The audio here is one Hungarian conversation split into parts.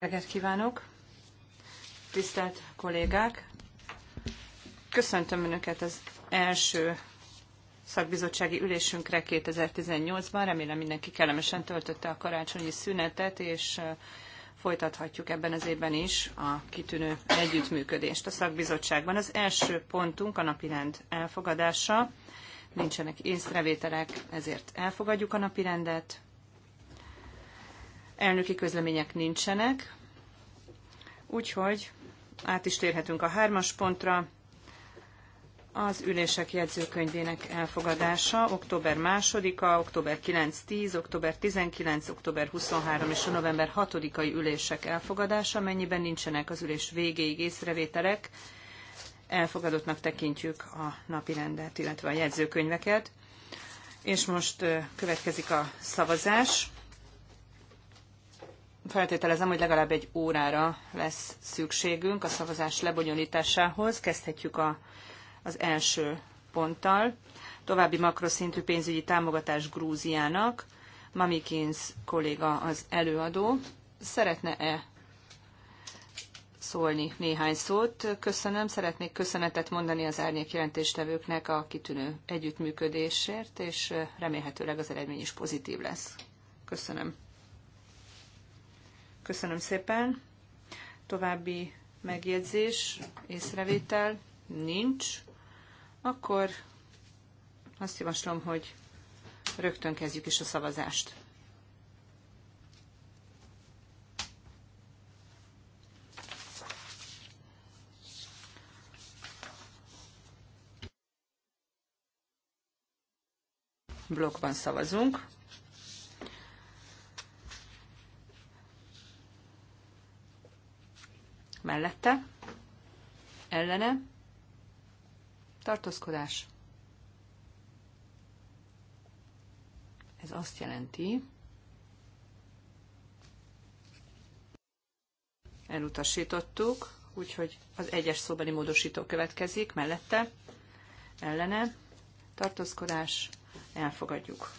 Reggelt kívánok! Tisztelt kollégák! Köszöntöm Önöket az első szakbizottsági ülésünkre 2018-ban. Remélem mindenki kellemesen töltötte a karácsonyi szünetet, és folytathatjuk ebben az évben is a kitűnő együttműködést a szakbizottságban. Az első pontunk a napirend elfogadása. Nincsenek észrevételek, ezért elfogadjuk a napirendet. Elnöki közlemények nincsenek, úgyhogy át is térhetünk a hármas pontra. Az ülések jegyzőkönyvének elfogadása október 2-a, október 9-10, október 19, október 23 és a november 6-ai ülések elfogadása, mennyiben nincsenek az ülés végéig észrevételek, elfogadottnak tekintjük a rendet, illetve a jegyzőkönyveket. És most következik a szavazás feltételezem, hogy legalább egy órára lesz szükségünk a szavazás lebonyolításához. Kezdhetjük a, az első ponttal. További makroszintű pénzügyi támogatás Grúziának. Mamikins kolléga az előadó. Szeretne-e szólni néhány szót? Köszönöm. Szeretnék köszönetet mondani az árnyék jelentéstevőknek a kitűnő együttműködésért, és remélhetőleg az eredmény is pozitív lesz. Köszönöm. Köszönöm szépen. További megjegyzés, észrevétel nincs. Akkor azt javaslom, hogy rögtön kezdjük is a szavazást. Blokkban szavazunk. mellette, ellene, tartózkodás. Ez azt jelenti, elutasítottuk, úgyhogy az egyes szóbeli módosító következik mellette, ellene, tartózkodás, elfogadjuk.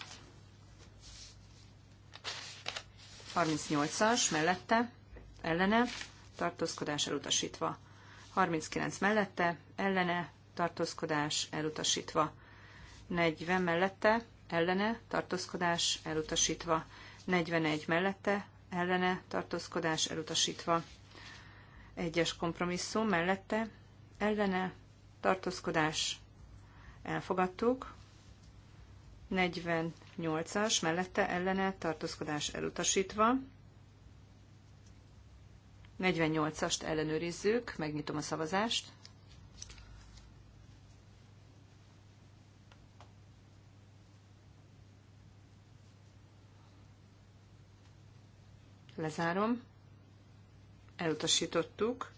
38-as mellette, ellene, tartózkodás elutasítva. 39 mellette, ellene, tartózkodás elutasítva. 40 mellette, ellene, tartózkodás elutasítva. 41 mellette, ellene, tartózkodás elutasítva. Egyes kompromisszum mellette, ellene, tartózkodás elfogadtuk. 48-as mellette, ellene, tartózkodás elutasítva. 48-ast ellenőrizzük, megnyitom a szavazást. Lezárom. Elutasítottuk.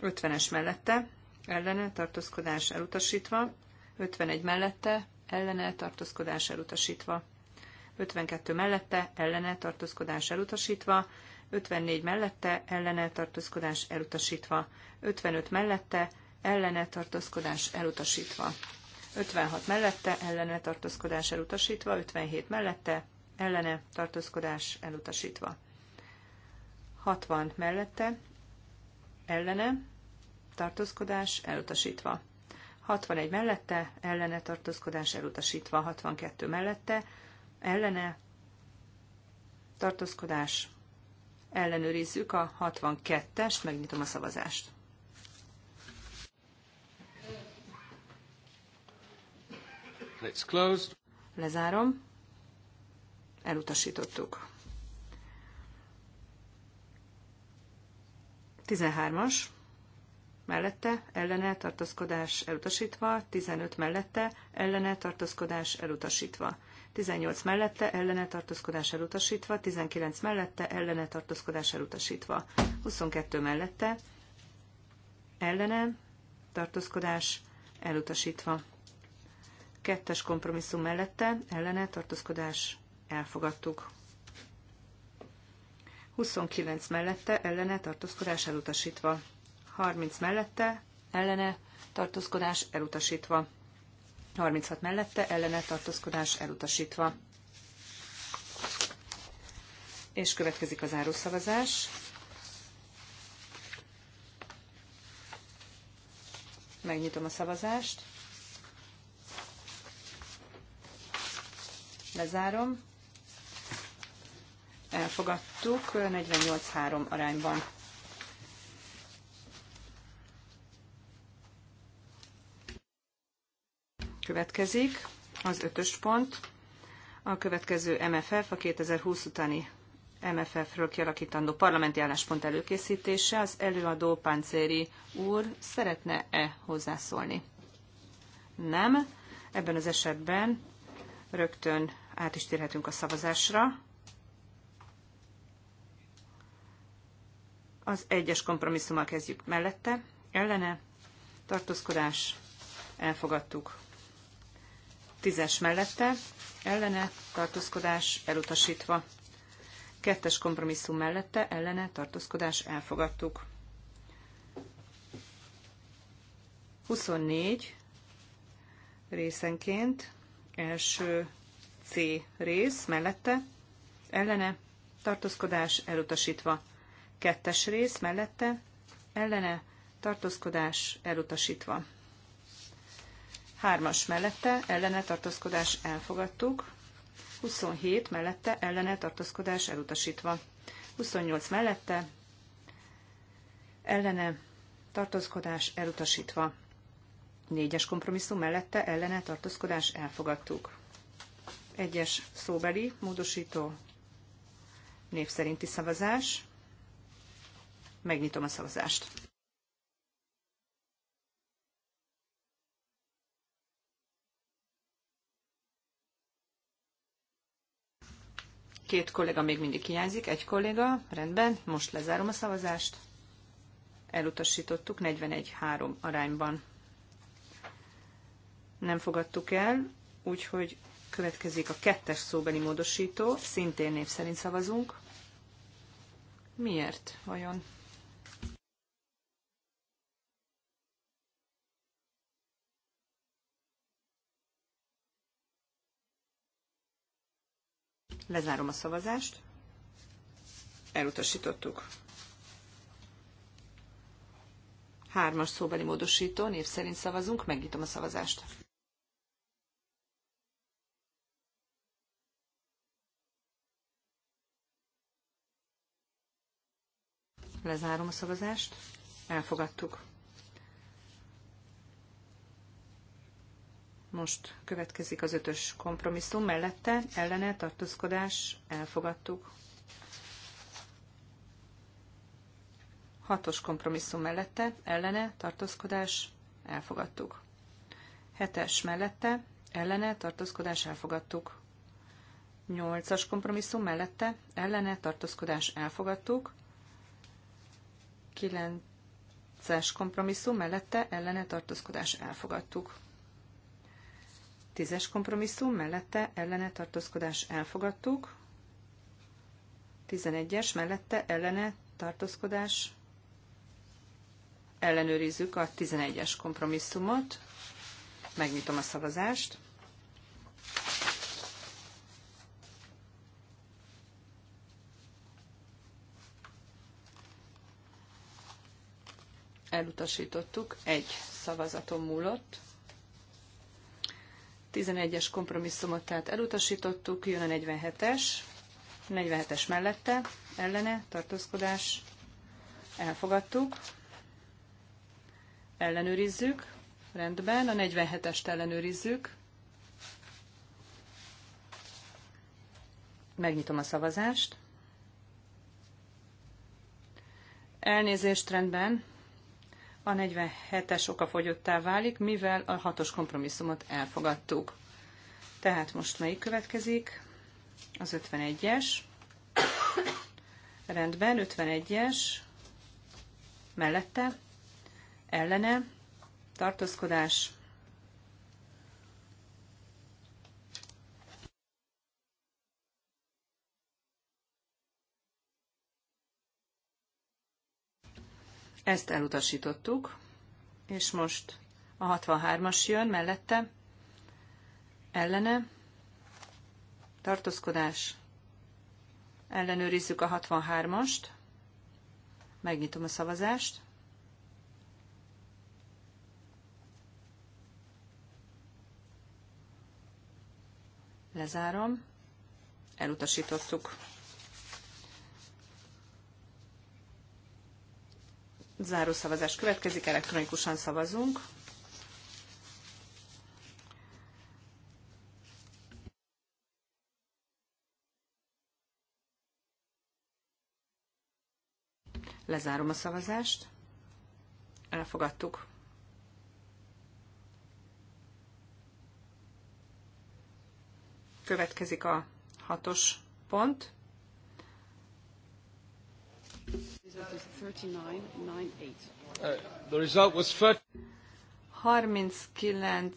Ötvenes mellette, ellene tartózkodás elutasítva. 51 mellette, ellene tartózkodás elutasítva. 52 mellette ellene tartózkodás elutasítva, 54 mellette ellene tartózkodás elutasítva, 55 mellette ellene tartózkodás elutasítva, 56 mellette ellene tartózkodás elutasítva, 57 mellette ellene tartózkodás elutasítva, 60 mellette ellene tartózkodás elutasítva. 61 mellette, ellene tartózkodás elutasítva, 62 mellette, ellene tartózkodás. Ellenőrizzük a 62-est, megnyitom a szavazást. Lezárom. Elutasítottuk. 13-as mellette ellene tartózkodás elutasítva, 15 mellette ellene tartózkodás elutasítva. 18 mellette ellene tartózkodás elutasítva, 19 mellette ellene tartózkodás elutasítva, 22 mellette ellene tartózkodás elutasítva. Kettes kompromisszum mellette ellene tartózkodás elfogadtuk. 29 mellette ellene tartózkodás elutasítva. 30 mellette ellene tartózkodás elutasítva. 36 mellette ellene tartózkodás elutasítva. És következik a zárószavazás. Megnyitom a szavazást. Lezárom. Elfogadtuk 48-3 arányban. Következik az ötös pont, a következő MFF, a 2020 utáni MFF-ről kialakítandó parlamenti álláspont előkészítése. Az előadó Páncéri úr szeretne-e hozzászólni? Nem. Ebben az esetben rögtön át is térhetünk a szavazásra. Az egyes kompromisszummal kezdjük mellette. Ellene tartózkodás elfogadtuk. Tízes mellette, ellene, tartózkodás elutasítva. Kettes kompromisszum mellette, ellene, tartózkodás elfogadtuk. 24 részenként, első C rész mellette, ellene, tartózkodás elutasítva. Kettes rész mellette, ellene, tartózkodás elutasítva. 3-as mellette ellene tartózkodás elfogadtuk. 27 mellette ellene tartózkodás elutasítva. 28 mellette ellene tartózkodás elutasítva. 4-es kompromisszum mellette ellene tartózkodás elfogadtuk. 1-es szóbeli módosító név szerinti szavazás. Megnyitom a szavazást. Két kolléga még mindig hiányzik, egy kolléga, rendben, most lezárom a szavazást. Elutasítottuk 41-3 arányban. Nem fogadtuk el, úgyhogy következik a kettes szóbeli módosító, szintén név szerint szavazunk. Miért vajon? Lezárom a szavazást. Elutasítottuk. Hármas szóbeli módosító, név szerint szavazunk, megnyitom a szavazást. Lezárom a szavazást. Elfogadtuk. Most következik az ötös kompromisszum, mellette ellene tartózkodás elfogadtuk. Hatos kompromisszum mellette ellene tartózkodás elfogadtuk. Hetes mellette ellene tartózkodás elfogadtuk. Nyolcas kompromisszum mellette ellene tartózkodás elfogadtuk. Kilences kompromisszum mellette ellene tartózkodás elfogadtuk. Tízes kompromisszum mellette ellene tartózkodás elfogadtuk. Tizenegyes mellette ellene tartózkodás ellenőrizzük a 11-es kompromisszumot. Megnyitom a szavazást. Elutasítottuk, egy szavazaton múlott. 11-es kompromisszumot tehát elutasítottuk, jön a 47-es, 47-es mellette, ellene, tartózkodás, elfogadtuk, ellenőrizzük, rendben, a 47-est ellenőrizzük, megnyitom a szavazást, elnézést rendben, a 47-es okafogyottá válik, mivel a 6-os kompromisszumot elfogadtuk. Tehát most melyik következik? Az 51-es. Rendben, 51-es. Mellette, ellene, tartózkodás, Ezt elutasítottuk, és most a 63-as jön mellette, ellene, tartózkodás, ellenőrizzük a 63-ast, megnyitom a szavazást, lezárom, elutasítottuk. Záró szavazás következik, elektronikusan szavazunk. Lezárom a szavazást. Elfogadtuk. Következik a hatos pont. Uh, the result was 39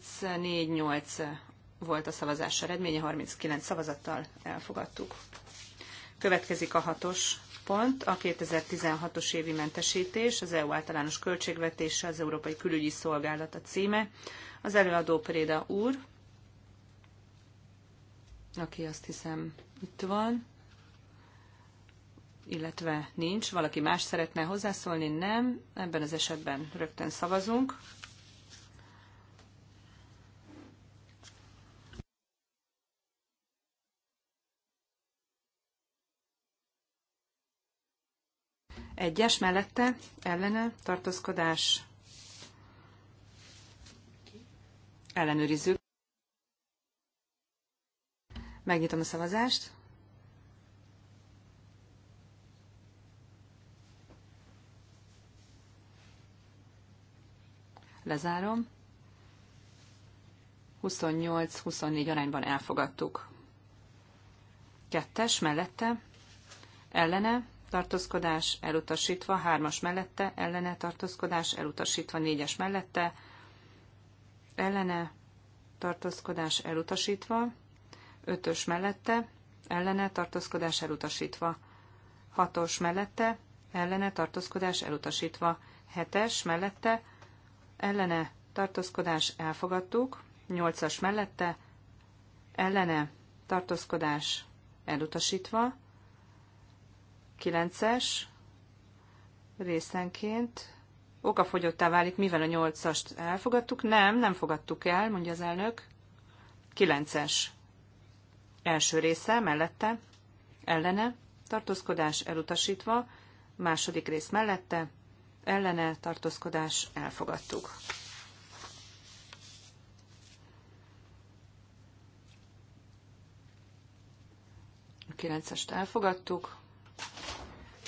volt a szavazás eredménye, 39 szavazattal elfogadtuk. Következik a hatos pont, a 2016-os évi mentesítés, az EU általános költségvetése, az Európai Külügyi Szolgálat a címe. Az előadó Préda úr, aki azt hiszem itt van illetve nincs. Valaki más szeretne hozzászólni? Nem. Ebben az esetben rögtön szavazunk. Egyes mellette, ellene, tartózkodás. Ellenőrizzük. Megnyitom a szavazást. Lezárom. 28-24 arányban elfogadtuk. Kettes mellette, ellene, tartózkodás elutasítva, hármas mellette, ellene, tartózkodás elutasítva, négyes mellette, ellene, tartózkodás elutasítva, ötös mellette, ellene, tartózkodás elutasítva, hatos mellette, ellene, tartózkodás elutasítva, hetes mellette, ellene tartózkodás elfogadtuk, 8-as mellette ellene tartózkodás elutasítva, 9-es részenként okafogyottá válik, mivel a 8-ast elfogadtuk. Nem, nem fogadtuk el, mondja az elnök. 9-es első része mellette, ellene, tartózkodás elutasítva, második rész mellette, ellene tartózkodás elfogadtuk. A 9-est elfogadtuk.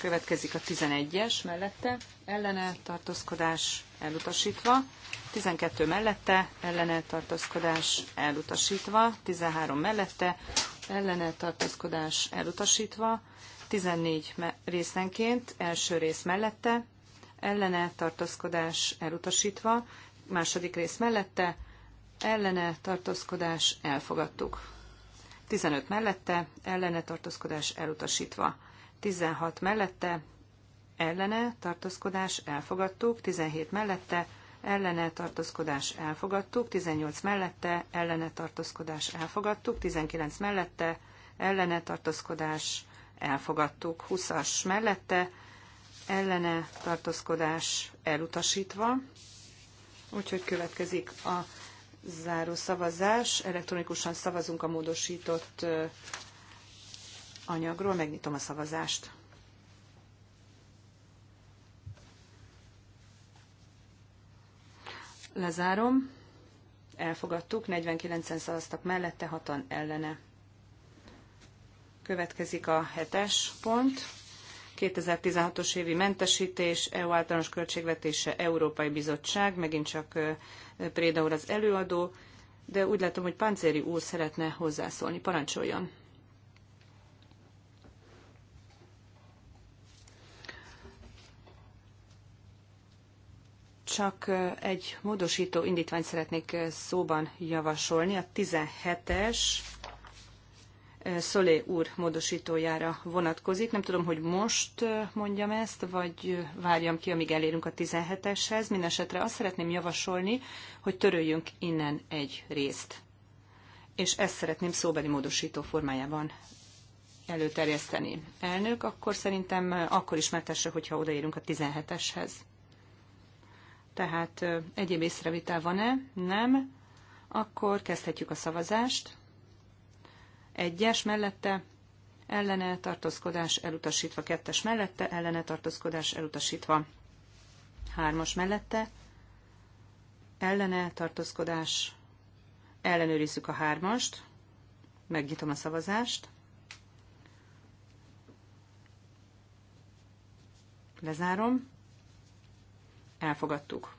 Következik a 11-es mellette, ellene tartózkodás elutasítva. 12 mellette, ellene tartózkodás elutasítva. 13 mellette, ellene tartózkodás elutasítva. 14 részenként, első rész mellette, ellene tartózkodás elutasítva, második rész mellette, ellene tartózkodás elfogadtuk. 15 mellette, ellene tartózkodás elutasítva. 16 mellette, ellene tartózkodás elfogadtuk, 17 mellette, ellene tartózkodás elfogadtuk, 18 mellette, ellene tartózkodás elfogadtuk, 19 mellette, ellene tartózkodás elfogadtuk, 20-as mellette, ellene tartózkodás elutasítva. Úgyhogy következik a záró szavazás. Elektronikusan szavazunk a módosított anyagról. Megnyitom a szavazást. Lezárom. Elfogadtuk. 49-en szavaztak mellette, 6-an ellene. Következik a hetes pont 2016-os évi mentesítés, EU általános költségvetése, Európai Bizottság, megint csak Préda úr az előadó, de úgy látom, hogy Pancéri úr szeretne hozzászólni. Parancsoljon! Csak egy módosító indítványt szeretnék szóban javasolni, a 17-es Szolé úr módosítójára vonatkozik. Nem tudom, hogy most eh, mondjam ezt, vagy várjam ki, amíg elérünk a 17-eshez. Mindenesetre azt szeretném javasolni, hogy töröljünk innen egy részt. És ezt szeretném szóbeli módosító formájában előterjeszteni. Elnök, akkor szerintem eh, akkor ismertesse, hogyha odaérünk a 17-eshez. Tehát eh, egyéb észrevitel van-e? Nem. Akkor kezdhetjük a szavazást egyes mellette, ellene tartózkodás elutasítva, kettes mellette, ellene tartózkodás elutasítva, hármas mellette, ellene tartózkodás, ellenőrizzük a hármast, megnyitom a szavazást, lezárom, elfogadtuk.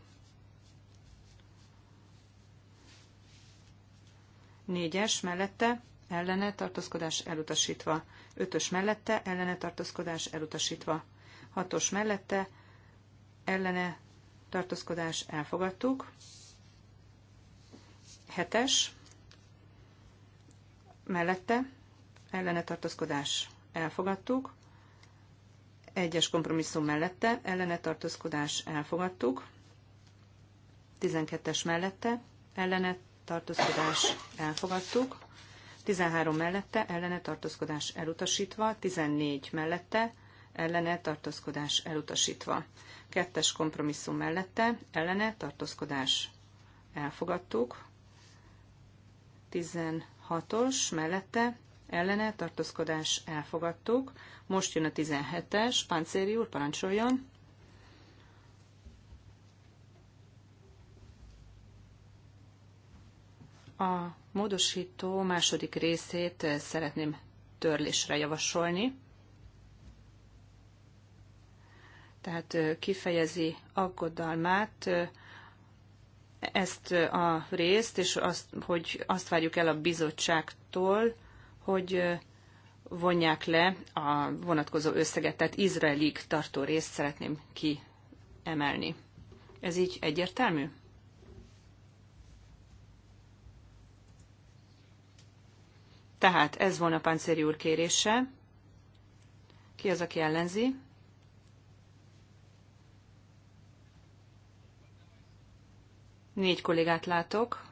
Négyes mellette, ellene tartózkodás elutasítva. 5-ös mellette ellene tartózkodás elutasítva. 6-os mellette ellene tartózkodás elfogadtuk. 7-es mellette ellene tartózkodás elfogadtuk. 1-es kompromisszum mellette ellene tartózkodás elfogadtuk. 12-es mellette ellene tartózkodás elfogadtuk. 13 mellette ellene tartózkodás elutasítva, 14 mellette ellene tartózkodás elutasítva. Kettes kompromisszum mellette ellene tartózkodás elfogadtuk. 16-os mellette ellene tartózkodás elfogadtuk. Most jön a 17-es, Páncéri úr parancsoljon. A módosító második részét szeretném törlésre javasolni. Tehát kifejezi aggodalmát ezt a részt, és azt, hogy azt várjuk el a bizottságtól, hogy vonják le a vonatkozó összeget, tehát Izraelig tartó részt szeretném kiemelni. Ez így egyértelmű? Tehát ez volna Páncéri úr kérése. Ki az, aki ellenzi? Négy kollégát látok.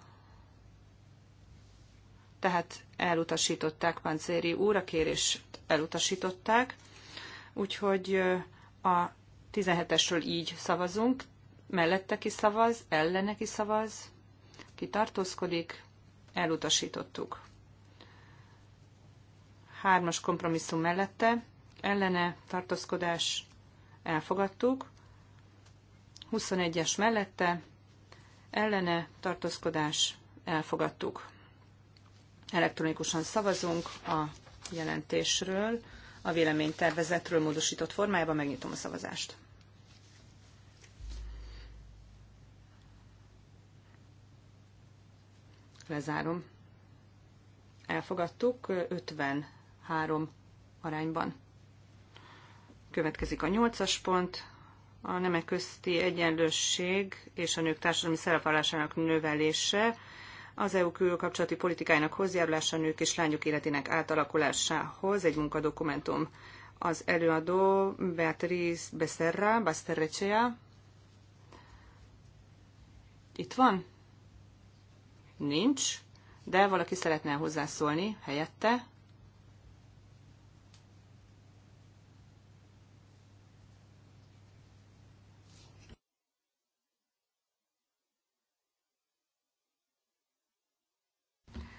Tehát elutasították Páncéri úr, a kérést elutasították. Úgyhogy a 17-esről így szavazunk. Mellette ki szavaz, ellene ki szavaz, ki tartózkodik, elutasítottuk hármas kompromisszum mellette, ellene tartózkodás elfogadtuk, 21-es mellette, ellene tartózkodás elfogadtuk. Elektronikusan szavazunk a jelentésről, a véleménytervezetről módosított formájában megnyitom a szavazást. Lezárom. Elfogadtuk 50 három arányban. Következik a nyolcas pont, a nemek közti egyenlőség és a nők társadalmi szerepvállásának növelése, az EU külkapcsolati politikájának hozzájárulása a nők és lányok életének átalakulásához, egy munkadokumentum. Az előadó Beatriz Becerra, Basterrecea. Itt van? Nincs, de valaki szeretne hozzászólni helyette.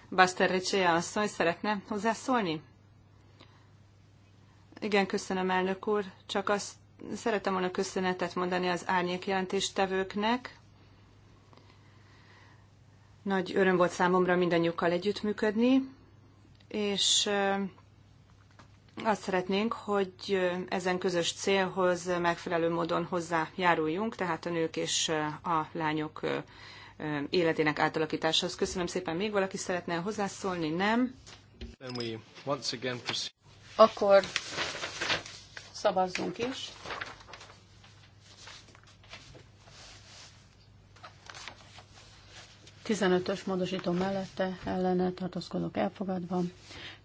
Buster Ritchie asszony szeretne hozzászólni? Igen, köszönöm, elnök úr. Csak azt szeretem volna köszönetet mondani az árnyék jelentéstevőknek. Nagy öröm volt számomra mindannyiukkal együttműködni, és azt szeretnénk, hogy ezen közös célhoz megfelelő módon hozzájáruljunk, tehát a nők és a lányok életének átalakításához. Köszönöm szépen. Még valaki szeretne hozzászólni? Nem? Akkor szavazzunk is. Tizenötös módosító mellette ellene tartózkodok elfogadva.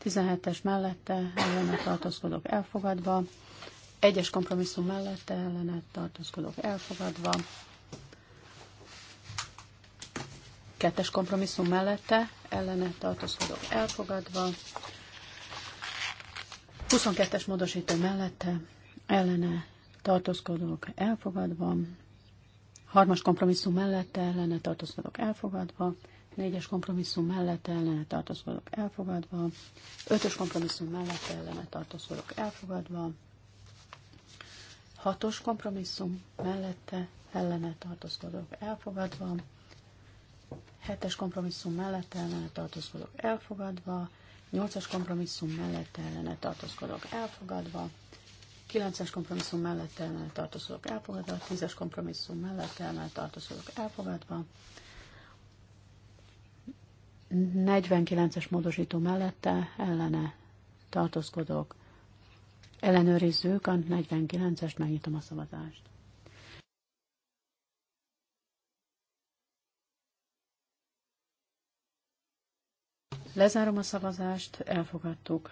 17-es mellette ellene tartózkodok elfogadva, egyes kompromisszum mellette ellene tartózkodok elfogadva, Kettes kompromisszum mellette ellene tartózkodók elfogadva. 22-es módosító mellette ellene tartózkodók elfogadva. Harmas kompromisszum mellette ellene tartózkodók elfogadva. Négyes kompromisszum mellette ellene tartózkodók elfogadva. Ötös kompromisszum mellette ellene tartózkodók elfogadva. Hatos kompromisszum mellette ellene tartózkodók elfogadva. 7-es kompromisszum mellett ellene tartózkodok elfogadva, 8-as kompromisszum mellett ellene tartózkodok elfogadva, 9-es kompromisszum mellett ellene tartózkodok elfogadva, 10-es kompromisszum mellett ellene tartózkodok elfogadva, 49-es módosító mellette ellene tartózkodok. Ellenőrizzük a 49-est, megnyitom a szavazást. Lezárom a szavazást, elfogadtuk.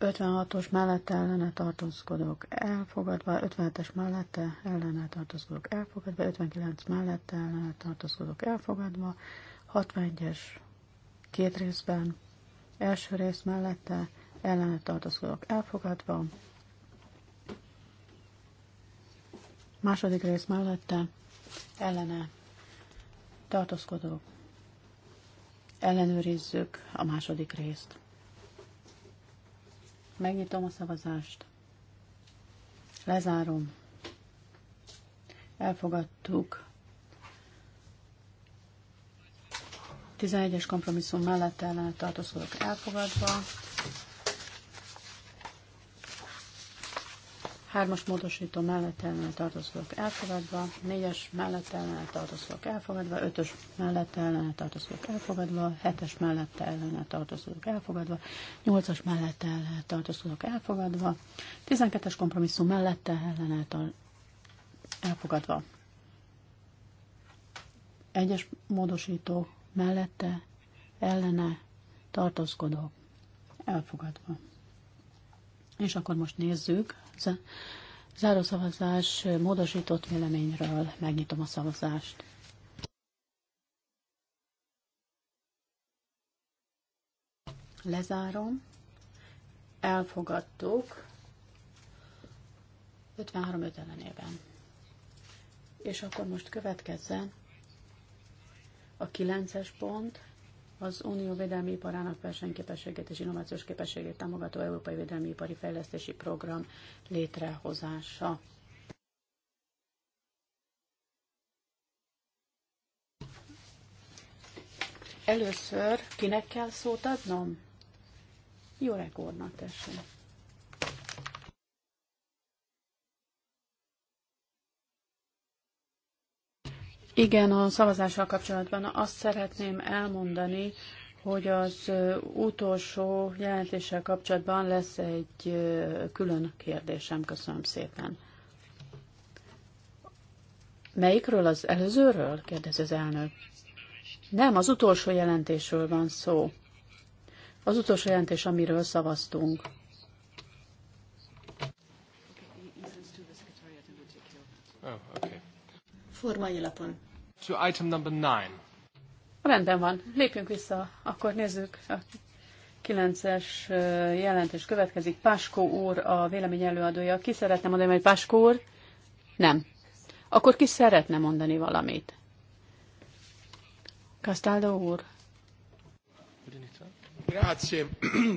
56-os mellette ellene tartózkodok, elfogadva, 57-es mellette ellene tartózkodok, elfogadva, 59 mellette ellene tartózkodok, elfogadva, 61-es két részben, első rész mellette ellene tartózkodok, elfogadva, második rész mellette ellene tartózkodok, Ellenőrizzük a második részt. Megnyitom a szavazást. Lezárom. Elfogadtuk. 11-es kompromisszum mellett ellen tartózkodok elfogadva. Hármas módosító mellett ellene tartózkodók elfogadva, négyes mellett ellene tartózkodók elfogadva, ötös mellett ellene tartózkodók elfogadva, hetes mellett ellene tartózkodók elfogadva, nyolcas mellett ellene tartózkodók elfogadva, tizenkettes kompromisszum mellette ellenel elfogadva. Egyes módosító mellette ellene tartózkodó elfogadva. És akkor most nézzük. Zárószavazás módosított véleményről. Megnyitom a szavazást. Lezárom. Elfogadtuk. 53 5 ellenében. És akkor most következzen a 9-es pont, az unió védelmi iparának versenyképességét és innovációs képességét támogató Európai Védelmi Ipari Fejlesztési Program létrehozása. Először kinek kell szót adnom? Jó rekordnak tessék. Igen, a szavazással kapcsolatban azt szeretném elmondani, hogy az utolsó jelentéssel kapcsolatban lesz egy külön kérdésem. Köszönöm szépen. Melyikről az előzőről? kérdez az elnök. Nem, az utolsó jelentésről van szó. Az utolsó jelentés, amiről szavaztunk. formai alapon. To item number nine. Rendben van, lépjünk vissza, akkor nézzük a kilences jelentés következik. Páskó úr a vélemény előadója. Ki szeretne mondani, hogy Páskó úr? Nem. Akkor ki szeretne mondani valamit? Castaldo úr. Grazie,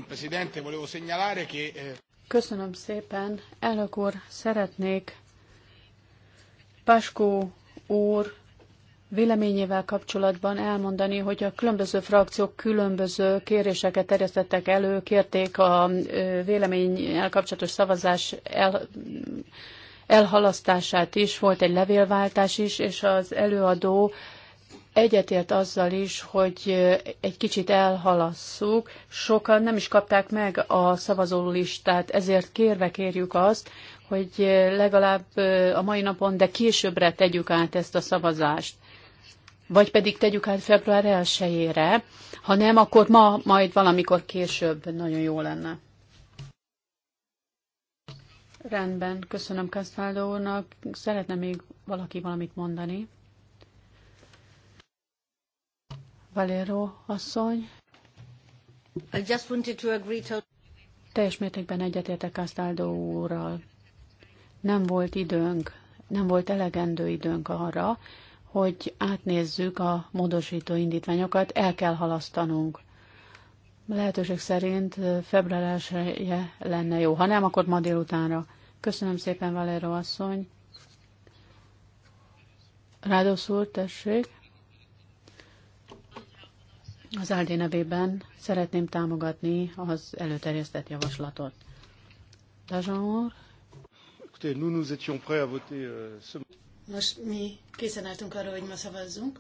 Presidente. Volevo segnalare che... Eh, Köszönöm szépen. Elnök úr, szeretnék Páskó úr véleményével kapcsolatban elmondani, hogy a különböző frakciók különböző kéréseket terjesztettek elő, kérték a véleménnyel kapcsolatos szavazás el, elhalasztását is, volt egy levélváltás is, és az előadó egyetért azzal is, hogy egy kicsit elhalasszuk. Sokan nem is kapták meg a szavazólistát, ezért kérve kérjük azt, hogy legalább a mai napon, de későbbre tegyük át ezt a szavazást. Vagy pedig tegyük át február 1 ha nem, akkor ma, majd valamikor később nagyon jó lenne. Rendben, köszönöm Kastváldó úrnak. Szeretne még valaki valamit mondani? Valero asszony. I just wanted to agree to... Teljes mértékben egyetértek Kasztáldó úrral nem volt időnk, nem volt elegendő időnk arra, hogy átnézzük a módosító indítványokat, el kell halasztanunk. Lehetőség szerint február 1 lenne jó, ha nem, akkor ma délutánra. Köszönöm szépen, Valero asszony. Rádosz úr, tessék. Az Áldi nevében szeretném támogatni az előterjesztett javaslatot. Dazsan úr. Euh, Most mi készen álltunk arra, hogy ma szavazzunk.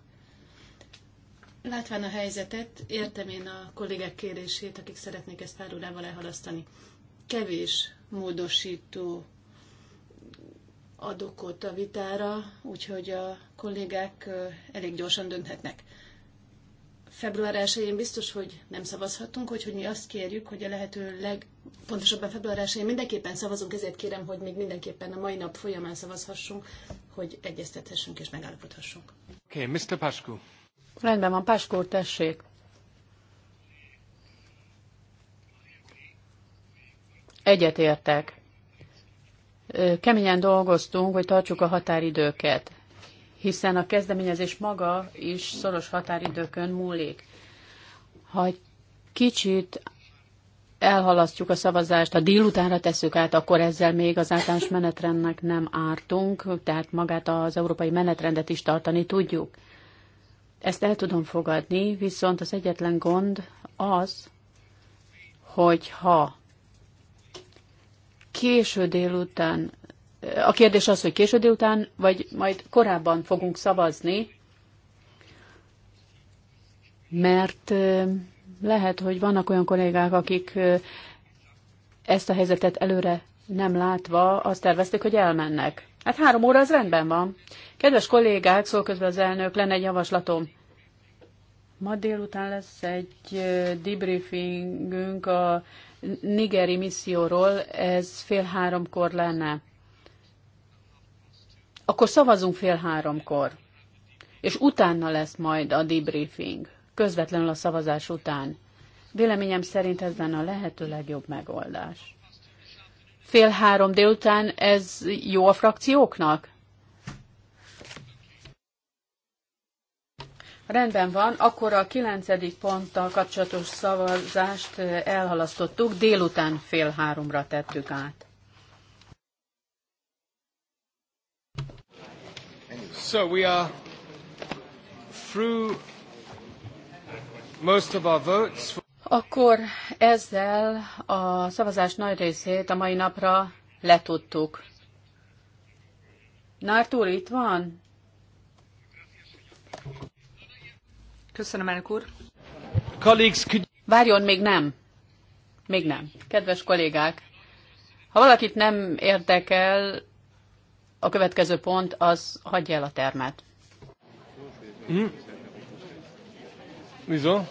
Látván a helyzetet, értem én a kollégák kérését, akik szeretnék ezt pár órával elhalasztani. Kevés módosító ad a vitára, úgyhogy a kollégák elég gyorsan dönthetnek február 1-én biztos, hogy nem szavazhatunk, hogy, hogy mi azt kérjük, hogy a lehető legpontosabban február 1-én mindenképpen szavazunk, ezért kérem, hogy még mindenképpen a mai nap folyamán szavazhassunk, hogy egyeztethessünk és megállapodhassunk. Oké, okay, Mr. Pascu. Rendben van, Pascu, tessék. Egyetértek. Keményen dolgoztunk, hogy tartsuk a határidőket hiszen a kezdeményezés maga is szoros határidőkön múlik. Ha egy kicsit elhalasztjuk a szavazást, a délutánra tesszük át, akkor ezzel még az általános menetrendnek nem ártunk, tehát magát az európai menetrendet is tartani tudjuk. Ezt el tudom fogadni, viszont az egyetlen gond az, hogy ha késő délután a kérdés az, hogy késő délután, vagy majd korábban fogunk szavazni, mert lehet, hogy vannak olyan kollégák, akik ezt a helyzetet előre nem látva azt tervezték, hogy elmennek. Hát három óra az rendben van. Kedves kollégák, szól közben az elnök, lenne egy javaslatom. Ma délután lesz egy debriefingünk a nigeri misszióról, ez fél háromkor lenne. Akkor szavazunk fél háromkor, és utána lesz majd a debriefing, közvetlenül a szavazás után. Véleményem szerint ez lenne a lehető legjobb megoldás. Fél három délután ez jó a frakcióknak? Rendben van, akkor a kilencedik ponttal kapcsolatos szavazást elhalasztottuk, délután fél háromra tettük át. So we are through most of our votes. Akkor ezzel a szavazás nagy részét a mai napra letudtuk. Nártúr itt van? Köszönöm, elnök úr. Várjon, még nem. Még nem. Kedves kollégák, ha valakit nem érdekel, a következő pont az hagyja el a termet. Mm. Wieso?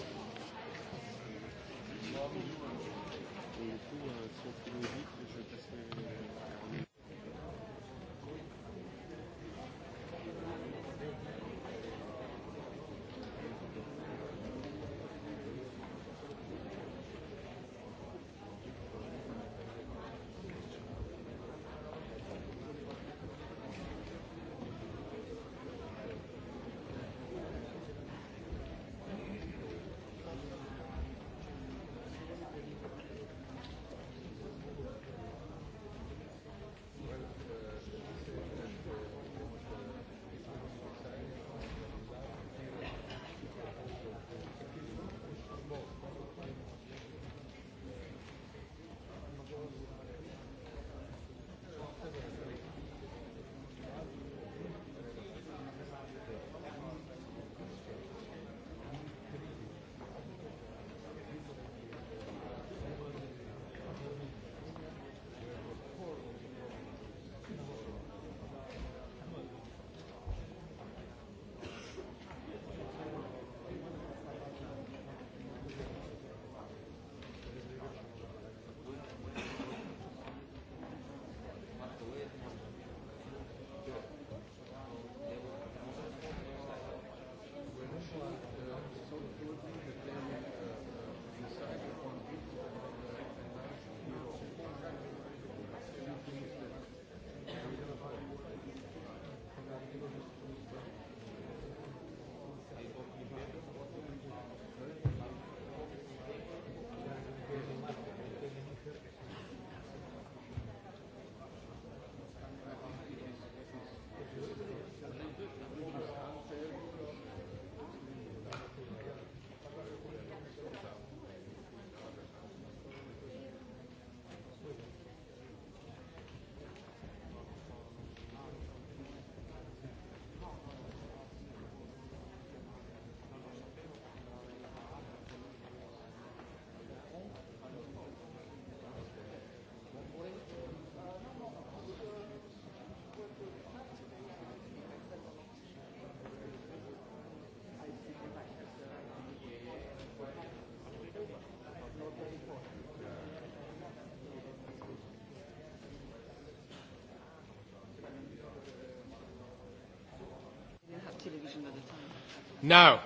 Now,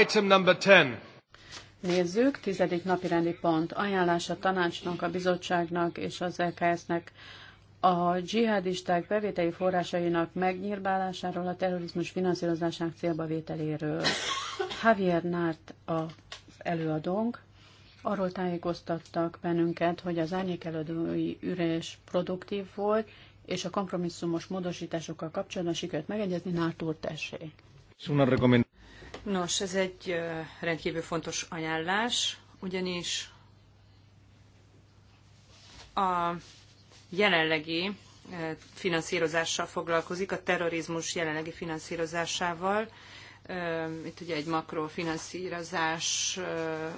item number 10. Nézzük, tizedik napi rendi pont. Ajánlás a tanácsnak, a bizottságnak és az LKS-nek a dzsihadisták bevételi forrásainak megnyírbálásáról, a terrorizmus finanszírozásának célba vételéről. Javier Nárt a előadónk. Arról tájékoztattak bennünket, hogy az árnyék előadói üres produktív volt, és a kompromisszumos módosításokkal kapcsolatban sikerült megegyezni. Nárt úr, tessék! Nos, ez egy rendkívül fontos ajánlás, ugyanis a jelenlegi finanszírozással foglalkozik, a terrorizmus jelenlegi finanszírozásával, itt ugye egy makrofinanszírozás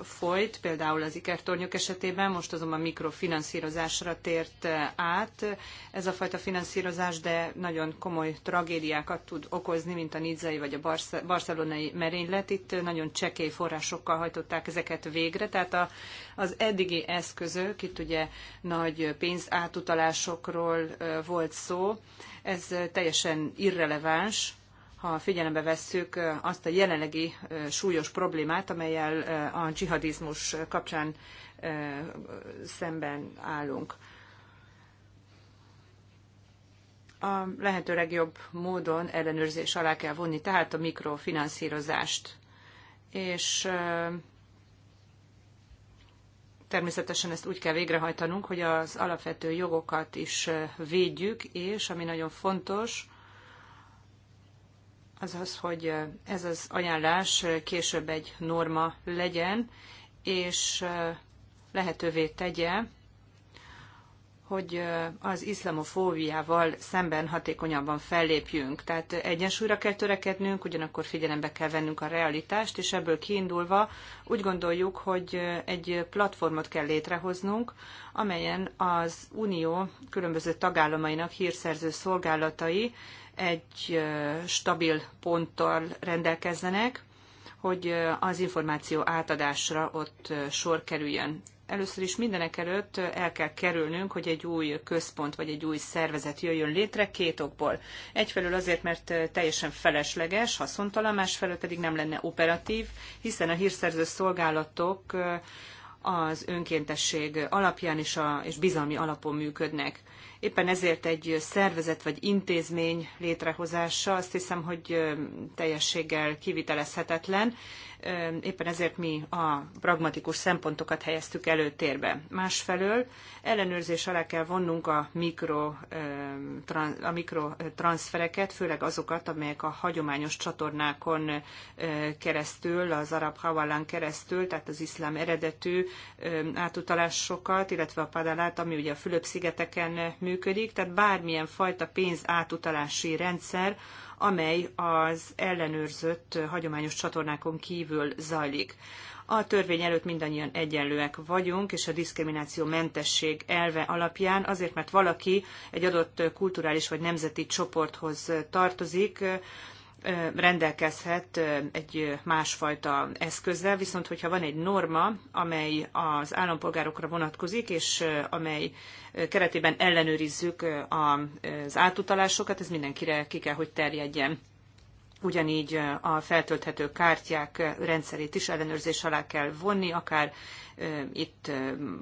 folyt, például az ikertornyok esetében, most azonban mikrofinanszírozásra tért át ez a fajta finanszírozás, de nagyon komoly tragédiákat tud okozni, mint a nidzai vagy a barcelonai merénylet. Itt nagyon csekély forrásokkal hajtották ezeket végre, tehát a, az eddigi eszközök, itt ugye nagy pénzátutalásokról volt szó, ez teljesen irreleváns, ha figyelembe vesszük azt a jelenlegi súlyos problémát, amelyel a dzsihadizmus kapcsán szemben állunk. A lehető legjobb módon ellenőrzés alá kell vonni, tehát a mikrofinanszírozást. És természetesen ezt úgy kell végrehajtanunk, hogy az alapvető jogokat is védjük, és ami nagyon fontos, az az, hogy ez az ajánlás később egy norma legyen, és lehetővé tegye, hogy az iszlamofóviával szemben hatékonyabban fellépjünk. Tehát egyensúlyra kell törekednünk, ugyanakkor figyelembe kell vennünk a realitást, és ebből kiindulva úgy gondoljuk, hogy egy platformot kell létrehoznunk, amelyen az Unió különböző tagállamainak hírszerző szolgálatai egy stabil ponttal rendelkezzenek, hogy az információ átadásra ott sor kerüljön. Először is mindenek előtt el kell kerülnünk, hogy egy új központ vagy egy új szervezet jöjjön létre két okból. Egyfelől azért, mert teljesen felesleges, haszontalan, másfelől pedig nem lenne operatív, hiszen a hírszerző szolgálatok az önkéntesség alapján és, a, és bizalmi alapon működnek. Éppen ezért egy szervezet vagy intézmény létrehozása azt hiszem, hogy teljességgel kivitelezhetetlen. Éppen ezért mi a pragmatikus szempontokat helyeztük előtérbe. Másfelől ellenőrzés alá kell vonnunk a, mikro, a mikrotranszfereket, főleg azokat, amelyek a hagyományos csatornákon keresztül, az arab havalán keresztül, tehát az iszlám eredetű átutalásokat, illetve a padalát, ami ugye a Fülöp-szigeteken működik, működik, tehát bármilyen fajta pénz átutalási rendszer, amely az ellenőrzött hagyományos csatornákon kívül zajlik. A törvény előtt mindannyian egyenlőek vagyunk, és a diszkrimináció mentesség elve alapján azért, mert valaki egy adott kulturális vagy nemzeti csoporthoz tartozik, rendelkezhet egy másfajta eszközzel, viszont hogyha van egy norma, amely az állampolgárokra vonatkozik, és amely keretében ellenőrizzük az átutalásokat, ez mindenkire ki kell, hogy terjedjen ugyanígy a feltölthető kártyák rendszerét is ellenőrzés alá kell vonni, akár itt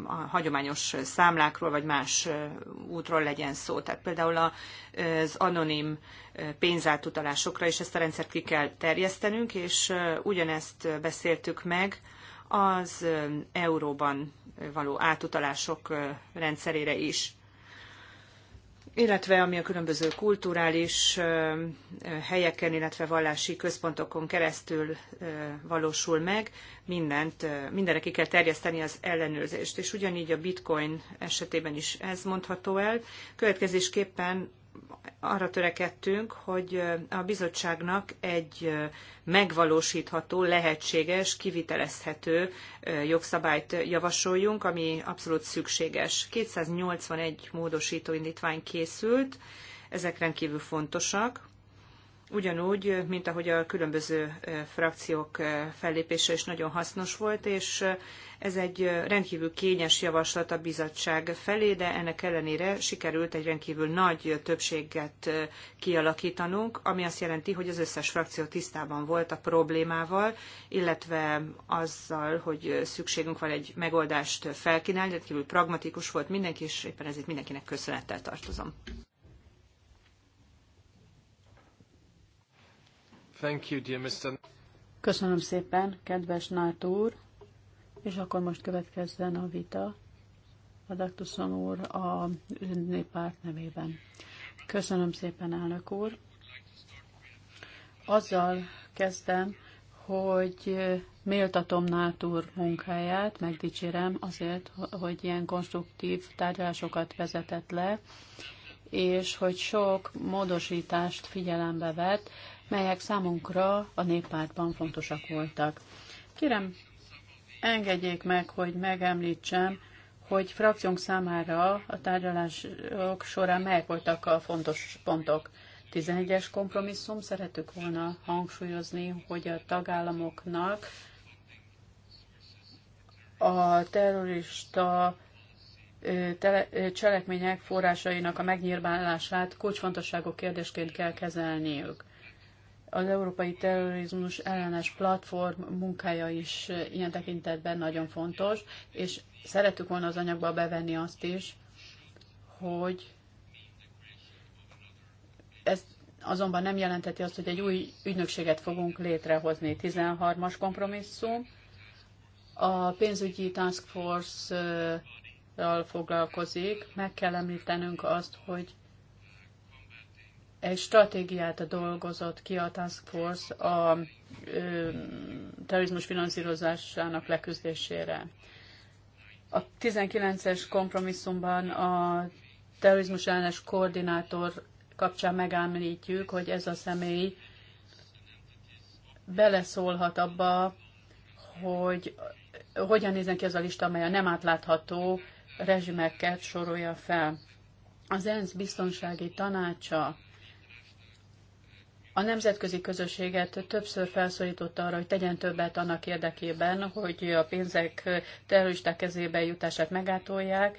a hagyományos számlákról, vagy más útról legyen szó. Tehát például az anonim pénzátutalásokra is ezt a rendszert ki kell terjesztenünk, és ugyanezt beszéltük meg az euróban való átutalások rendszerére is illetve ami a különböző kulturális helyeken, illetve vallási központokon keresztül valósul meg, mindent, mindenre ki kell terjeszteni az ellenőrzést. És ugyanígy a bitcoin esetében is ez mondható el. Következésképpen arra törekedtünk, hogy a bizottságnak egy megvalósítható, lehetséges, kivitelezhető jogszabályt javasoljunk, ami abszolút szükséges. 281 módosító indítvány készült, ezek rendkívül fontosak ugyanúgy, mint ahogy a különböző frakciók fellépése is nagyon hasznos volt, és ez egy rendkívül kényes javaslat a bizottság felé, de ennek ellenére sikerült egy rendkívül nagy többséget kialakítanunk, ami azt jelenti, hogy az összes frakció tisztában volt a problémával, illetve azzal, hogy szükségünk van egy megoldást felkínálni, rendkívül pragmatikus volt mindenki, és éppen ezért mindenkinek köszönettel tartozom. Köszönöm szépen, kedves Nárt úr, és akkor most következzen a vita. Adaktuszon úr a néppárt nevében. Köszönöm szépen, elnök úr. Azzal kezdem, hogy méltatom Nátúr munkáját, megdicsérem azért, hogy ilyen konstruktív tárgyalásokat vezetett le, és hogy sok módosítást figyelembe vett, melyek számunkra a néppártban fontosak voltak. Kérem, engedjék meg, hogy megemlítsem, hogy frakciónk számára a tárgyalások során melyek voltak a fontos pontok. 11-es kompromisszum, szeretük volna hangsúlyozni, hogy a tagállamoknak a terrorista cselekmények forrásainak a megnyilvánulását kulcsfontosságú kérdésként kell kezelniük. Az Európai Terrorizmus ellenes platform munkája is ilyen tekintetben nagyon fontos, és szerettük volna az anyagba bevenni azt is, hogy ez azonban nem jelenteti azt, hogy egy új ügynökséget fogunk létrehozni. 13-as kompromisszum. A pénzügyi task force foglalkozik. Meg kell említenünk azt, hogy egy stratégiát dolgozott ki a Task Force a ö, terrorizmus finanszírozásának leküzdésére. A 19-es kompromisszumban a terrorizmus ellenes koordinátor kapcsán megállítjuk, hogy ez a személy beleszólhat abba, hogy hogyan nézen ki az a lista, amely a nem átlátható rezsimeket sorolja fel. Az ENSZ biztonsági tanácsa a nemzetközi közösséget többször felszólította arra, hogy tegyen többet annak érdekében, hogy a pénzek terroristák kezébe jutását megátolják,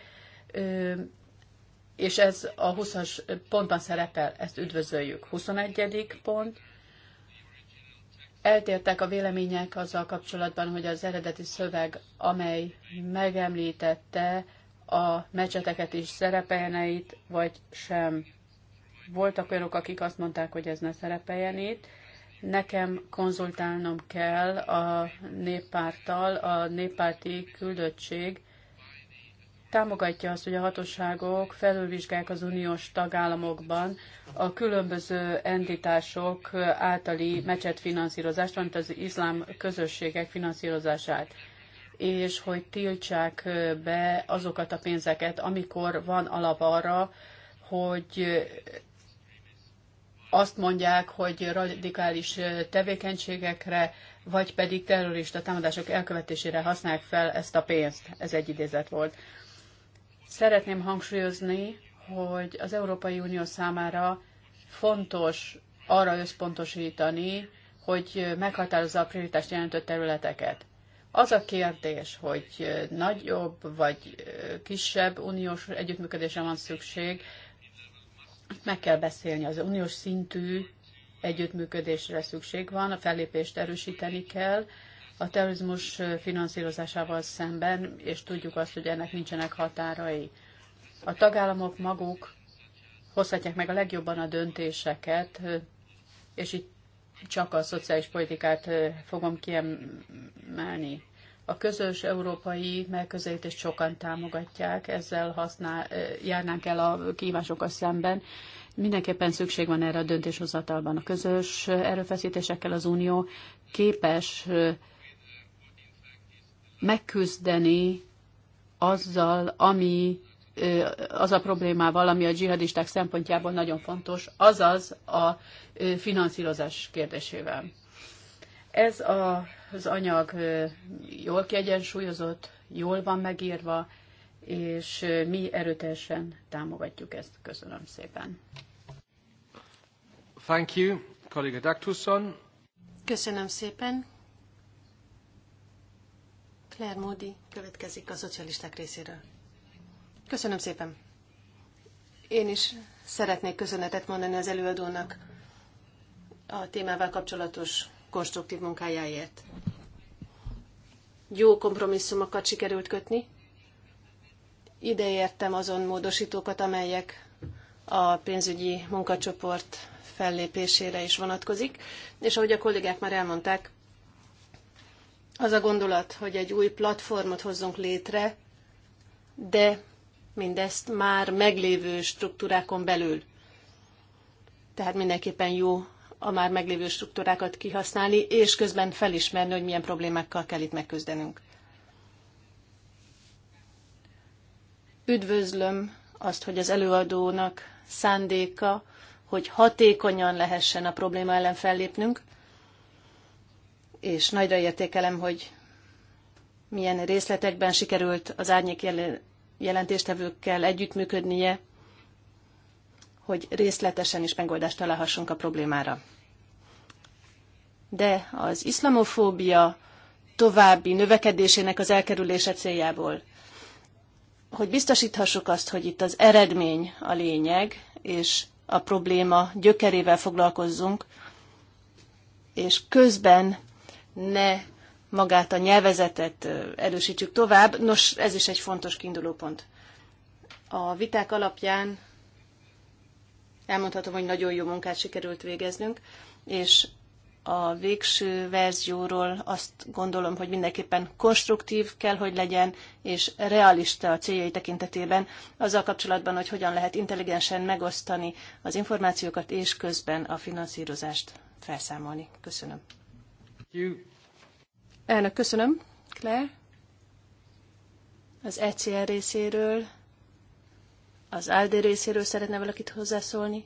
és ez a 20-as pontban szerepel, ezt üdvözöljük. 21. pont. Eltértek a vélemények azzal kapcsolatban, hogy az eredeti szöveg, amely megemlítette a mecseteket is szerepelne itt, vagy sem voltak olyanok, akik azt mondták, hogy ez ne szerepeljen itt. Nekem konzultálnom kell a néppárttal, a néppárti küldöttség támogatja azt, hogy a hatóságok felülvizsgálják az uniós tagállamokban a különböző entitások általi mecsetfinanszírozást, valamint az iszlám közösségek finanszírozását és hogy tiltsák be azokat a pénzeket, amikor van alap arra, hogy azt mondják, hogy radikális tevékenységekre, vagy pedig terrorista támadások elkövetésére használják fel ezt a pénzt. Ez egy idézet volt. Szeretném hangsúlyozni, hogy az Európai Unió számára fontos arra összpontosítani, hogy meghatározza a prioritást jelentő területeket. Az a kérdés, hogy nagyobb vagy kisebb uniós együttműködésre van szükség, meg kell beszélni, az uniós szintű együttműködésre szükség van, a fellépést erősíteni kell, a terrorizmus finanszírozásával szemben, és tudjuk azt, hogy ennek nincsenek határai. A tagállamok maguk hozhatják meg a legjobban a döntéseket, és itt csak a szociális politikát fogom kiemelni. A közös európai megközelítést sokan támogatják, ezzel használ, járnánk el a kívásokkal szemben. Mindenképpen szükség van erre a döntéshozatalban. A közös erőfeszítésekkel az Unió képes megküzdeni azzal, ami az a problémával, ami a dzsihadisták szempontjából nagyon fontos, azaz a finanszírozás kérdésével. Ez a az anyag jól kiegyensúlyozott, jól van megírva, és mi erőteljesen támogatjuk ezt. Köszönöm szépen. Thank you, kolléga Daktusson. Köszönöm szépen. Claire Moody következik a szocialisták részéről. Köszönöm szépen. Én is szeretnék köszönetet mondani az előadónak a témával kapcsolatos konstruktív munkájáért jó kompromisszumokat sikerült kötni. Ide értem azon módosítókat, amelyek a pénzügyi munkacsoport fellépésére is vonatkozik, és ahogy a kollégák már elmondták, az a gondolat, hogy egy új platformot hozzunk létre, de mindezt már meglévő struktúrákon belül. Tehát mindenképpen jó a már meglévő struktúrákat kihasználni, és közben felismerni, hogy milyen problémákkal kell itt megküzdenünk. Üdvözlöm azt, hogy az előadónak szándéka, hogy hatékonyan lehessen a probléma ellen fellépnünk, és nagyra értékelem, hogy milyen részletekben sikerült az árnyék jelentéstevőkkel együttműködnie, hogy részletesen is megoldást találhassunk a problémára. De az iszlamofóbia további növekedésének az elkerülése céljából, hogy biztosíthassuk azt, hogy itt az eredmény a lényeg, és a probléma gyökerével foglalkozzunk, és közben ne magát a nyelvezetet erősítsük tovább. Nos, ez is egy fontos kiindulópont. A viták alapján elmondhatom, hogy nagyon jó munkát sikerült végeznünk, és a végső verzióról azt gondolom, hogy mindenképpen konstruktív kell, hogy legyen, és realista a céljai tekintetében, azzal kapcsolatban, hogy hogyan lehet intelligensen megosztani az információkat, és közben a finanszírozást felszámolni. Köszönöm. Elnök, köszönöm. Claire? Az ECR részéről az Aldi részéről szeretne valakit hozzászólni,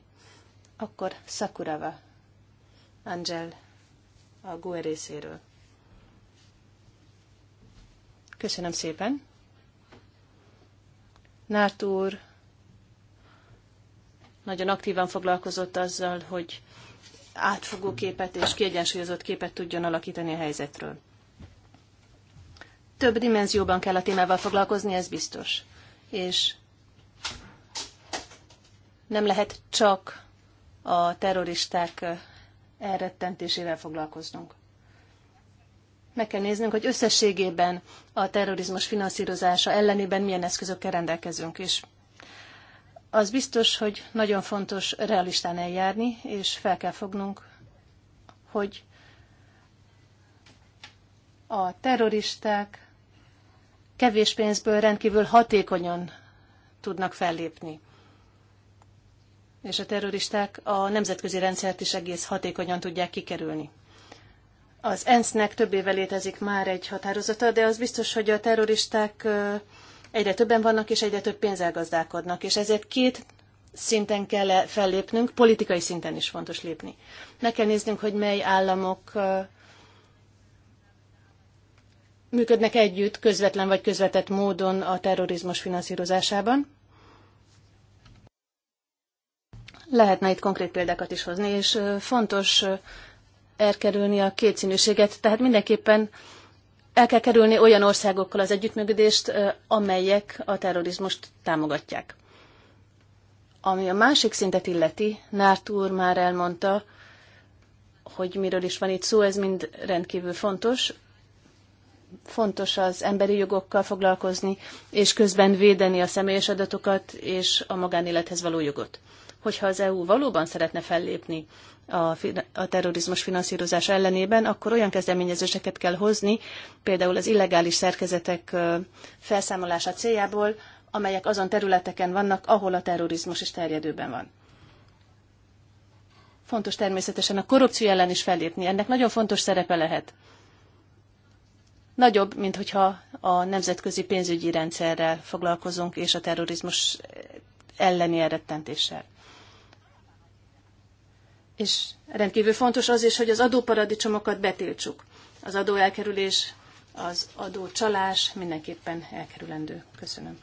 akkor Sakurava, Angel a GUE részéről. Köszönöm szépen. Nárt nagyon aktívan foglalkozott azzal, hogy átfogó képet és kiegyensúlyozott képet tudjon alakítani a helyzetről. Több dimenzióban kell a témával foglalkozni, ez biztos. És nem lehet csak a terroristák elrettentésével foglalkoznunk. Meg kell néznünk, hogy összességében a terrorizmus finanszírozása ellenében milyen eszközökkel rendelkezünk, és az biztos, hogy nagyon fontos realistán eljárni, és fel kell fognunk, hogy a terroristák kevés pénzből rendkívül hatékonyan tudnak fellépni és a terroristák a nemzetközi rendszert is egész hatékonyan tudják kikerülni. Az ENSZ-nek több éve létezik már egy határozata, de az biztos, hogy a terroristák egyre többen vannak, és egyre több pénzzel gazdálkodnak, és ezért két szinten kell -e fellépnünk, politikai szinten is fontos lépni. Meg kell néznünk, hogy mely államok működnek együtt, közvetlen vagy közvetett módon a terrorizmus finanszírozásában. Lehetne itt konkrét példákat is hozni, és fontos elkerülni a kétszínűséget, tehát mindenképpen el kell kerülni olyan országokkal az együttműködést, amelyek a terrorizmust támogatják. Ami a másik szintet illeti, Nárt úr már elmondta, hogy miről is van itt szó, ez mind rendkívül fontos. Fontos az emberi jogokkal foglalkozni, és közben védeni a személyes adatokat és a magánélethez való jogot hogyha az EU valóban szeretne fellépni a, a terrorizmus finanszírozása ellenében, akkor olyan kezdeményezéseket kell hozni, például az illegális szerkezetek felszámolása céljából, amelyek azon területeken vannak, ahol a terrorizmus is terjedőben van. Fontos természetesen a korrupció ellen is fellépni. Ennek nagyon fontos szerepe lehet. Nagyobb, mint hogyha a nemzetközi pénzügyi rendszerrel foglalkozunk, és a terrorizmus elleni elrettentéssel. És rendkívül fontos az is, hogy az adóparadicsomokat betiltsuk. Az adóelkerülés, az adócsalás mindenképpen elkerülendő. Köszönöm.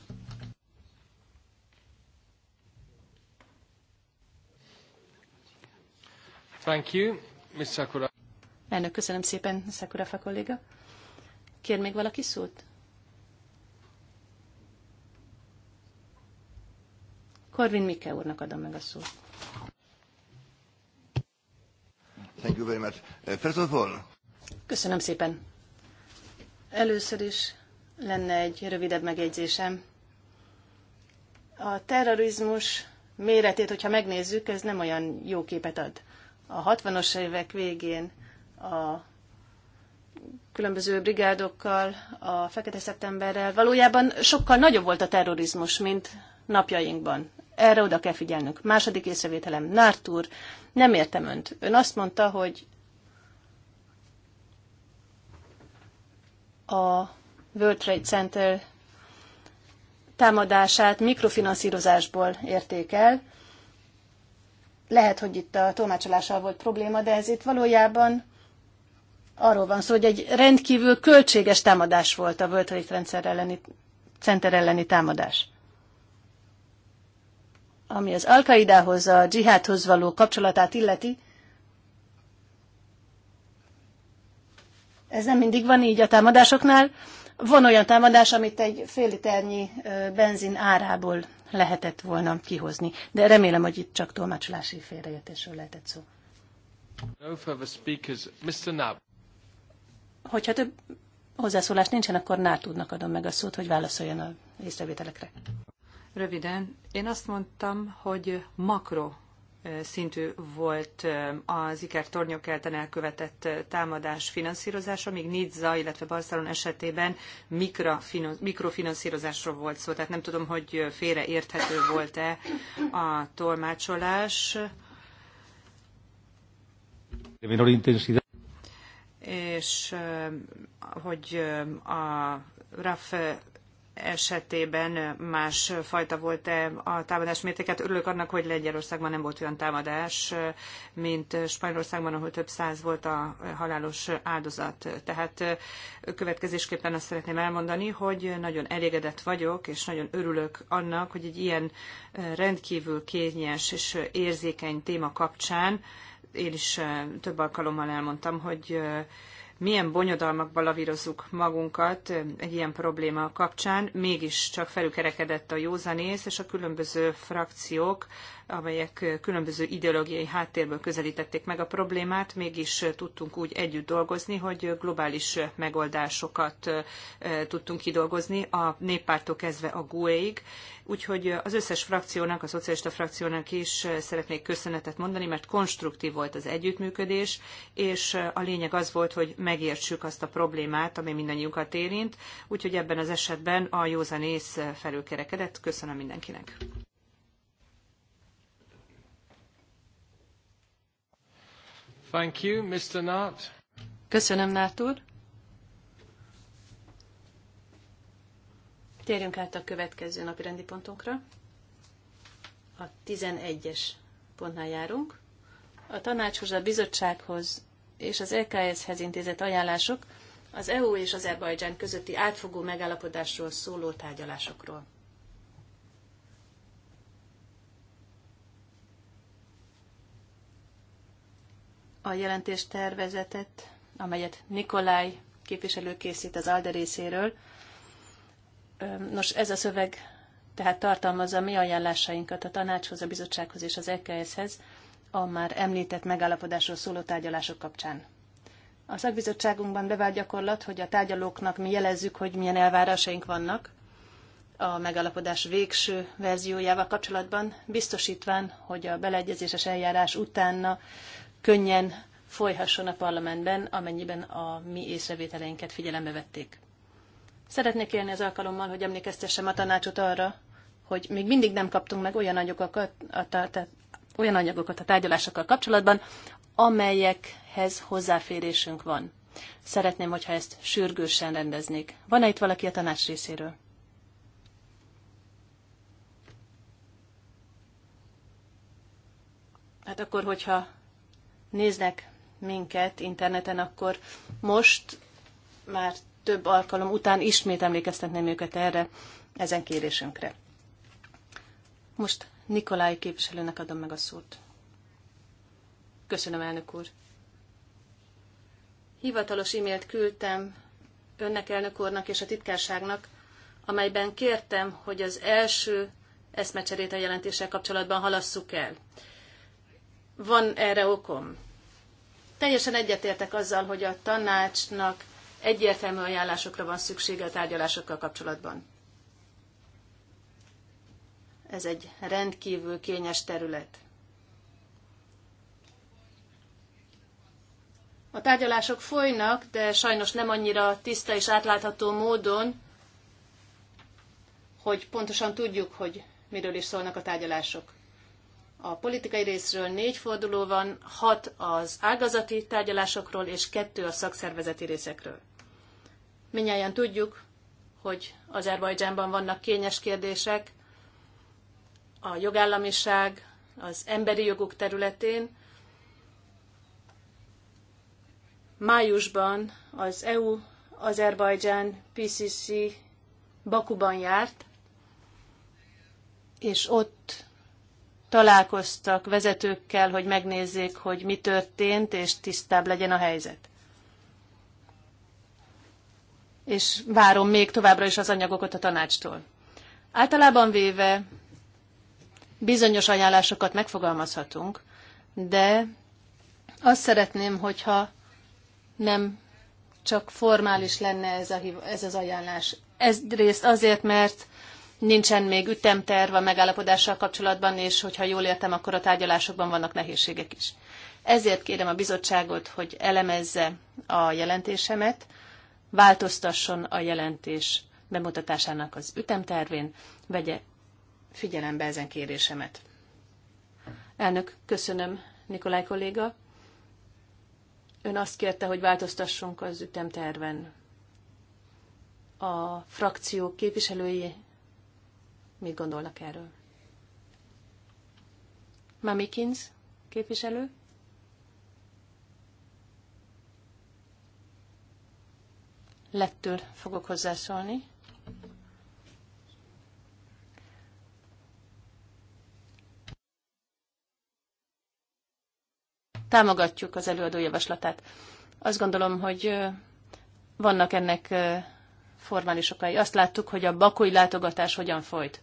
Thank you, Ms. Sakura. Elnök, köszönöm szépen, fa kolléga. Kér még valaki szót? Korvin Mike úrnak adom meg a szót. Thank you very much. Uh, first of all... Köszönöm szépen. Először is lenne egy rövidebb megjegyzésem. A terrorizmus méretét, hogyha megnézzük, ez nem olyan jó képet ad. A 60-as évek végén a különböző brigádokkal, a Fekete Szeptemberrel valójában sokkal nagyobb volt a terrorizmus, mint napjainkban. Erre oda kell figyelnünk. Második észrevételem, Nártúr, nem értem önt. Ön azt mondta, hogy a World Trade Center támadását mikrofinanszírozásból értékel. Lehet, hogy itt a tolmácsolással volt probléma, de ez itt valójában arról van szó, hogy egy rendkívül költséges támadás volt a World Trade Center elleni, Center elleni támadás ami az al a dzsihádhoz való kapcsolatát illeti, ez nem mindig van így a támadásoknál. Van olyan támadás, amit egy fél liternyi benzin árából lehetett volna kihozni. De remélem, hogy itt csak tolmácsolási félreértésről lehetett szó. No further speakers. Mr. Nab. Hogyha több hozzászólás nincsen, akkor Nár tudnak adom meg a szót, hogy válaszoljon a észrevételekre. Röviden, én azt mondtam, hogy makro eh, szintű volt eh, az ikertornyok elten elkövetett eh, támadás finanszírozása, míg Nizza, illetve Barcelona esetében mikrofinanszírozásról volt szó. Tehát nem tudom, hogy félreérthető volt-e a tolmácsolás. És hogy a RAF esetében más fajta volt-e a támadás mértéket. Örülök annak, hogy Lengyelországban nem volt olyan támadás, mint Spanyolországban, ahol több száz volt a halálos áldozat. Tehát következésképpen azt szeretném elmondani, hogy nagyon elégedett vagyok, és nagyon örülök annak, hogy egy ilyen rendkívül kényes és érzékeny téma kapcsán én is több alkalommal elmondtam, hogy milyen bonyodalmakba lavírozzuk magunkat egy ilyen probléma kapcsán, mégiscsak felülkerekedett a józanész, és a különböző frakciók amelyek különböző ideológiai háttérből közelítették meg a problémát, mégis tudtunk úgy együtt dolgozni, hogy globális megoldásokat tudtunk kidolgozni, a néppártól kezdve a GUE-ig. Úgyhogy az összes frakciónak, a szocialista frakciónak is szeretnék köszönetet mondani, mert konstruktív volt az együttműködés, és a lényeg az volt, hogy megértsük azt a problémát, ami mindannyiunkat érint, úgyhogy ebben az esetben a józan ész felülkerekedett. Köszönöm mindenkinek! Thank you, Mr. Nart. Köszönöm, Nart úr. Térjünk át a következő napi rendi pontunkra. A 11-es pontnál járunk. A tanácshoz, a bizottsághoz és az EKS-hez intézett ajánlások az EU és az Erbajdzsán közötti átfogó megállapodásról szóló tárgyalásokról. a jelentés tervezetet, amelyet Nikolaj képviselő készít az ALDE részéről. Nos, ez a szöveg tehát tartalmazza mi ajánlásainkat a tanácshoz, a bizottsághoz és az EKS-hez a már említett megállapodásról szóló tárgyalások kapcsán. A szakbizottságunkban bevált gyakorlat, hogy a tárgyalóknak mi jelezzük, hogy milyen elvárásaink vannak a megállapodás végső verziójával kapcsolatban, biztosítván, hogy a beleegyezéses eljárás utána könnyen folyhasson a parlamentben, amennyiben a mi észrevételeinket figyelembe vették. Szeretnék élni az alkalommal, hogy emlékeztessem a tanácsot arra, hogy még mindig nem kaptunk meg olyan anyagokat a, tehát, olyan anyagokat a tárgyalásokkal kapcsolatban, amelyekhez hozzáférésünk van. Szeretném, hogyha ezt sürgősen rendeznék. Van-e itt valaki a tanács részéről? Hát akkor, hogyha néznek minket interneten, akkor most már több alkalom után ismét emlékeztetném őket erre, ezen kérésünkre. Most Nikolai képviselőnek adom meg a szót. Köszönöm, elnök úr. Hivatalos e-mailt küldtem önnek, elnök úrnak és a titkárságnak, amelyben kértem, hogy az első eszmecserét a jelentéssel kapcsolatban halasszuk el van erre okom. Teljesen egyetértek azzal, hogy a tanácsnak egyértelmű ajánlásokra van szüksége a tárgyalásokkal kapcsolatban. Ez egy rendkívül kényes terület. A tárgyalások folynak, de sajnos nem annyira tiszta és átlátható módon, hogy pontosan tudjuk, hogy miről is szólnak a tárgyalások. A politikai részről négy forduló van, hat az ágazati tárgyalásokról, és kettő a szakszervezeti részekről. Minnyáján tudjuk, hogy Azerbajdzsánban vannak kényes kérdések, a jogállamiság, az emberi jogok területén. Májusban az EU Azerbajdzsán PCC Bakuban járt, és ott találkoztak vezetőkkel, hogy megnézzék, hogy mi történt, és tisztább legyen a helyzet. És várom még továbbra is az anyagokat a tanácstól. Általában véve bizonyos ajánlásokat megfogalmazhatunk, de azt szeretném, hogyha nem csak formális lenne ez, a, ez az ajánlás. Ez részt azért, mert nincsen még ütemterv a megállapodással kapcsolatban, és hogyha jól értem, akkor a tárgyalásokban vannak nehézségek is. Ezért kérem a bizottságot, hogy elemezze a jelentésemet, változtasson a jelentés bemutatásának az ütemtervén, vegye figyelembe ezen kérésemet. Elnök, köszönöm, Nikolaj kolléga. Ön azt kérte, hogy változtassunk az ütemterven. A frakció képviselői Mit gondolnak erről? Mamikins képviselő? Lettől fogok hozzászólni. Támogatjuk az előadó javaslatát. Azt gondolom, hogy vannak ennek formális okai. Azt láttuk, hogy a bakói látogatás hogyan folyt.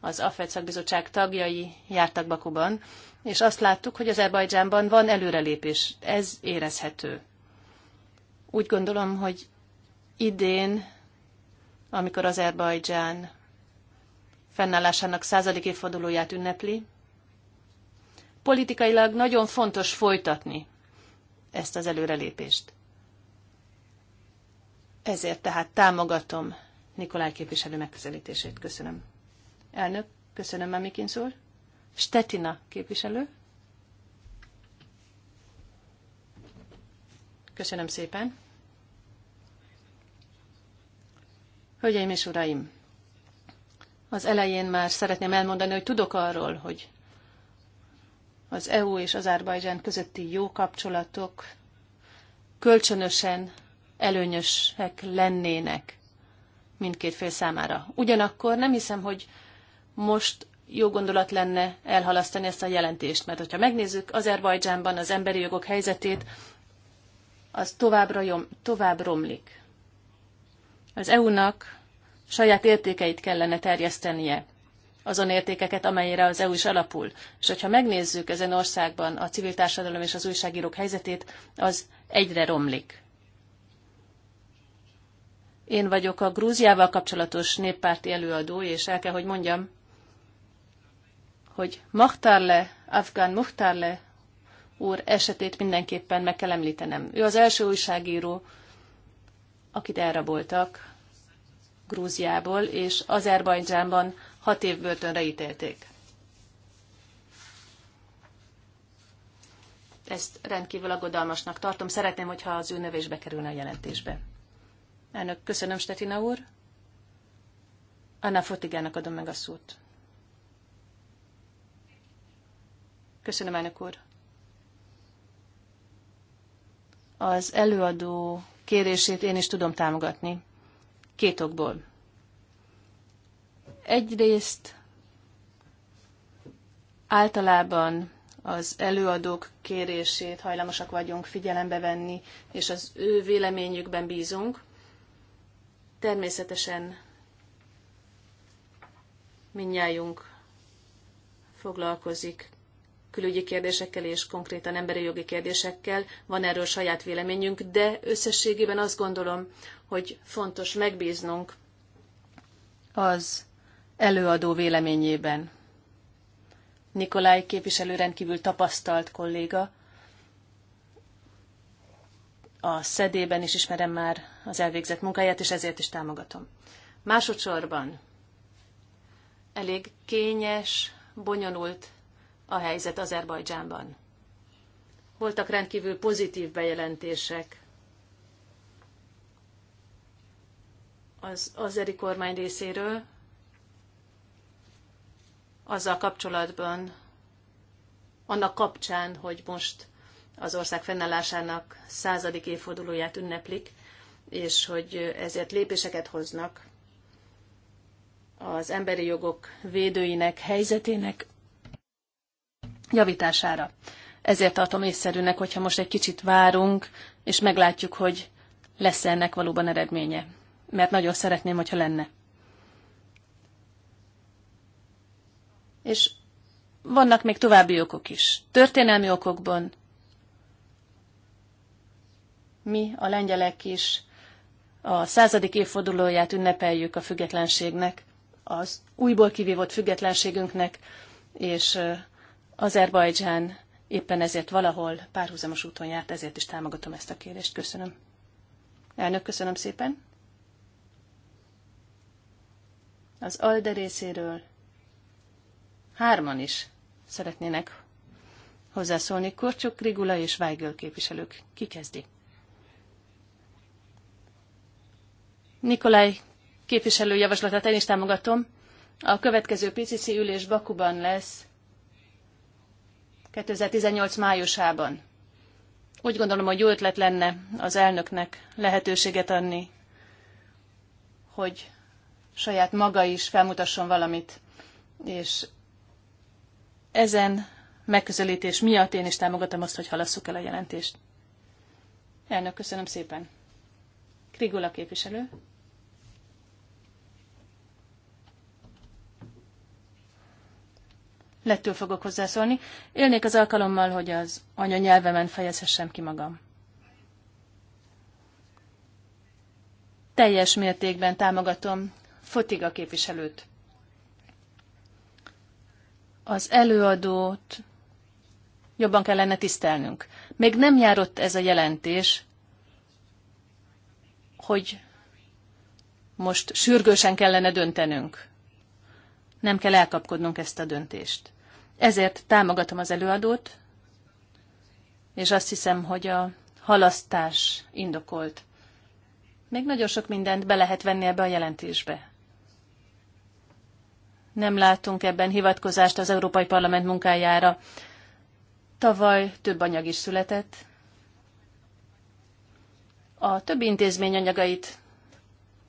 Az AFED szakbizottság tagjai jártak Bakuban, és azt láttuk, hogy Azerbajdzsánban van előrelépés. Ez érezhető. Úgy gondolom, hogy idén, amikor Azerbajdzsán fennállásának századik évfordulóját ünnepli, politikailag nagyon fontos folytatni ezt az előrelépést. Ezért tehát támogatom Nikolaj képviselő megközelítését. Köszönöm. Elnök, köszönöm, Mamikins úr. Stetina képviselő. Köszönöm szépen. Hölgyeim és uraim! Az elején már szeretném elmondani, hogy tudok arról, hogy az EU és az Árbajzsán közötti jó kapcsolatok kölcsönösen előnyösek lennének mindkét fél számára. Ugyanakkor nem hiszem, hogy most jó gondolat lenne elhalasztani ezt a jelentést, mert hogyha megnézzük Azerbajdzsánban az emberi jogok helyzetét, az továbbra jom, tovább romlik. Az EU-nak saját értékeit kellene terjesztenie, azon értékeket, amelyre az EU is alapul. És hogyha megnézzük ezen országban a civil társadalom és az újságírók helyzetét, az egyre romlik. Én vagyok a Grúziával kapcsolatos néppárti előadó, és el kell, hogy mondjam, hogy Mahtarle, Afgán Muhtarle úr esetét mindenképpen meg kell említenem. Ő az első újságíró, akit elraboltak Grúziából, és Azerbajdzsánban hat év börtönre ítélték. Ezt rendkívül aggodalmasnak tartom. Szeretném, hogyha az ő nevés kerülne a jelentésbe. Elnök, köszönöm, Stetina úr. Anna Fotigának adom meg a szót. Köszönöm, elnök úr. Az előadó kérését én is tudom támogatni. Két okból. Egyrészt általában az előadók kérését hajlamosak vagyunk figyelembe venni, és az ő véleményükben bízunk, Természetesen minnyájunk foglalkozik külügyi kérdésekkel és konkrétan emberi jogi kérdésekkel, van erről saját véleményünk, de összességében azt gondolom, hogy fontos megbíznunk az előadó véleményében. Nikolaj képviselő rendkívül tapasztalt kolléga, a szedében is ismerem már az elvégzett munkáját, és ezért is támogatom. Másodszorban elég kényes, bonyolult a helyzet Azerbajdzsánban. Voltak rendkívül pozitív bejelentések az azeri kormány részéről, azzal kapcsolatban, annak kapcsán, hogy most az ország fennállásának századik évfordulóját ünneplik, és hogy ezért lépéseket hoznak az emberi jogok védőinek helyzetének javítására. Ezért tartom észszerűnek, hogyha most egy kicsit várunk, és meglátjuk, hogy lesz -e ennek valóban eredménye. Mert nagyon szeretném, hogyha lenne. És vannak még további okok is. Történelmi okokban, mi a lengyelek is a századik évfordulóját ünnepeljük a függetlenségnek, az újból kivívott függetlenségünknek, és Azerbajdzsán éppen ezért valahol párhuzamos úton járt, ezért is támogatom ezt a kérést. Köszönöm. Elnök, köszönöm szépen. Az ALDE részéről hárman is szeretnének hozzászólni. Korcsuk, Rigula és Weigel képviselők. Ki kezdi? Nikolaj képviselő javaslatát én is támogatom. A következő PCC ülés Bakuban lesz 2018 májusában. Úgy gondolom, hogy jó ötlet lenne az elnöknek lehetőséget adni, hogy saját maga is felmutasson valamit, és ezen megközelítés miatt én is támogatom azt, hogy halasszuk el a jelentést. Elnök, köszönöm szépen! Krigula képviselő. Lettől fogok hozzászólni. Élnék az alkalommal, hogy az anyanyelvemen fejezhessem ki magam. Teljes mértékben támogatom Fotiga képviselőt. Az előadót jobban kellene tisztelnünk. Még nem járott ez a jelentés hogy most sürgősen kellene döntenünk. Nem kell elkapkodnunk ezt a döntést. Ezért támogatom az előadót, és azt hiszem, hogy a halasztás indokolt. Még nagyon sok mindent be lehet venni ebbe a jelentésbe. Nem látunk ebben hivatkozást az Európai Parlament munkájára. Tavaly több anyag is született, a többi intézmény anyagait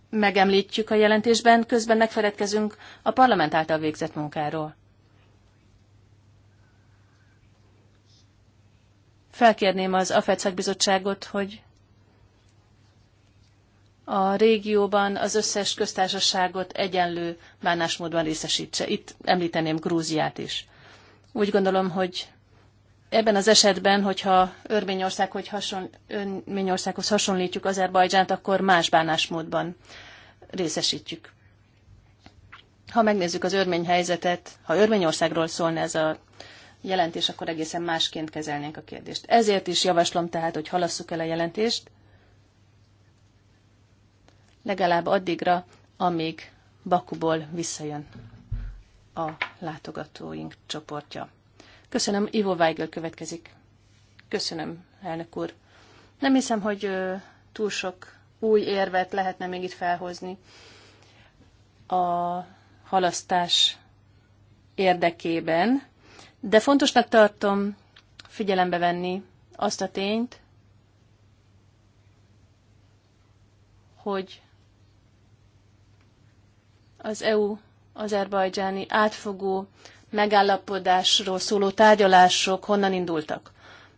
megemlítjük a jelentésben, közben megfeledkezünk a parlament által végzett munkáról. Felkérném az AFED szakbizottságot, hogy a régióban az összes köztársaságot egyenlő bánásmódban részesítse. Itt említeném Grúziát is. Úgy gondolom, hogy ebben az esetben, hogyha Örményország, hogy hason, Örményországhoz hasonlítjuk Azerbajdzsánt, akkor más bánásmódban részesítjük. Ha megnézzük az örmény helyzetet, ha Örményországról szólna ez a jelentés, akkor egészen másként kezelnénk a kérdést. Ezért is javaslom tehát, hogy halasszuk el a jelentést, legalább addigra, amíg Bakuból visszajön a látogatóink csoportja. Köszönöm, Ivo Weigel következik. Köszönöm, elnök úr. Nem hiszem, hogy túl sok új érvet lehetne még itt felhozni a halasztás érdekében, de fontosnak tartom figyelembe venni azt a tényt, hogy az EU azerbajdzsáni átfogó megállapodásról szóló tárgyalások honnan indultak.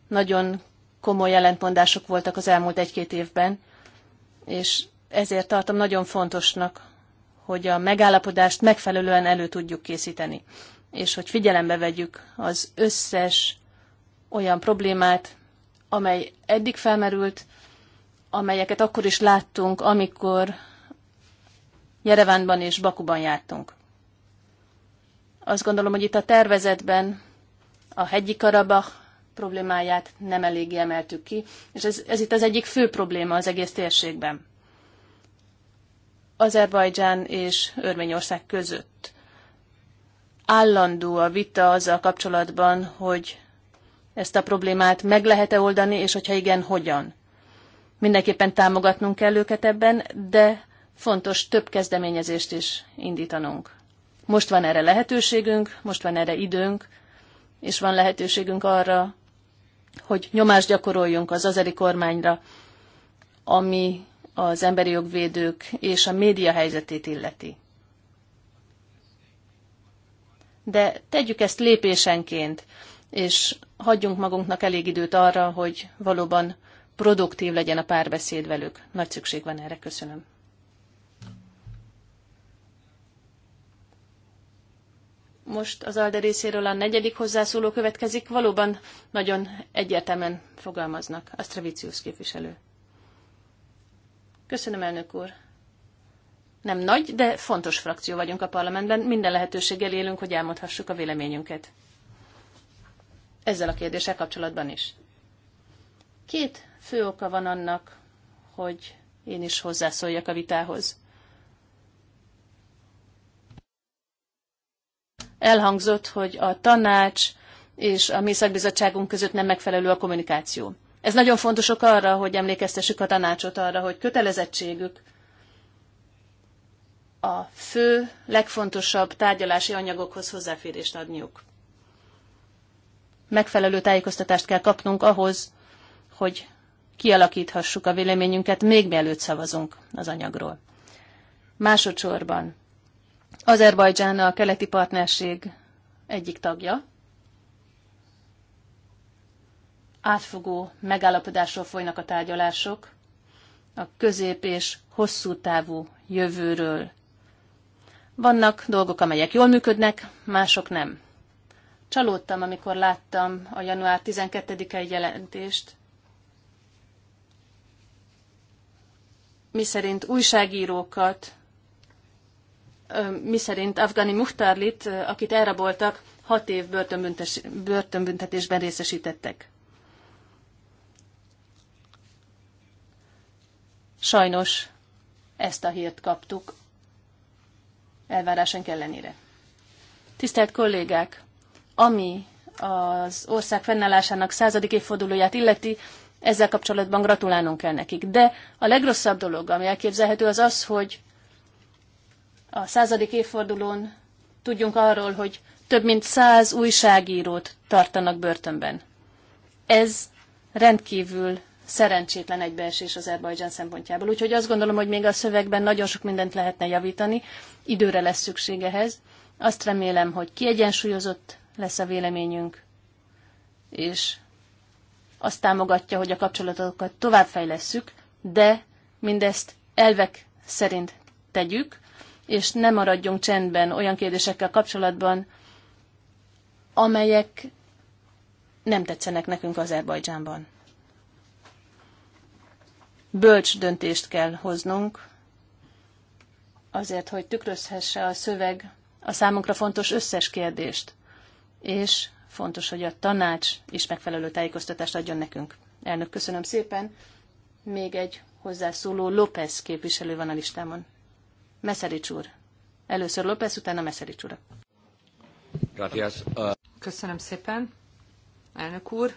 Nagyon komoly ellentmondások voltak az elmúlt egy-két évben, és ezért tartom nagyon fontosnak, hogy a megállapodást megfelelően elő tudjuk készíteni, és hogy figyelembe vegyük az összes olyan problémát, amely eddig felmerült, amelyeket akkor is láttunk, amikor Jerevánban és Bakuban jártunk. Azt gondolom, hogy itt a tervezetben a hegyi Karabach problémáját nem eléggé emeltük ki, és ez, ez itt az egyik fő probléma az egész térségben. Azerbajdzsán és Örményország között. Állandó a vita azzal kapcsolatban, hogy ezt a problémát meg lehet-e oldani, és hogyha igen, hogyan. Mindenképpen támogatnunk kell őket ebben, de fontos több kezdeményezést is indítanunk. Most van erre lehetőségünk, most van erre időnk, és van lehetőségünk arra, hogy nyomást gyakoroljunk az azeri kormányra, ami az emberi jogvédők és a média helyzetét illeti. De tegyük ezt lépésenként, és hagyjunk magunknak elég időt arra, hogy valóban produktív legyen a párbeszéd velük. Nagy szükség van erre. Köszönöm. Most az ALDE részéről a negyedik hozzászóló következik. Valóban nagyon egyértelműen fogalmaznak. Stravicius képviselő. Köszönöm, elnök úr. Nem nagy, de fontos frakció vagyunk a parlamentben. Minden lehetőséggel élünk, hogy elmondhassuk a véleményünket. Ezzel a kérdéssel kapcsolatban is. Két fő oka van annak, hogy én is hozzászóljak a vitához. elhangzott, hogy a tanács és a mi szakbizottságunk között nem megfelelő a kommunikáció. Ez nagyon fontos ok arra, hogy emlékeztessük a tanácsot arra, hogy kötelezettségük a fő, legfontosabb tárgyalási anyagokhoz hozzáférést adniuk. Megfelelő tájékoztatást kell kapnunk ahhoz, hogy kialakíthassuk a véleményünket, még mielőtt szavazunk az anyagról. Másodszorban Azerbajdzsán a keleti partnerség egyik tagja. Átfogó megállapodásról folynak a tárgyalások a közép és hosszú távú jövőről. Vannak dolgok, amelyek jól működnek, mások nem. Csalódtam, amikor láttam a január 12-i jelentést, miszerint újságírókat miszerint Afgani Muhtarlit, akit elraboltak, hat év börtönbüntetésben részesítettek. Sajnos ezt a hírt kaptuk elvárásunk ellenére. Tisztelt kollégák, ami az ország fennállásának századik évfordulóját illeti, ezzel kapcsolatban gratulálnunk kell nekik. De a legrosszabb dolog, ami elképzelhető, az az, hogy a századik évfordulón tudjunk arról, hogy több mint száz újságírót tartanak börtönben. Ez rendkívül szerencsétlen egybeesés Erbajdzsán szempontjából. Úgyhogy azt gondolom, hogy még a szövegben nagyon sok mindent lehetne javítani, időre lesz szükség ehhez. Azt remélem, hogy kiegyensúlyozott lesz a véleményünk, és azt támogatja, hogy a kapcsolatokat továbbfejlesszük, de mindezt elvek szerint tegyük, és ne maradjunk csendben olyan kérdésekkel kapcsolatban, amelyek nem tetszenek nekünk Azerbajdzsánban. Bölcs döntést kell hoznunk, azért, hogy tükrözhesse a szöveg a számunkra fontos összes kérdést, és fontos, hogy a tanács is megfelelő tájékoztatást adjon nekünk. Elnök, köszönöm szépen. Még egy hozzászóló López képviselő van a listámon. Meszerics úr. Először López, utána Meszerics úr. Köszönöm szépen, elnök úr.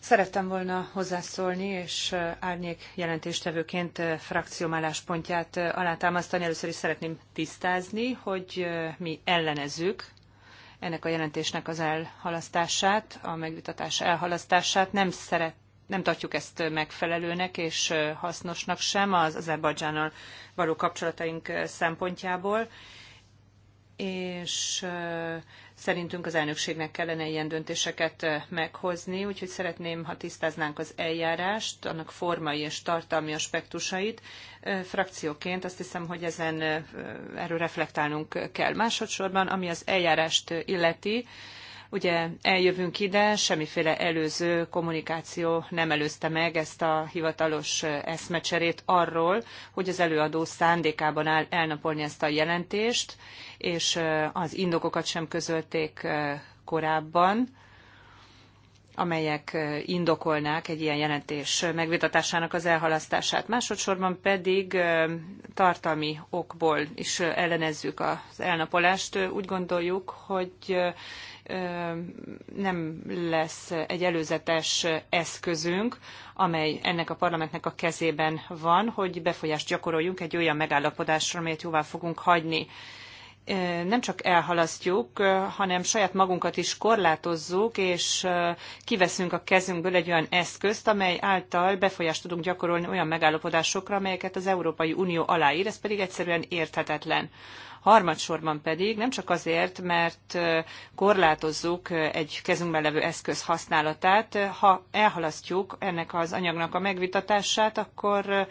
Szerettem volna hozzászólni, és árnyék jelentéstevőként frakcióm álláspontját alátámasztani. Először is szeretném tisztázni, hogy mi ellenezzük ennek a jelentésnek az elhalasztását, a megvitatás elhalasztását. Nem szeret nem tartjuk ezt megfelelőnek és hasznosnak sem az Azerbajdzsánnal való kapcsolataink szempontjából, és szerintünk az elnökségnek kellene ilyen döntéseket meghozni, úgyhogy szeretném, ha tisztáznánk az eljárást, annak formai és tartalmi aspektusait frakcióként. Azt hiszem, hogy ezen erről reflektálnunk kell. Másodszorban, ami az eljárást illeti, Ugye eljövünk ide, semmiféle előző kommunikáció nem előzte meg ezt a hivatalos eszmecserét arról, hogy az előadó szándékában áll elnapolni ezt a jelentést, és az indokokat sem közölték korábban amelyek indokolnák egy ilyen jelentés megvitatásának az elhalasztását. Másodszorban pedig tartalmi okból is ellenezzük az elnapolást. Úgy gondoljuk, hogy nem lesz egy előzetes eszközünk, amely ennek a parlamentnek a kezében van, hogy befolyást gyakoroljunk egy olyan megállapodásra, amelyet jóvá fogunk hagyni nem csak elhalasztjuk, hanem saját magunkat is korlátozzuk, és kiveszünk a kezünkből egy olyan eszközt, amely által befolyást tudunk gyakorolni olyan megállapodásokra, amelyeket az Európai Unió aláír, ez pedig egyszerűen érthetetlen. Harmadsorban pedig nem csak azért, mert korlátozzuk egy kezünkben levő eszköz használatát, ha elhalasztjuk ennek az anyagnak a megvitatását, akkor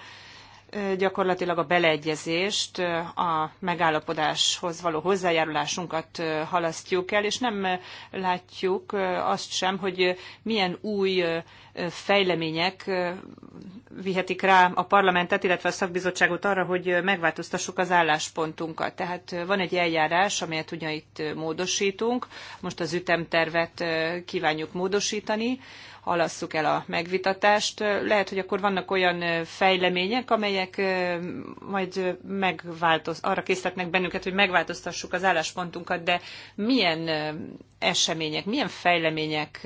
gyakorlatilag a beleegyezést, a megállapodáshoz való hozzájárulásunkat halasztjuk el, és nem látjuk azt sem, hogy milyen új fejlemények vihetik rá a parlamentet, illetve a szakbizottságot arra, hogy megváltoztassuk az álláspontunkat. Tehát van egy eljárás, amelyet ugye itt módosítunk, most az ütemtervet kívánjuk módosítani, halasszuk el a megvitatást. Lehet, hogy akkor vannak olyan fejlemények, amelyek majd megváltoz, arra készítetnek bennünket, hogy megváltoztassuk az álláspontunkat, de milyen események, milyen fejlemények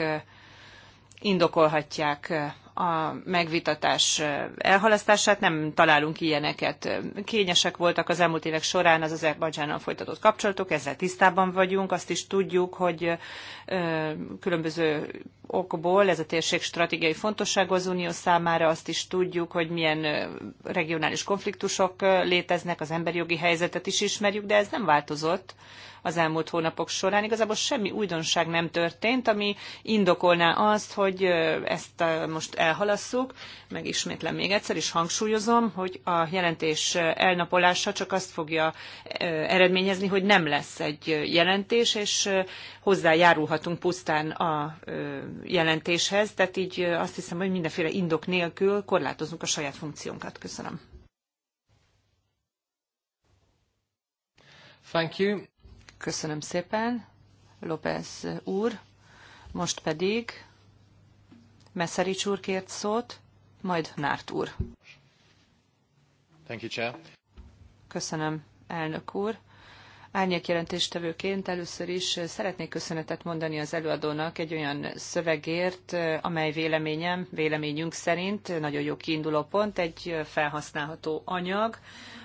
indokolhatják a megvitatás elhalasztását, nem találunk ilyeneket. Kényesek voltak az elmúlt évek során az Azerbajdzsánnal folytatott kapcsolatok, ezzel tisztában vagyunk, azt is tudjuk, hogy különböző okból ez a térség stratégiai fontosság az Unió számára, azt is tudjuk, hogy milyen regionális konfliktusok léteznek, az emberi jogi helyzetet is ismerjük, de ez nem változott az elmúlt hónapok során. Igazából semmi újdonság nem történt, ami indokolná azt, hogy ezt most elhalasszuk. Megismétlem még egyszer, is hangsúlyozom, hogy a jelentés elnapolása csak azt fogja eredményezni, hogy nem lesz egy jelentés, és hozzájárulhatunk pusztán a jelentéshez, tehát így azt hiszem, hogy mindenféle indok nélkül korlátozunk a saját funkciónkat. Köszönöm. Thank you. Köszönöm szépen, López úr. Most pedig Meszerics úr kért szót, majd Nárt úr. Thank you, Chair. Köszönöm, elnök úr árnyékjelentéstevőként először is szeretnék köszönetet mondani az előadónak egy olyan szövegért, amely véleményem, véleményünk szerint nagyon jó kiinduló pont, egy felhasználható anyag,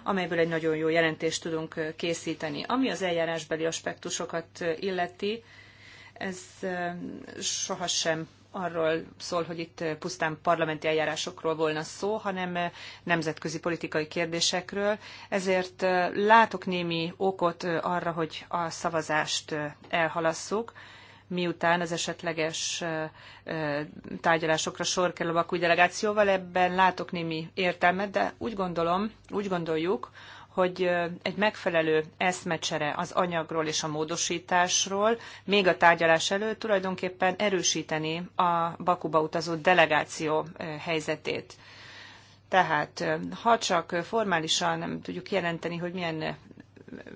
amelyből egy nagyon jó jelentést tudunk készíteni. Ami az eljárásbeli aspektusokat illeti, ez sohasem arról szól, hogy itt pusztán parlamenti eljárásokról volna szó, hanem nemzetközi politikai kérdésekről. Ezért látok némi okot arra, hogy a szavazást elhalasszuk miután az esetleges tárgyalásokra sor kerül a bakúi delegációval. Ebben látok némi értelmet, de úgy gondolom, úgy gondoljuk, hogy egy megfelelő eszmecsere az anyagról és a módosításról még a tárgyalás előtt tulajdonképpen erősíteni a Bakuba utazó delegáció helyzetét. Tehát, ha csak formálisan nem tudjuk jelenteni, hogy milyen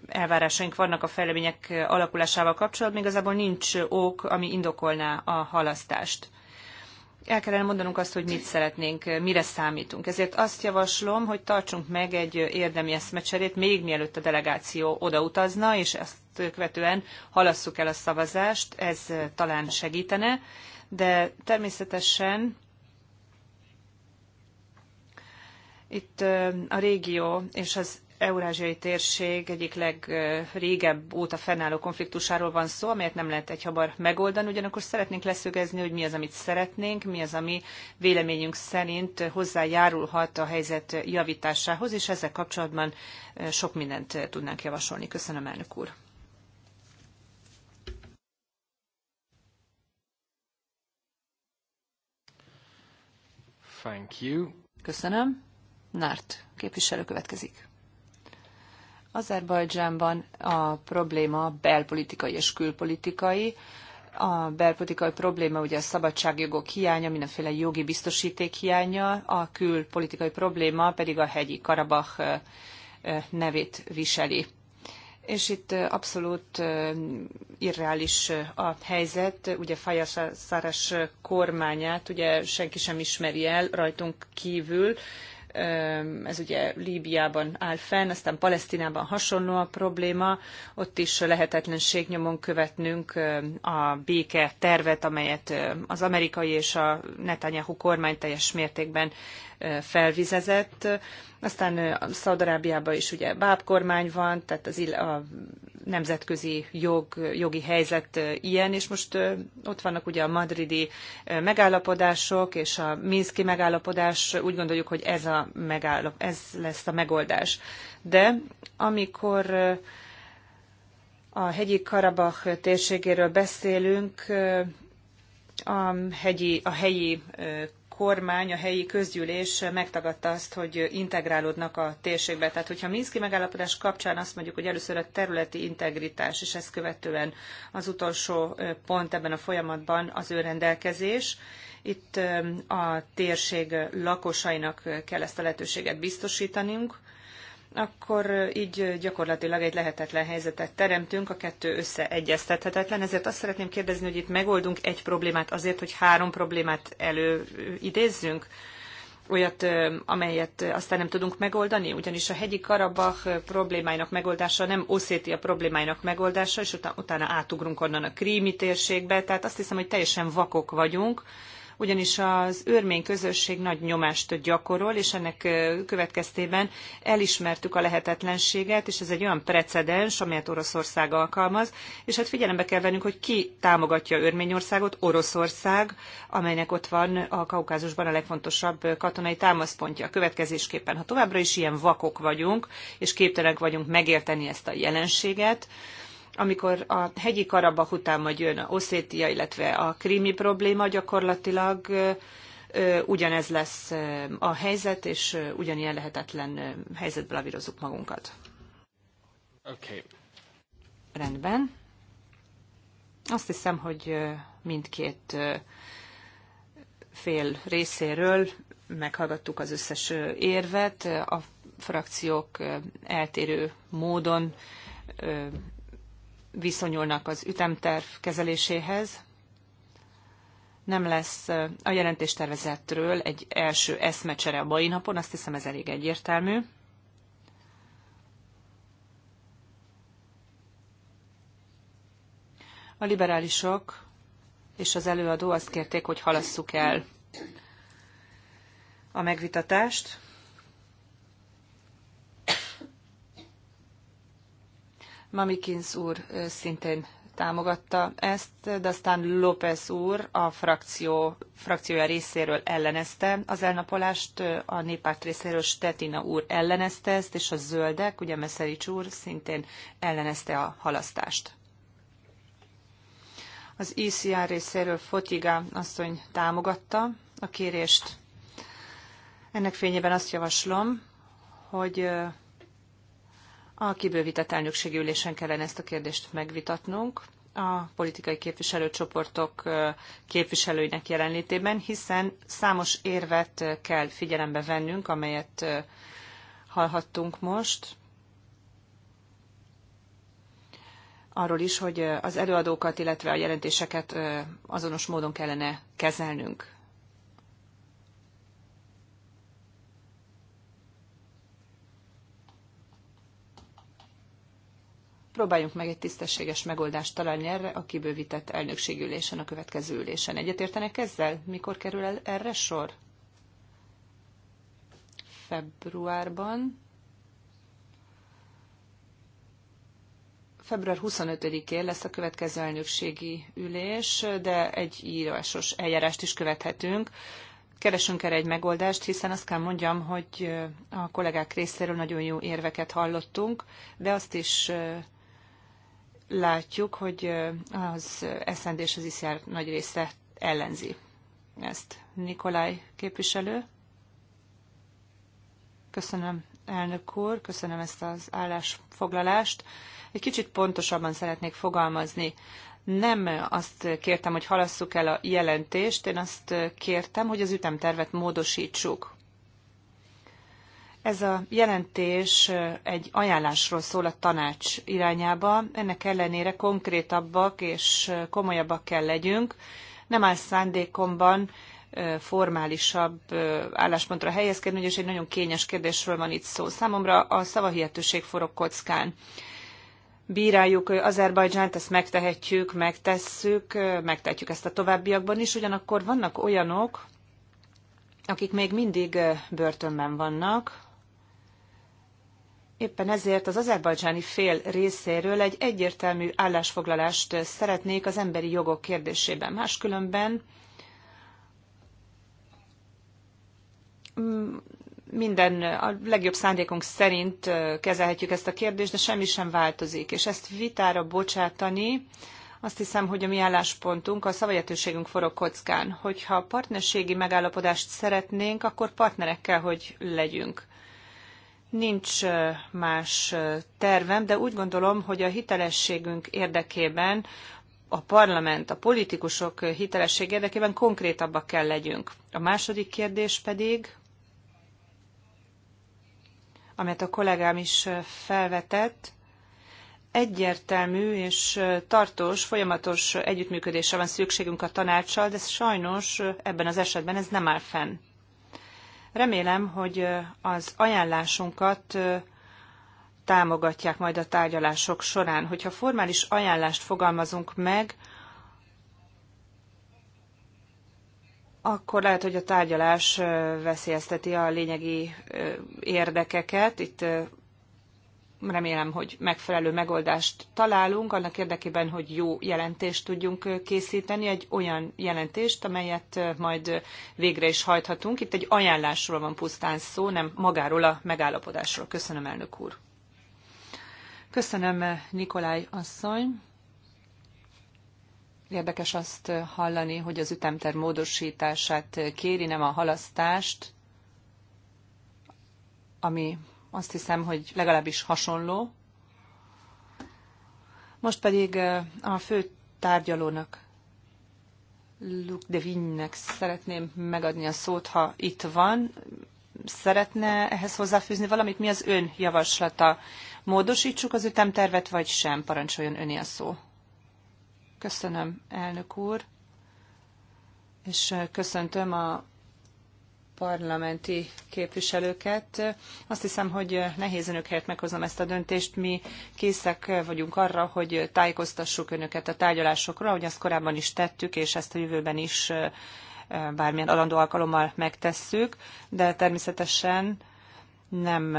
elvárásaink vannak a fejlemények alakulásával kapcsolatban, igazából nincs ok, ami indokolná a halasztást el kellene mondanunk azt, hogy mit szeretnénk, mire számítunk. Ezért azt javaslom, hogy tartsunk meg egy érdemi eszmecserét, még mielőtt a delegáció odautazna, és ezt követően halasszuk el a szavazást, ez talán segítene, de természetesen itt a régió és az eurázsiai térség egyik legrégebb óta fennálló konfliktusáról van szó, amelyet nem lehet egyhabar megoldani, ugyanakkor szeretnénk leszögezni, hogy mi az, amit szeretnénk, mi az, ami véleményünk szerint hozzájárulhat a helyzet javításához, és ezzel kapcsolatban sok mindent tudnánk javasolni. Köszönöm, elnök úr! Thank you. Köszönöm. Nárt, képviselő következik. Azerbajdzsánban a probléma belpolitikai és külpolitikai. A belpolitikai probléma ugye a szabadságjogok hiánya, mindenféle jogi biztosíték hiánya, a külpolitikai probléma pedig a hegyi Karabach nevét viseli. És itt abszolút irreális a helyzet. Ugye Fajaszáras kormányát ugye senki sem ismeri el rajtunk kívül, ez ugye Líbiában áll fenn, aztán Palesztinában hasonló a probléma, ott is lehetetlenség nyomon követnünk a béke tervet, amelyet az amerikai és a Netanyahu kormány teljes mértékben felvizezett. Aztán Szaudarábiában is ugye bábkormány van, tehát az ill- a nemzetközi jog, jogi helyzet ilyen, és most ott vannak ugye a madridi megállapodások, és a Minszki megállapodás, úgy gondoljuk, hogy ez, a megállap, ez lesz a megoldás. De amikor a hegyi Karabach térségéről beszélünk, a, hegyi, a helyi kormány, a helyi közgyűlés megtagadta azt, hogy integrálódnak a térségbe. Tehát, hogyha a Minszki megállapodás kapcsán azt mondjuk, hogy először a területi integritás, és ezt követően az utolsó pont ebben a folyamatban az önrendelkezés, itt a térség lakosainak kell ezt a lehetőséget biztosítanunk, akkor így gyakorlatilag egy lehetetlen helyzetet teremtünk, a kettő összeegyeztethetetlen. Ezért azt szeretném kérdezni, hogy itt megoldunk egy problémát azért, hogy három problémát előidézzünk, olyat, amelyet aztán nem tudunk megoldani, ugyanis a hegyi Karabach problémáinak megoldása nem Oszétia problémáinak megoldása, és utána átugrunk onnan a krími térségbe, tehát azt hiszem, hogy teljesen vakok vagyunk, ugyanis az örmény közösség nagy nyomást gyakorol, és ennek következtében elismertük a lehetetlenséget, és ez egy olyan precedens, amelyet Oroszország alkalmaz, és hát figyelembe kell vennünk, hogy ki támogatja Örményországot, Oroszország, amelynek ott van a Kaukázusban a legfontosabb katonai támaszpontja. Következésképpen, ha továbbra is ilyen vakok vagyunk, és képtelenek vagyunk megérteni ezt a jelenséget, amikor a hegyi után majd jön a Oszétia, illetve a krími probléma, gyakorlatilag ugyanez lesz a helyzet, és ugyanilyen lehetetlen helyzetbe lavírozunk magunkat. Okay. Rendben. Azt hiszem, hogy mindkét fél részéről meghallgattuk az összes érvet, a frakciók eltérő módon viszonyulnak az ütemterv kezeléséhez. Nem lesz a jelentéstervezetről egy első eszmecsere a mai napon, azt hiszem ez elég egyértelmű. A liberálisok és az előadó azt kérték, hogy halasszuk el a megvitatást. Mamikins úr szintén támogatta ezt, de aztán López úr a frakció, frakciója részéről ellenezte az elnapolást, a néppárt részéről Stetina úr ellenezte ezt, és a zöldek, ugye Meszerics úr szintén ellenezte a halasztást. Az ICR részéről Fotiga asszony támogatta a kérést. Ennek fényében azt javaslom, hogy a kibővített elnökségi ülésen kellene ezt a kérdést megvitatnunk a politikai képviselőcsoportok képviselőinek jelenlétében, hiszen számos érvet kell figyelembe vennünk, amelyet hallhattunk most. Arról is, hogy az előadókat, illetve a jelentéseket azonos módon kellene kezelnünk. próbáljunk meg egy tisztességes megoldást találni erre a kibővített elnökségülésen, a következő ülésen. Egyetértenek ezzel? Mikor kerül el erre sor? Februárban. Február 25-én lesz a következő elnökségi ülés, de egy írásos eljárást is követhetünk keresünk erre egy megoldást, hiszen azt kell mondjam, hogy a kollégák részéről nagyon jó érveket hallottunk, de azt is látjuk, hogy az SND és az ICR nagy része ellenzi ezt. Nikolaj képviselő. Köszönöm, elnök úr, köszönöm ezt az állásfoglalást. Egy kicsit pontosabban szeretnék fogalmazni. Nem azt kértem, hogy halasszuk el a jelentést, én azt kértem, hogy az ütemtervet módosítsuk. Ez a jelentés egy ajánlásról szól a tanács irányába, ennek ellenére konkrétabbak és komolyabbak kell legyünk. Nem áll szándékomban formálisabb álláspontra helyezkedni, ugyanis egy nagyon kényes kérdésről van itt szó. Számomra a szavahihetőség forog kockán. Bíráljuk Azerbajdzsánt, ezt megtehetjük, megtesszük, megtehetjük ezt a továbbiakban is, ugyanakkor vannak olyanok, akik még mindig börtönben vannak, Éppen ezért az azerbajdzsáni fél részéről egy egyértelmű állásfoglalást szeretnék az emberi jogok kérdésében. Máskülönben minden a legjobb szándékunk szerint kezelhetjük ezt a kérdést, de semmi sem változik. És ezt vitára bocsátani, azt hiszem, hogy a mi álláspontunk, a szavajetőségünk forog kockán. Hogyha partnerségi megállapodást szeretnénk, akkor partnerekkel hogy legyünk. Nincs más tervem, de úgy gondolom, hogy a hitelességünk érdekében, a parlament, a politikusok hitelesség érdekében konkrétabbak kell legyünk. A második kérdés pedig, amelyet a kollégám is felvetett, egyértelmű és tartós, folyamatos együttműködésre van szükségünk a tanácssal, de sajnos ebben az esetben ez nem áll fenn. Remélem, hogy az ajánlásunkat támogatják majd a tárgyalások során. Hogyha formális ajánlást fogalmazunk meg, akkor lehet, hogy a tárgyalás veszélyezteti a lényegi érdekeket. Itt remélem, hogy megfelelő megoldást találunk, annak érdekében, hogy jó jelentést tudjunk készíteni, egy olyan jelentést, amelyet majd végre is hajthatunk. Itt egy ajánlásról van pusztán szó, nem magáról a megállapodásról. Köszönöm, elnök úr. Köszönöm, Nikolaj asszony. Érdekes azt hallani, hogy az ütemter módosítását kéri, nem a halasztást, ami azt hiszem, hogy legalábbis hasonló. Most pedig a fő tárgyalónak, Luc de Vignynek szeretném megadni a szót, ha itt van. Szeretne ehhez hozzáfűzni valamit? Mi az ön javaslata? Módosítsuk az ütemtervet, vagy sem? Parancsoljon öné a szó. Köszönöm, elnök úr, és köszöntöm a parlamenti képviselőket. Azt hiszem, hogy nehéz önök helyett meghoznom ezt a döntést. Mi készek vagyunk arra, hogy tájékoztassuk önöket a tárgyalásokról, ahogy azt korábban is tettük, és ezt a jövőben is bármilyen alandó alkalommal megtesszük, de természetesen nem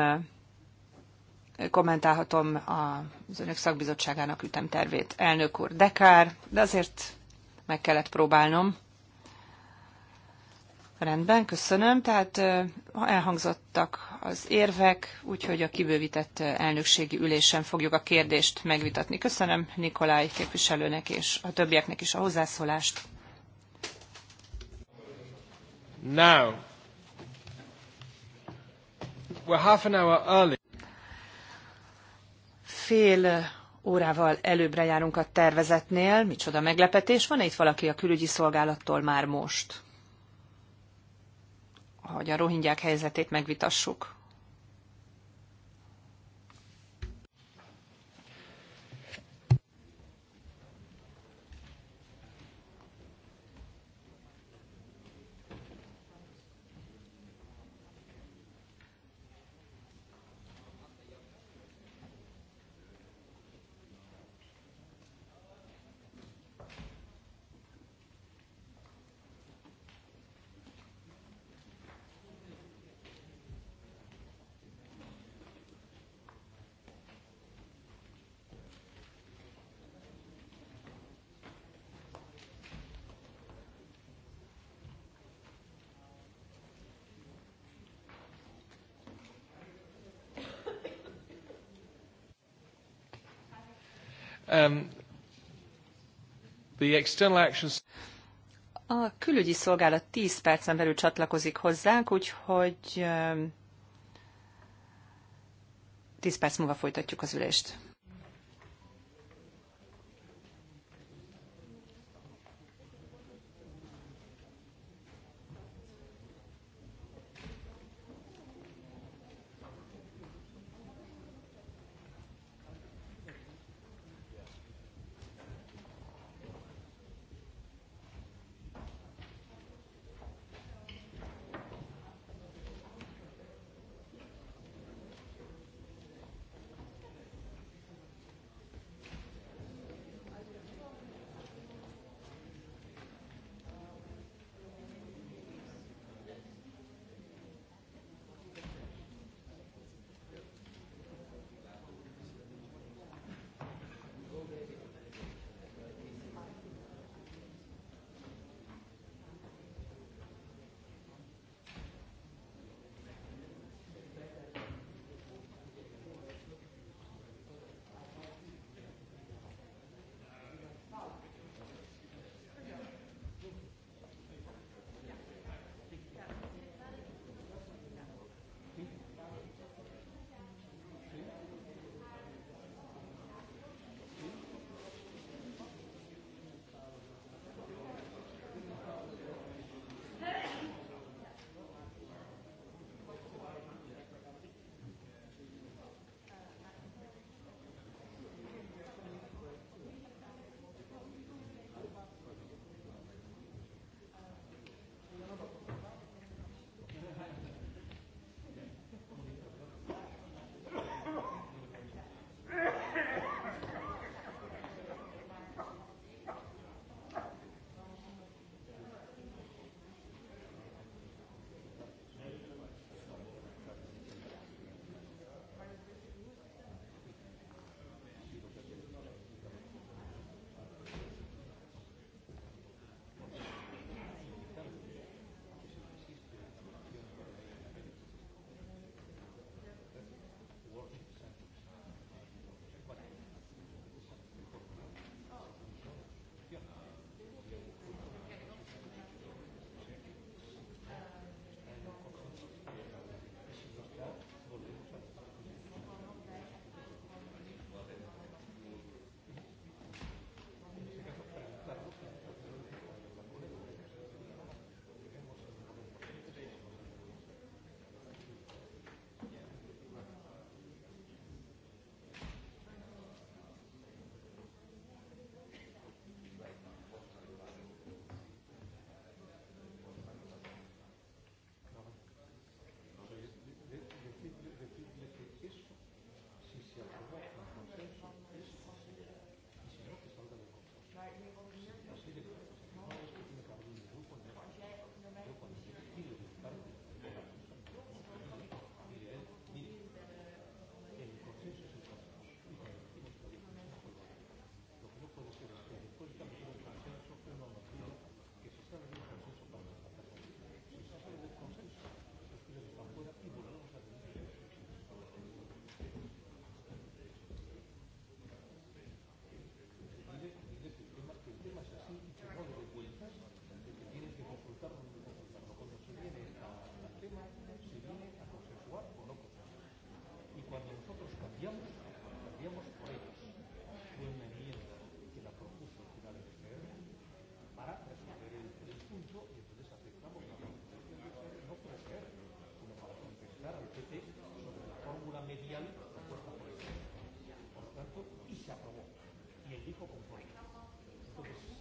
kommentálhatom az önök szakbizottságának ütemtervét. Elnök úr, dekár, de azért meg kellett próbálnom. Rendben, köszönöm. Tehát elhangzottak az érvek, úgyhogy a kibővített elnökségi ülésen fogjuk a kérdést megvitatni. Köszönöm Nikolaj képviselőnek és a többieknek is a hozzászólást. Now, we're half an hour early. Fél órával előbbre járunk a tervezetnél. Micsoda meglepetés. Van-e itt valaki a külügyi szolgálattól már most? hogy a rohingyák helyzetét megvitassuk. Um, the external actions... A külügyi szolgálat 10 percen belül csatlakozik hozzánk, úgyhogy 10 um, perc múlva folytatjuk az ülést.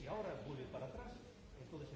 ahora vuelve para atrás, entonces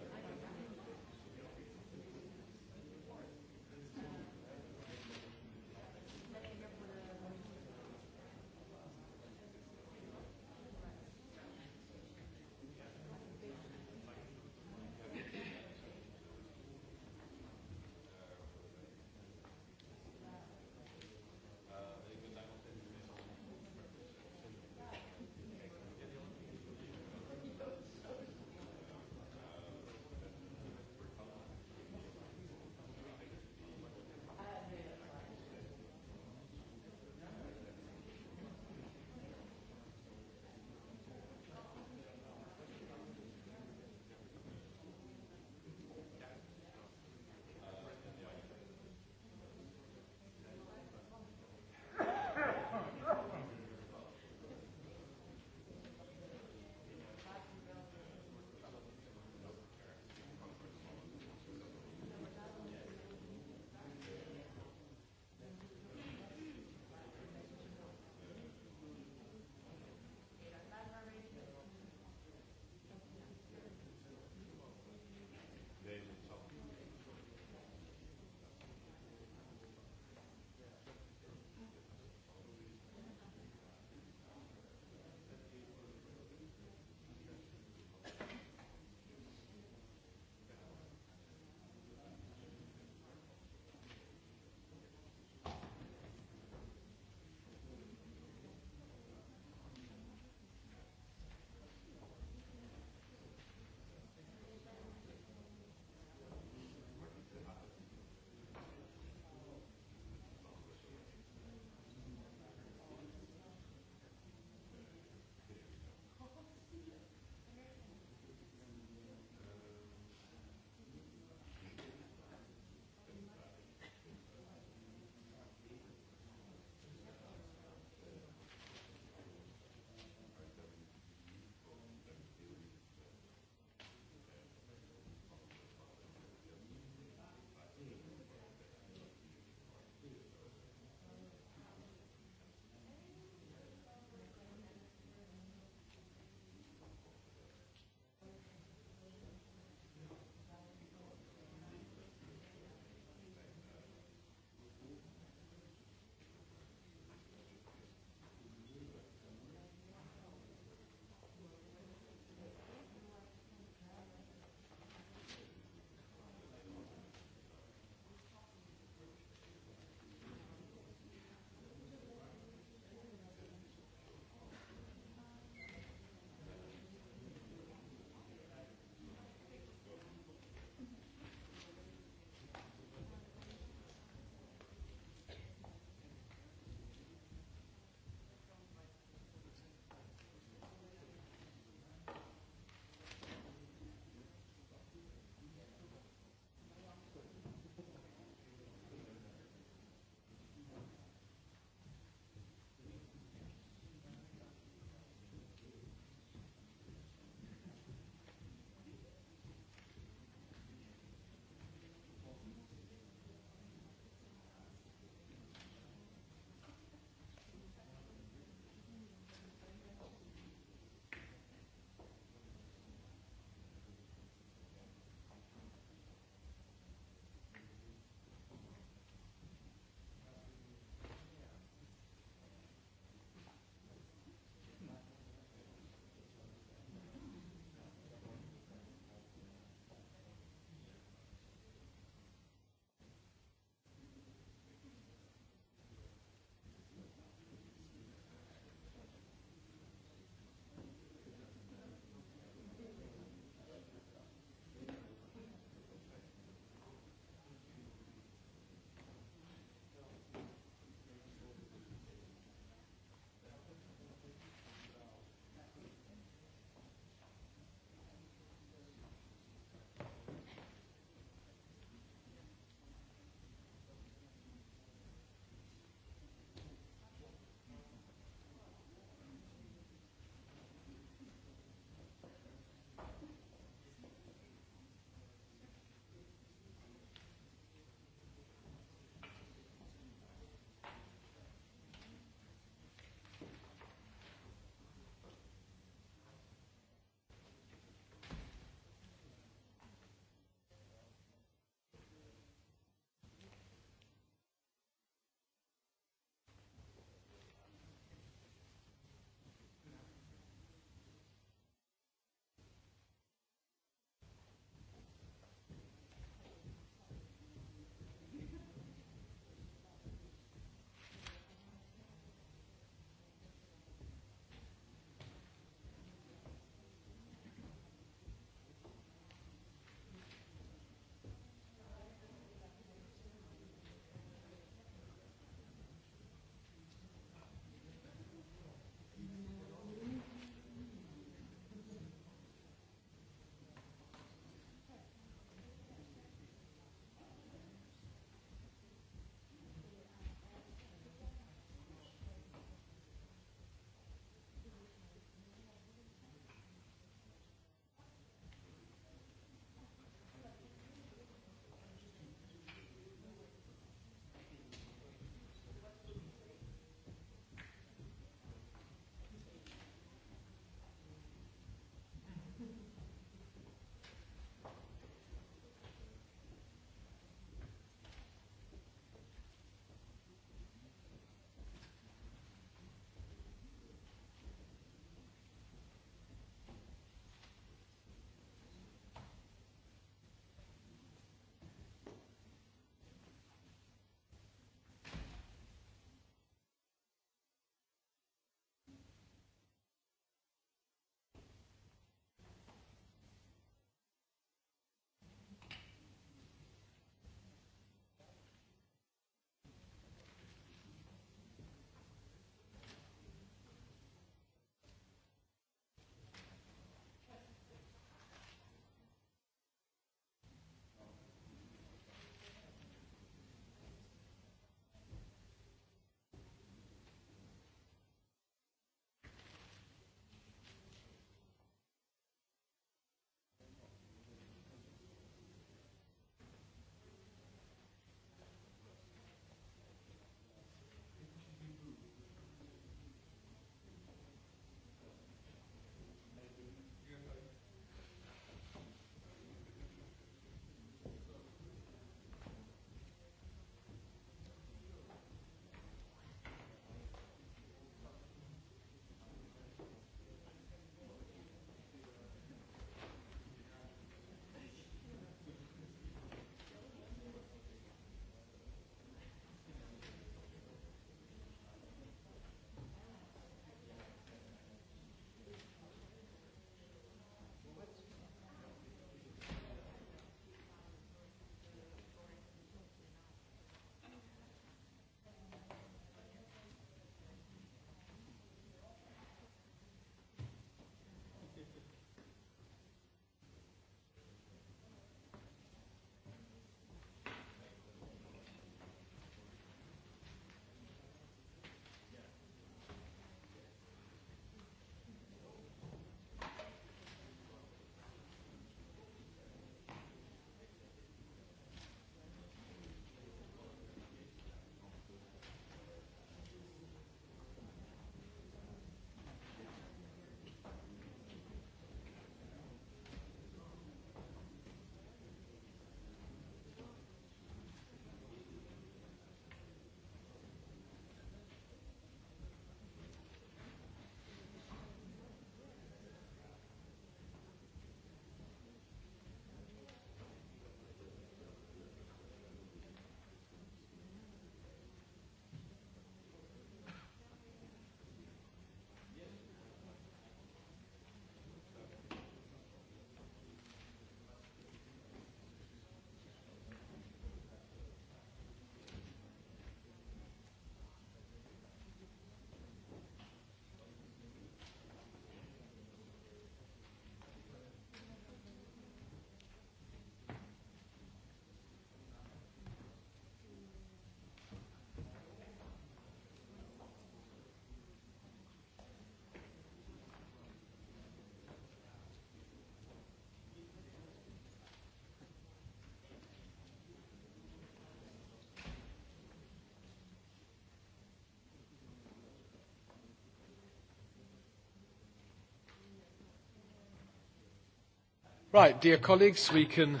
Right, dear colleagues, we can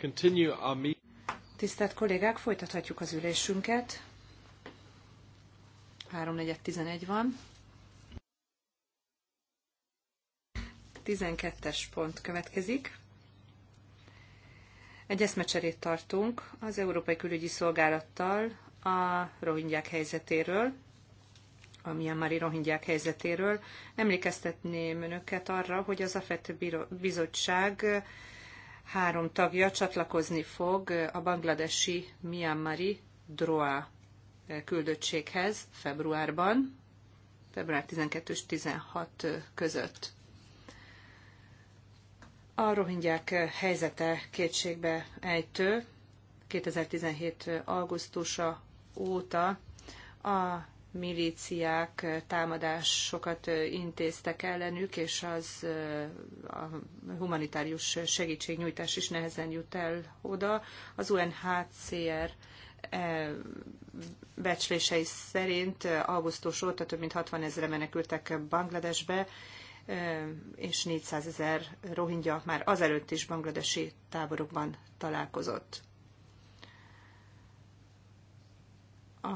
continue our meeting. Tisztelt kollégák, folytathatjuk az ülésünket. 3.4.11 van. 12-es pont következik. Egy eszmecserét tartunk az Európai Külügyi Szolgálattal a rohingyák helyzetéről a Myanmari rohingyák helyzetéről. Emlékeztetném önöket arra, hogy az AFET bizottság három tagja csatlakozni fog a bangladesi Myanmari DROA küldöttséghez februárban, február 12 és 16 között. A rohingyák helyzete kétségbe ejtő. 2017. augusztusa óta a milíciák eh, támadásokat eh, intéztek ellenük, és az eh, a humanitárius segítségnyújtás is nehezen jut el oda. Az UNHCR becslései szerint augusztus óta több mint 60 ezre menekültek Bangladesbe, és 400 ezer rohingya már azelőtt is bangladesi táborokban találkozott.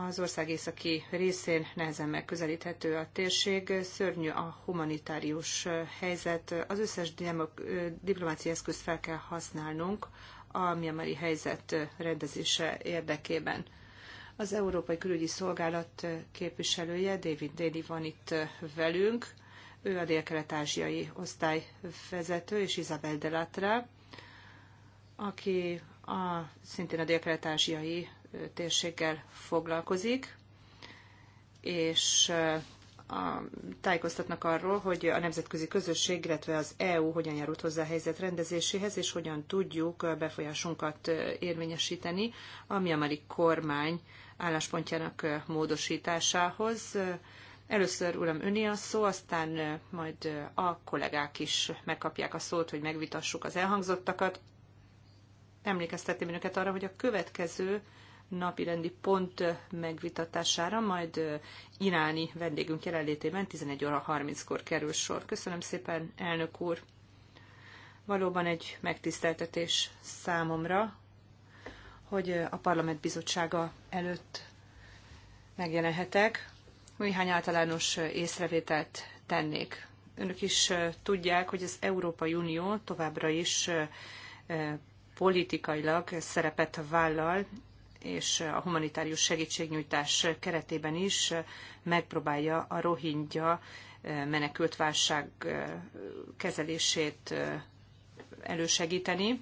az ország északi részén nehezen megközelíthető a térség, szörnyű a humanitárius helyzet, az összes diplomáciai eszközt fel kell használnunk a miamari helyzet rendezése érdekében. Az Európai Külügyi Szolgálat képviselője, David Daly van itt velünk, ő a dél-kelet-ázsiai osztályvezető, vezető, és Isabel Delatra, aki a, szintén a dél-kelet-ázsiai térséggel foglalkozik, és a, tájékoztatnak arról, hogy a nemzetközi közösség, illetve az EU hogyan járult hozzá a helyzet rendezéséhez, és hogyan tudjuk befolyásunkat érvényesíteni a miamari kormány álláspontjának módosításához. Először, uram, öné a szó, aztán majd a kollégák is megkapják a szót, hogy megvitassuk az elhangzottakat. Emlékeztetném önöket arra, hogy a következő napirendi pont megvitatására, majd iráni vendégünk jelenlétében 11 óra 30-kor kerül sor. Köszönöm szépen, elnök úr! Valóban egy megtiszteltetés számomra, hogy a Parlament Bizottsága előtt megjelenhetek. Néhány általános észrevételt tennék. Önök is tudják, hogy az Európai Unió továbbra is politikailag szerepet vállal és a humanitárius segítségnyújtás keretében is megpróbálja a rohingya eh, menekült válság eh, kezelését eh, elősegíteni.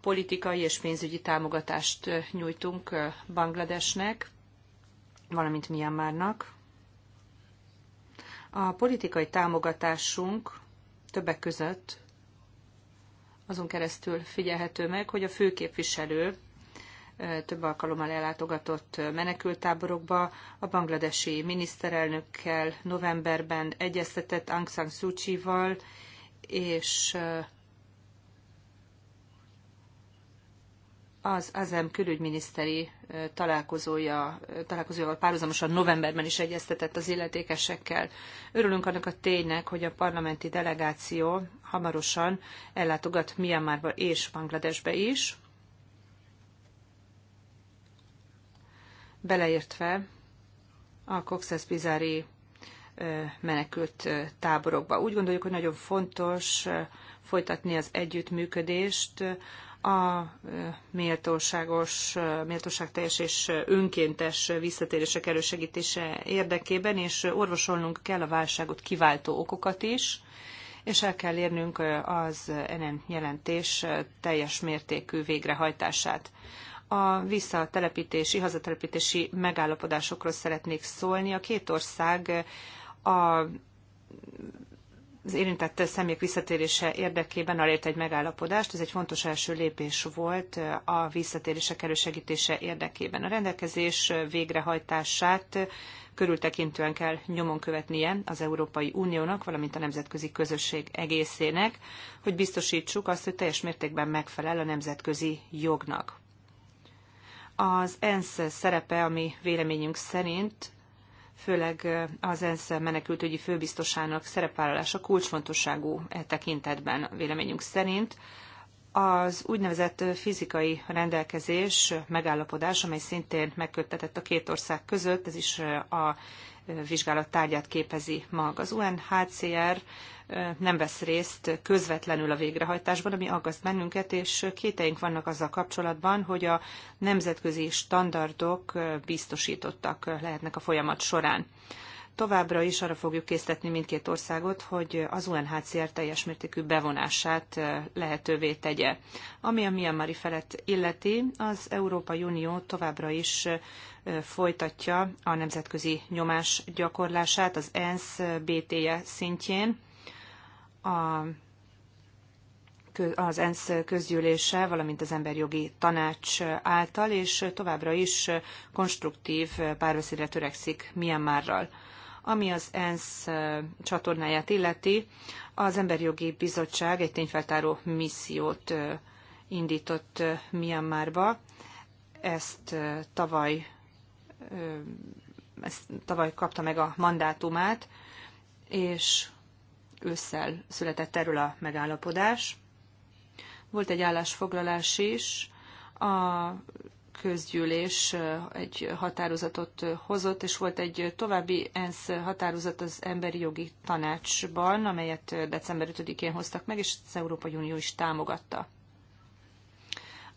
Politikai és pénzügyi támogatást nyújtunk Bangladesnek, valamint Myanmarnak. A politikai támogatásunk többek között azon keresztül figyelhető meg, hogy a főképviselő több alkalommal ellátogatott menekültáborokba, a bangladesi miniszterelnökkel novemberben egyeztetett Aung San Suu Kyi-val, és az AZEM külügyminiszteri találkozója, találkozójával párhuzamosan novemberben is egyeztetett az illetékesekkel. Örülünk annak a ténynek, hogy a parlamenti delegáció hamarosan ellátogat Myanmarba és Bangladesbe is, beleértve a Coxes Bizári menekült táborokba. Úgy gondoljuk, hogy nagyon fontos folytatni az együttműködést a méltóságos, méltóságteljes és önkéntes visszatérések elősegítése érdekében, és orvosolnunk kell a válságot kiváltó okokat is, és el kell érnünk az NN jelentés teljes mértékű végrehajtását a visszatelepítési, hazatelepítési megállapodásokról szeretnék szólni. A két ország a, az érintett személyek visszatérése érdekében alért egy megállapodást. Ez egy fontos első lépés volt a visszatérések elősegítése érdekében. A rendelkezés végrehajtását körültekintően kell nyomon követnie az Európai Uniónak, valamint a nemzetközi közösség egészének, hogy biztosítsuk azt, hogy teljes mértékben megfelel a nemzetközi jognak az ENSZ szerepe, ami véleményünk szerint, főleg az ENSZ menekültügyi főbiztosának szerepvállalása kulcsfontosságú e tekintetben véleményünk szerint. Az úgynevezett fizikai rendelkezés megállapodás, amely szintén megköttetett a két ország között, ez is a vizsgálat tárgyát képezi maga. Az UNHCR nem vesz részt közvetlenül a végrehajtásban, ami aggaszt bennünket, és kéteink vannak azzal kapcsolatban, hogy a nemzetközi standardok biztosítottak lehetnek a folyamat során továbbra is arra fogjuk késztetni mindkét országot, hogy az UNHCR teljes mértékű bevonását lehetővé tegye. Ami a Myanmari felet illeti, az Európai Unió továbbra is folytatja a nemzetközi nyomás gyakorlását az ENSZ BT-je szintjén. A az ENSZ közgyűlése, valamint az emberjogi tanács által, és továbbra is konstruktív párbeszédre törekszik Myanmarral. Ami az ENSZ csatornáját illeti, az Emberjogi Bizottság egy tényfeltáró missziót indított Myanmarba. Ezt tavaly, ezt tavaly kapta meg a mandátumát, és ősszel született erről a megállapodás. Volt egy állásfoglalás is a közgyűlés egy határozatot hozott, és volt egy további ENSZ határozat az Emberi Jogi Tanácsban, amelyet december 5-én hoztak meg, és az Európai Unió is támogatta.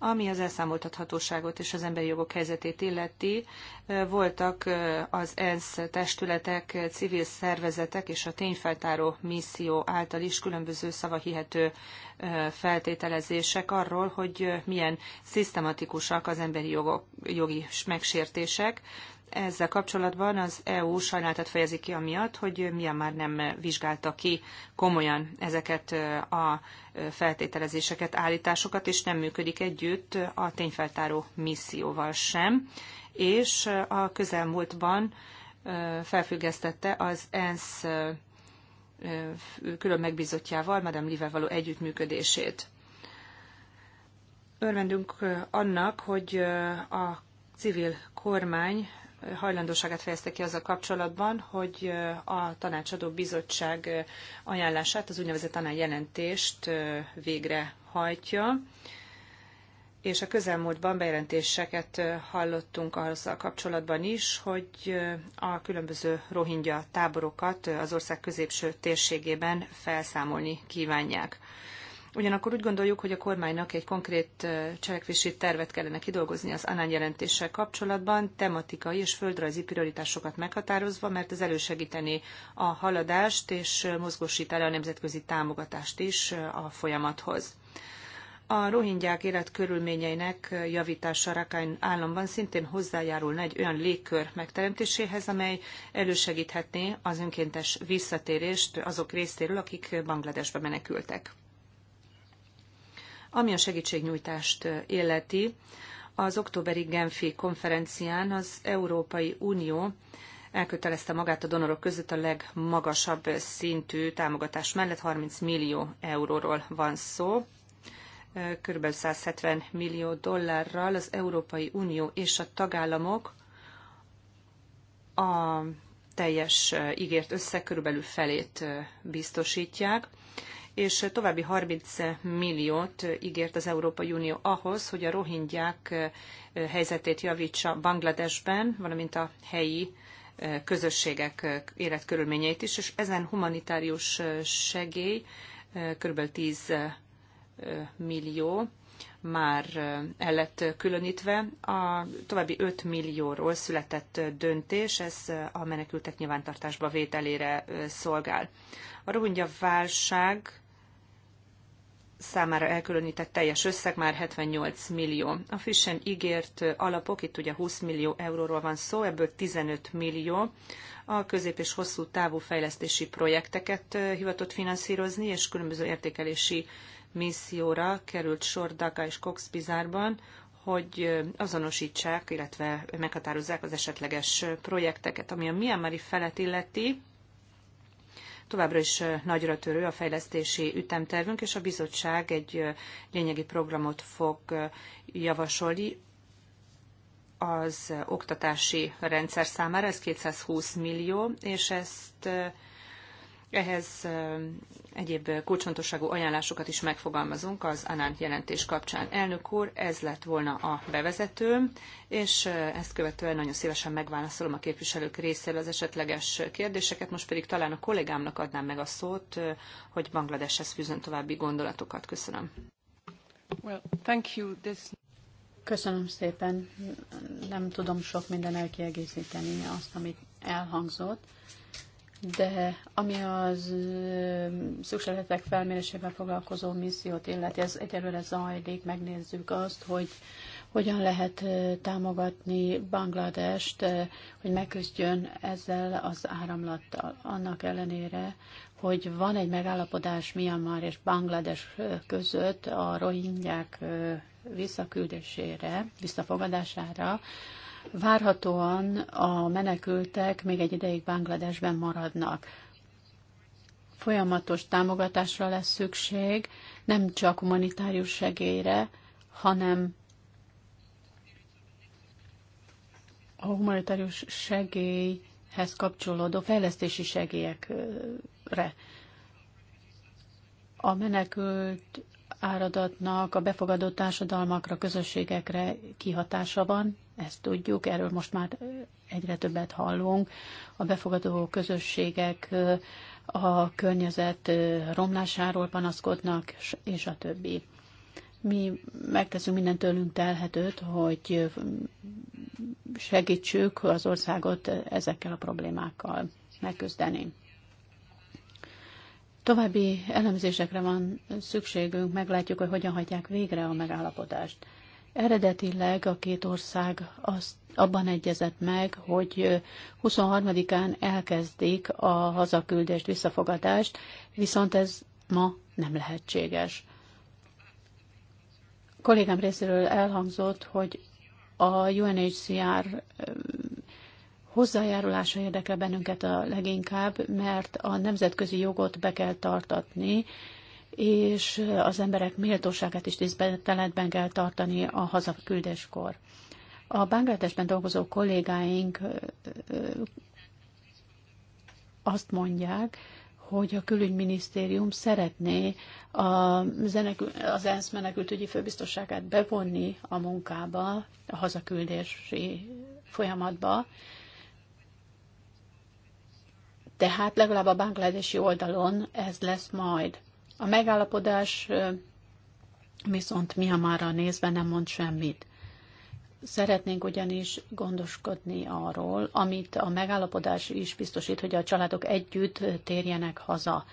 Ami az elszámoltathatóságot és az emberi jogok helyzetét illeti, voltak az ENSZ testületek, civil szervezetek és a tényfeltáró misszió által is különböző szavahihető feltételezések arról, hogy milyen szisztematikusak az emberi jogok, jogi megsértések, ezzel kapcsolatban az EU sajnálatot fejezi ki amiatt, hogy már nem vizsgálta ki komolyan ezeket a feltételezéseket, állításokat, és nem működik együtt a tényfeltáró misszióval sem. És a közelmúltban felfüggesztette az ENSZ külön megbízottjával, Madame Livel való együttműködését. Örvendünk annak, hogy a civil kormány hajlandóságát fejezte ki azzal kapcsolatban, hogy a tanácsadó bizottság ajánlását, az úgynevezett jelentést végrehajtja, és a közelmúltban bejelentéseket hallottunk azzal kapcsolatban is, hogy a különböző rohingya táborokat az ország középső térségében felszámolni kívánják. Ugyanakkor úgy gondoljuk, hogy a kormánynak egy konkrét cselekvési tervet kellene kidolgozni az Anán jelentéssel kapcsolatban, tematikai és földrajzi prioritásokat meghatározva, mert ez elősegíteni a haladást és mozgósít el a nemzetközi támogatást is a folyamathoz. A rohingyák életkörülményeinek javítása Rakhine államban szintén hozzájárulna egy olyan légkör megteremtéséhez, amely elősegíthetné az önkéntes visszatérést azok részéről, akik Bangladesbe menekültek. Ami a segítségnyújtást illeti, az októberi Genfi konferencián az Európai Unió elkötelezte magát a donorok között a legmagasabb szintű támogatás mellett, 30 millió euróról van szó, kb. 170 millió dollárral az Európai Unió és a tagállamok a teljes ígért össze körülbelül felét biztosítják és további 30 milliót ígért az Európai Unió ahhoz, hogy a rohingyák eh, helyzetét javítsa Bangladesben, valamint a helyi eh, közösségek eh, életkörülményeit is, és ezen humanitárius segély kb. 10 millió már el lett különítve. A további 5 millióról született döntés, ez a menekültek nyilvántartásba vételére szolgál. A rohingya válság számára elkülönített teljes összeg már 78 millió. A frissen ígért alapok, itt ugye 20 millió euróról van szó, ebből 15 millió a közép- és hosszú távú fejlesztési projekteket hivatott finanszírozni, és különböző értékelési misszióra került sor Dhaka és Cox Bizárban, hogy azonosítsák, illetve meghatározzák az esetleges projekteket. Ami a Myanmari felet illeti, Továbbra is nagyra törő a fejlesztési ütemtervünk, és a bizottság egy lényegi programot fog javasolni az oktatási rendszer számára, ez 220 millió, és ezt ehhez egyéb kulcsfontosságú ajánlásokat is megfogalmazunk az ANAN jelentés kapcsán. Elnök úr, ez lett volna a bevezető, és ezt követően nagyon szívesen megválaszolom a képviselők részéről az esetleges kérdéseket. Most pedig talán a kollégámnak adnám meg a szót, hogy Bangladeshez fűzön további gondolatokat. Köszönöm. Well, thank you. This... Köszönöm szépen. Nem tudom sok minden elkiegészíteni azt, amit elhangzott. De ami az szükségletek felmérésével foglalkozó missziót illeti, ez egyelőre zajlik, megnézzük azt, hogy hogyan lehet támogatni Bangladest, hogy megküzdjön ezzel az áramlattal. Annak ellenére, hogy van egy megállapodás Myanmar és Banglades között a rohingyák visszaküldésére, visszafogadására, Várhatóan a menekültek még egy ideig Bangladesben maradnak. Folyamatos támogatásra lesz szükség, nem csak humanitárius segélyre, hanem a humanitárius segélyhez kapcsolódó fejlesztési segélyekre. A menekült áradatnak a befogadó társadalmakra, közösségekre kihatása van, ezt tudjuk, erről most már egyre többet hallunk. A befogadó közösségek a környezet romlásáról panaszkodnak, és a többi. Mi megteszünk minden tőlünk telhetőt, hogy segítsük az országot ezekkel a problémákkal megküzdeni. További elemzésekre van szükségünk, meglátjuk, hogy hogyan hagyják végre a megállapodást. Eredetileg a két ország azt abban egyezett meg, hogy 23-án elkezdik a hazaküldést, visszafogadást, viszont ez ma nem lehetséges. A kollégám részéről elhangzott, hogy a UNHCR hozzájárulása érdekel bennünket a leginkább, mert a nemzetközi jogot be kell tartatni, és az emberek méltóságát is tiszteletben kell tartani a hazaküldéskor. A Bangladesben dolgozó kollégáink azt mondják, hogy a külügyminisztérium szeretné a zenekül, az ENSZ menekültügyi főbiztosságát bevonni a munkába, a hazaküldési folyamatba. Tehát legalább a bangladesi oldalon ez lesz majd. A megállapodás viszont Mihamára nézve nem mond semmit. Szeretnénk ugyanis gondoskodni arról, amit a megállapodás is biztosít, hogy a családok együtt térjenek haza.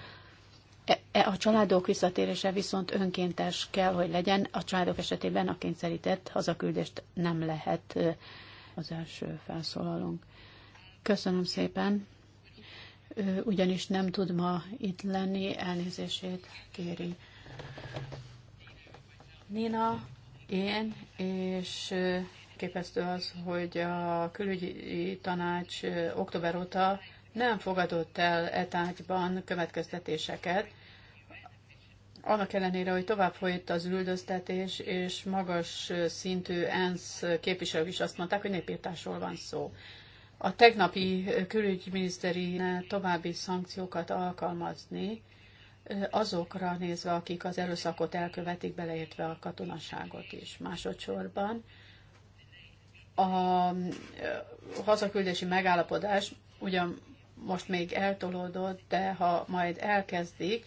E, e, a családok visszatérése viszont önkéntes kell, hogy legyen. A családok esetében a kényszerített hazaküldést nem lehet az első felszólalónk. Köszönöm szépen! Ő ugyanis nem tud ma itt lenni, elnézését kéri. Nina, én, és képesztő az, hogy a külügyi tanács október óta nem fogadott el e tárgyban következtetéseket, annak ellenére, hogy tovább folyt az üldöztetés, és magas szintű ENSZ képviselők is azt mondták, hogy népírtásról van szó a tegnapi külügyminiszteri további szankciókat alkalmazni azokra nézve, akik az erőszakot elkövetik, beleértve a katonaságot is. Másodszorban a hazaküldési megállapodás ugyan most még eltolódott, de ha majd elkezdik,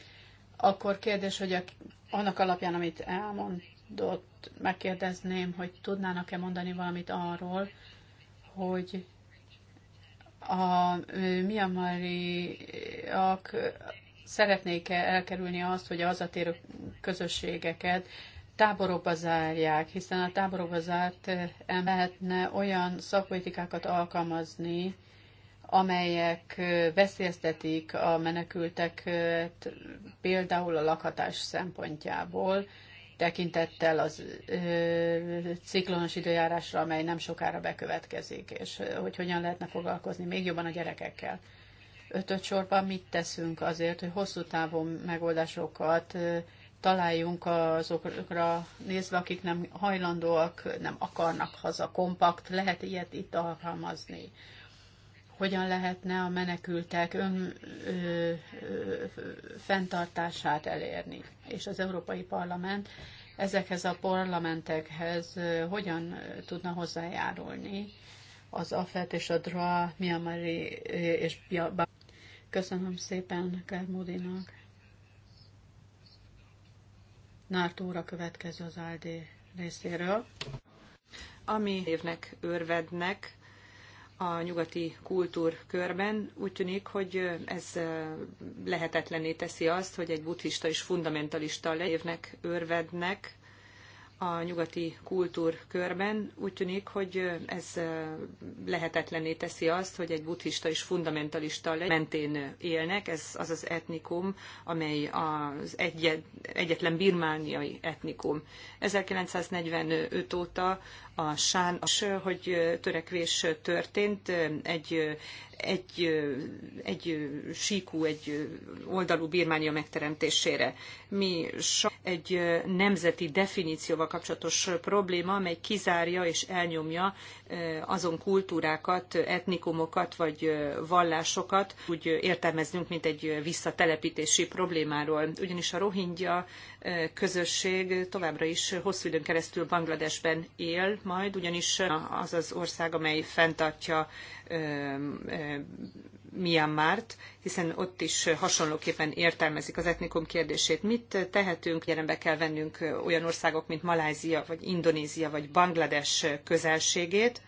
akkor kérdés, hogy a, annak alapján, amit elmondott, megkérdezném, hogy tudnának-e mondani valamit arról, hogy a miamariak szeretnék -e elkerülni azt, hogy az a hazatérő közösségeket táborokba zárják, hiszen a táborokba zárt lehetne olyan szakpolitikákat alkalmazni, amelyek veszélyeztetik a menekülteket például a lakhatás szempontjából, tekintettel az ciklonos időjárásra, amely nem sokára bekövetkezik, és hogy hogyan lehetne foglalkozni még jobban a gyerekekkel. Ötöt sorban mit teszünk azért, hogy hosszú távon megoldásokat találjunk azokra nézve, akik nem hajlandóak, nem akarnak haza kompakt, lehet ilyet itt alkalmazni hogyan lehetne a menekültek ön, ö, ö, fenntartását elérni. És az Európai Parlament ezekhez a parlamentekhez hogyan tudna hozzájárulni az AFET és a DRA, Miamari és Biaba. Köszönöm szépen Kermudinak. Nártóra következő az ALD részéről. Ami évnek örvednek, a nyugati kultúrkörben. Úgy tűnik, hogy ez lehetetlenné teszi azt, hogy egy buddhista és fundamentalista lévnek, örvednek a nyugati kultúrkörben. Úgy tűnik, hogy ez lehetetlenné teszi azt, hogy egy buddhista és fundamentalista mentén élnek. Ez az az etnikum, amely az egyet, egyetlen birmániai etnikum. 1945 óta a sán, hogy törekvés történt, egy, egy, egy síkú, egy oldalú Birmánia megteremtésére. Mi egy nemzeti definícióval kapcsolatos probléma, amely kizárja és elnyomja azon kultúrákat, etnikumokat vagy vallásokat úgy értelmeznünk, mint egy visszatelepítési problémáról. Ugyanis a rohingya közösség továbbra is hosszú időn keresztül Bangladesben él, majd ugyanis az az ország, amely fenntartja Myanmart, hiszen ott is hasonlóképpen értelmezik az etnikum kérdését. Mit tehetünk? Jelenbe kell vennünk olyan országok, mint Malázia, vagy Indonézia, vagy Banglades közelségét,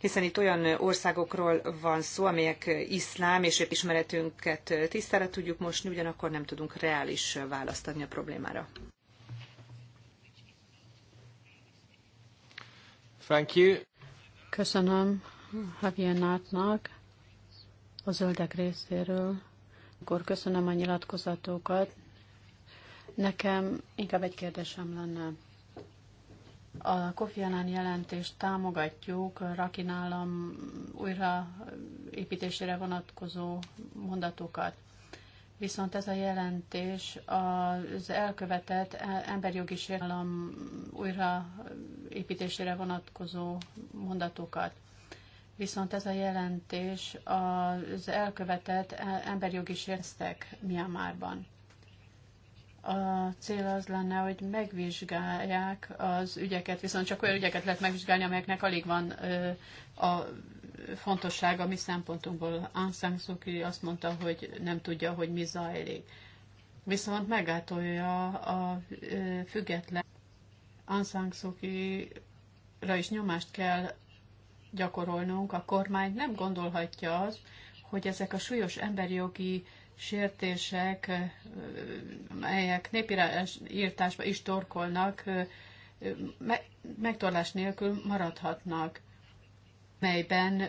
hiszen itt olyan országokról van szó, amelyek iszlám, és épp ismeretünket tisztára tudjuk mosni, ugyanakkor nem tudunk reális választ adni a problémára. Thank you. Köszönöm Havienátnak a zöldek részéről. Akkor köszönöm a nyilatkozatokat. Nekem inkább egy kérdésem lenne. A Kofi Annan jelentést támogatjuk Rakin állam újraépítésére vonatkozó mondatokat. Viszont ez a jelentés az elkövetett emberjogi sérelem újraépítésére vonatkozó mondatokat. Viszont ez a jelentés az elkövetett emberjogi séreztek Miamárban a cél az lenne, hogy megvizsgálják az ügyeket, viszont csak olyan ügyeket lehet megvizsgálni, amelyeknek alig van a fontossága a mi szempontunkból. Aung San Suu Kyi azt mondta, hogy nem tudja, hogy mi zajlik. Viszont megátolja a független Aung San Suu Kyi-ra is nyomást kell gyakorolnunk. A kormány nem gondolhatja azt, hogy ezek a súlyos emberi jogi sértések, melyek népírtásba is torkolnak, megtorlás nélkül maradhatnak, melyben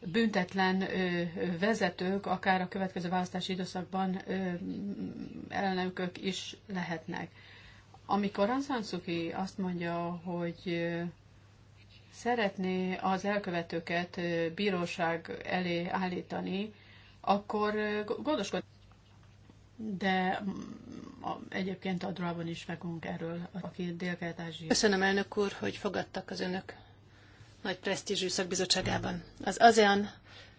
büntetlen vezetők akár a következő választási időszakban ellenőkök is lehetnek. Amikor Ansan Suki azt mondja, hogy szeretné az elkövetőket bíróság elé állítani, akkor gondoskodj. De mm, a, egyébként a drában is fogunk erről, aki dél kelet -Ázsia. Köszönöm, elnök úr, hogy fogadtak az önök nagy presztízsű szakbizottságában. Az ASEAN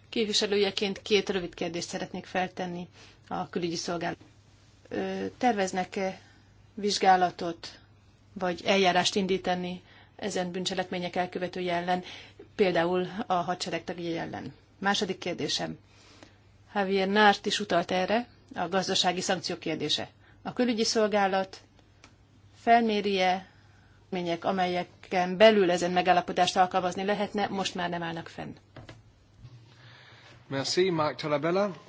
képviselőjeként két rövid kérdést szeretnék feltenni a külügyi szolgálat. Terveznek-e vizsgálatot vagy eljárást indítani ezen bűncselekmények elkövetője ellen, például a hadsereg ellen? Második kérdésem Javier Nárt is utalt erre, a gazdasági szankciók kérdése. A külügyi szolgálat felmérje, mények, amelyeken belül ezen megállapodást alkalmazni lehetne, most már nem állnak fenn. Merci, Mark Talabella.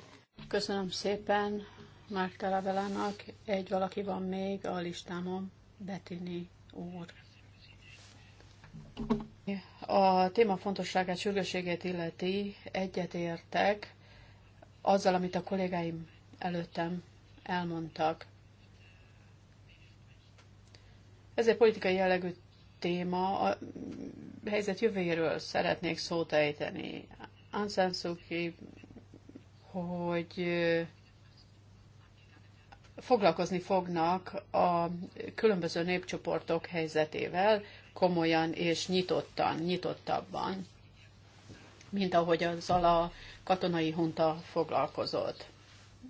Köszönöm szépen Mark Talabellának. Egy valaki van még a listámon, Betini úr. A téma fontosságát, sürgősségét illeti egyetértek azzal, amit a kollégáim előttem elmondtak. Ez egy politikai jellegű téma, a helyzet jövőjéről szeretnék szót ejteni. Ansan hogy foglalkozni fognak a különböző népcsoportok helyzetével komolyan és nyitottan, nyitottabban, mint ahogy azzal a katonai hunta foglalkozott.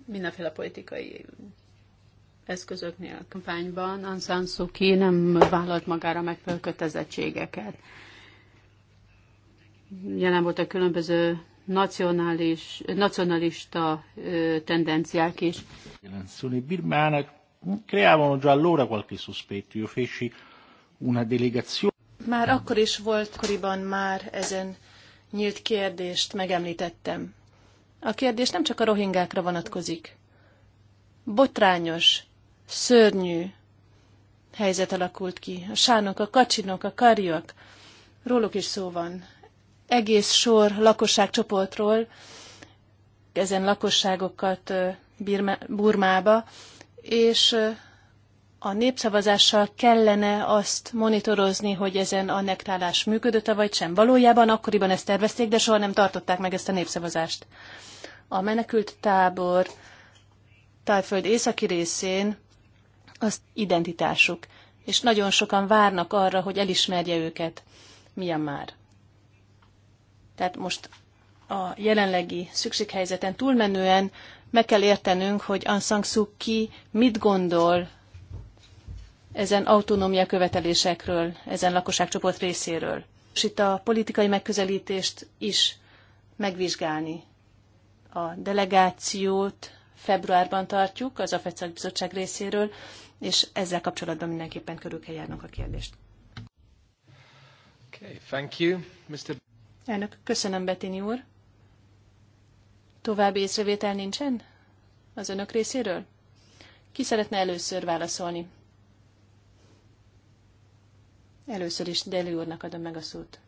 Mindenféle politikai eszközöknél a kampányban Aung San nem vállalt magára megfelelő kötelezettségeket. Jelen voltak különböző nacionális, nacionalista ö, tendenciák is. Jelenzioni birmának creavano già allora qualche sospetto. Io feci una delegazione. Már akkor is volt, koriban már ezen nyílt kérdést megemlítettem. A kérdés nem csak a rohingákra vonatkozik. Botrányos, szörnyű helyzet alakult ki. A sánok, a kacsinok, a karjak, róluk is szó van. Egész sor lakosságcsoportról, ezen lakosságokat Birma, Burmába, és a népszavazással kellene azt monitorozni, hogy ezen a nektálás működött-e vagy sem. Valójában akkoriban ezt tervezték, de soha nem tartották meg ezt a népszavazást. A menekült tábor Tájföld északi részén az identitásuk, és nagyon sokan várnak arra, hogy elismerje őket Myanmar. Tehát most a jelenlegi szükséghelyzeten túlmenően meg kell értenünk, hogy Aung San Suu Kyi mit gondol ezen autonómia követelésekről, ezen lakosságcsoport részéről. És itt a politikai megközelítést is megvizsgálni. A delegációt februárban tartjuk az AFECEL bizottság részéről, és ezzel kapcsolatban mindenképpen körül kell járnunk a kérdést. Okay, thank you, Mr. Elnök, köszönöm, Betini úr. További észrevétel nincsen? Az önök részéről? Ki szeretne először válaszolni? Először is Deli úrnak adom meg a szót.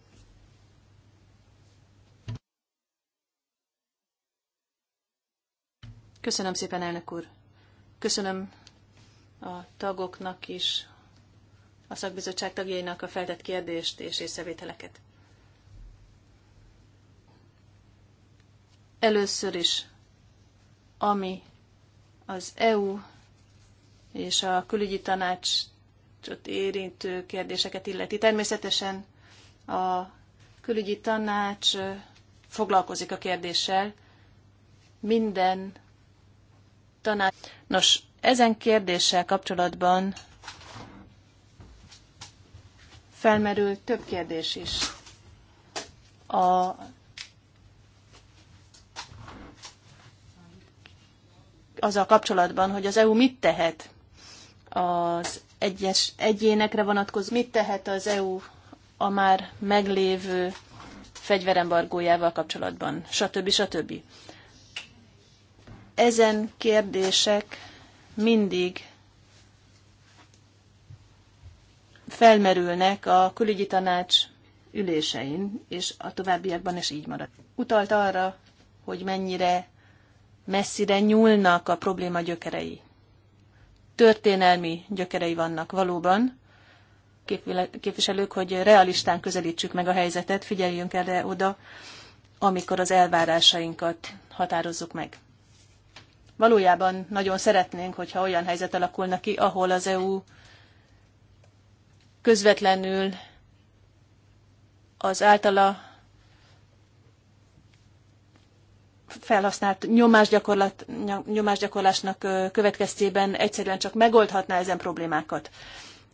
Köszönöm szépen, elnök úr. Köszönöm a tagoknak is, a szakbizottság tagjainak a feltett kérdést és észrevételeket. Először is, ami az EU és a külügyi tanács tanácsot érintő kérdéseket illeti. Természetesen a külügyi tanács foglalkozik a kérdéssel. Minden tanács. Nos, ezen kérdéssel kapcsolatban felmerül több kérdés is. A azzal kapcsolatban, hogy az EU mit tehet az egyes egyénekre vonatkozó. Mit tehet az EU a már meglévő fegyverembargójával kapcsolatban, stb. stb. Ezen kérdések mindig felmerülnek a külügyi tanács ülésein, és a továbbiakban is így marad. Utalt arra, hogy mennyire messzire nyúlnak a probléma gyökerei történelmi gyökerei vannak valóban, képviselők, hogy realistán közelítsük meg a helyzetet, figyeljünk erre oda, amikor az elvárásainkat határozzuk meg. Valójában nagyon szeretnénk, hogyha olyan helyzet alakulna ki, ahol az EU közvetlenül az általa felhasznált nyomásgyakorlat, nyomásgyakorlásnak következtében egyszerűen csak megoldhatná ezen problémákat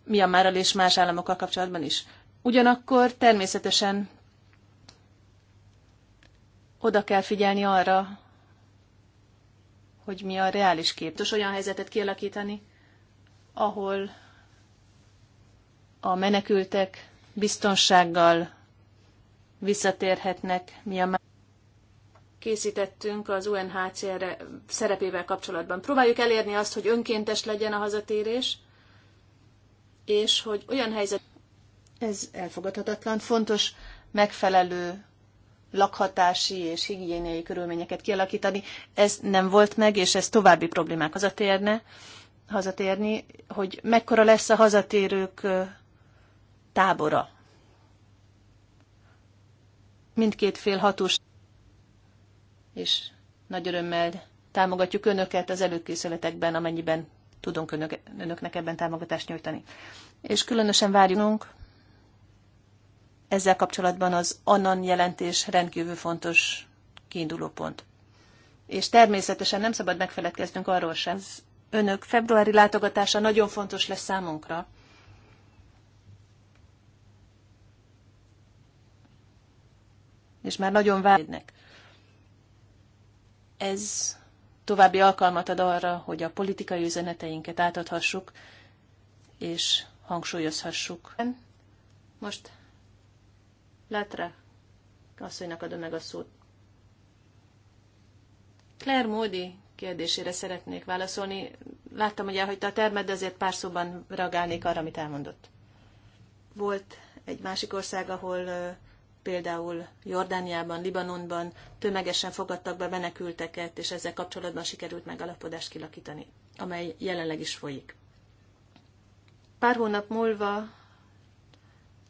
Mianmárral és más államokkal kapcsolatban is. Ugyanakkor természetesen oda kell figyelni arra, hogy mi a reális kép. Tos olyan helyzetet kialakítani, ahol a menekültek biztonsággal visszatérhetnek mi a készítettünk az UNHCR szerepével kapcsolatban. Próbáljuk elérni azt, hogy önkéntes legyen a hazatérés, és hogy olyan helyzet... Ez elfogadhatatlan. Fontos megfelelő lakhatási és higiéniai körülményeket kialakítani. Ez nem volt meg, és ez további problémák hazatérne, hazatérni, hogy mekkora lesz a hazatérők tábora. Mindkét fél hatós és nagy örömmel támogatjuk Önöket az előkészületekben, amennyiben tudunk önök, Önöknek ebben támogatást nyújtani. És különösen várjunk ezzel kapcsolatban az Annan jelentés rendkívül fontos kiinduló pont. És természetesen nem szabad megfeledkeznünk arról sem. Az önök februári látogatása nagyon fontos lesz számunkra. És már nagyon várjunk ez további alkalmat ad arra, hogy a politikai üzeneteinket átadhassuk, és hangsúlyozhassuk. Most Letre asszonynak adom meg a szót. Claire Módi kérdésére szeretnék válaszolni. Láttam, hogy elhagyta a termet, de azért pár szóban reagálnék arra, amit elmondott. Volt egy másik ország, ahol például Jordániában, Libanonban tömegesen fogadtak be menekülteket, és ezzel kapcsolatban sikerült megalapodást kilakítani, amely jelenleg is folyik. Pár hónap múlva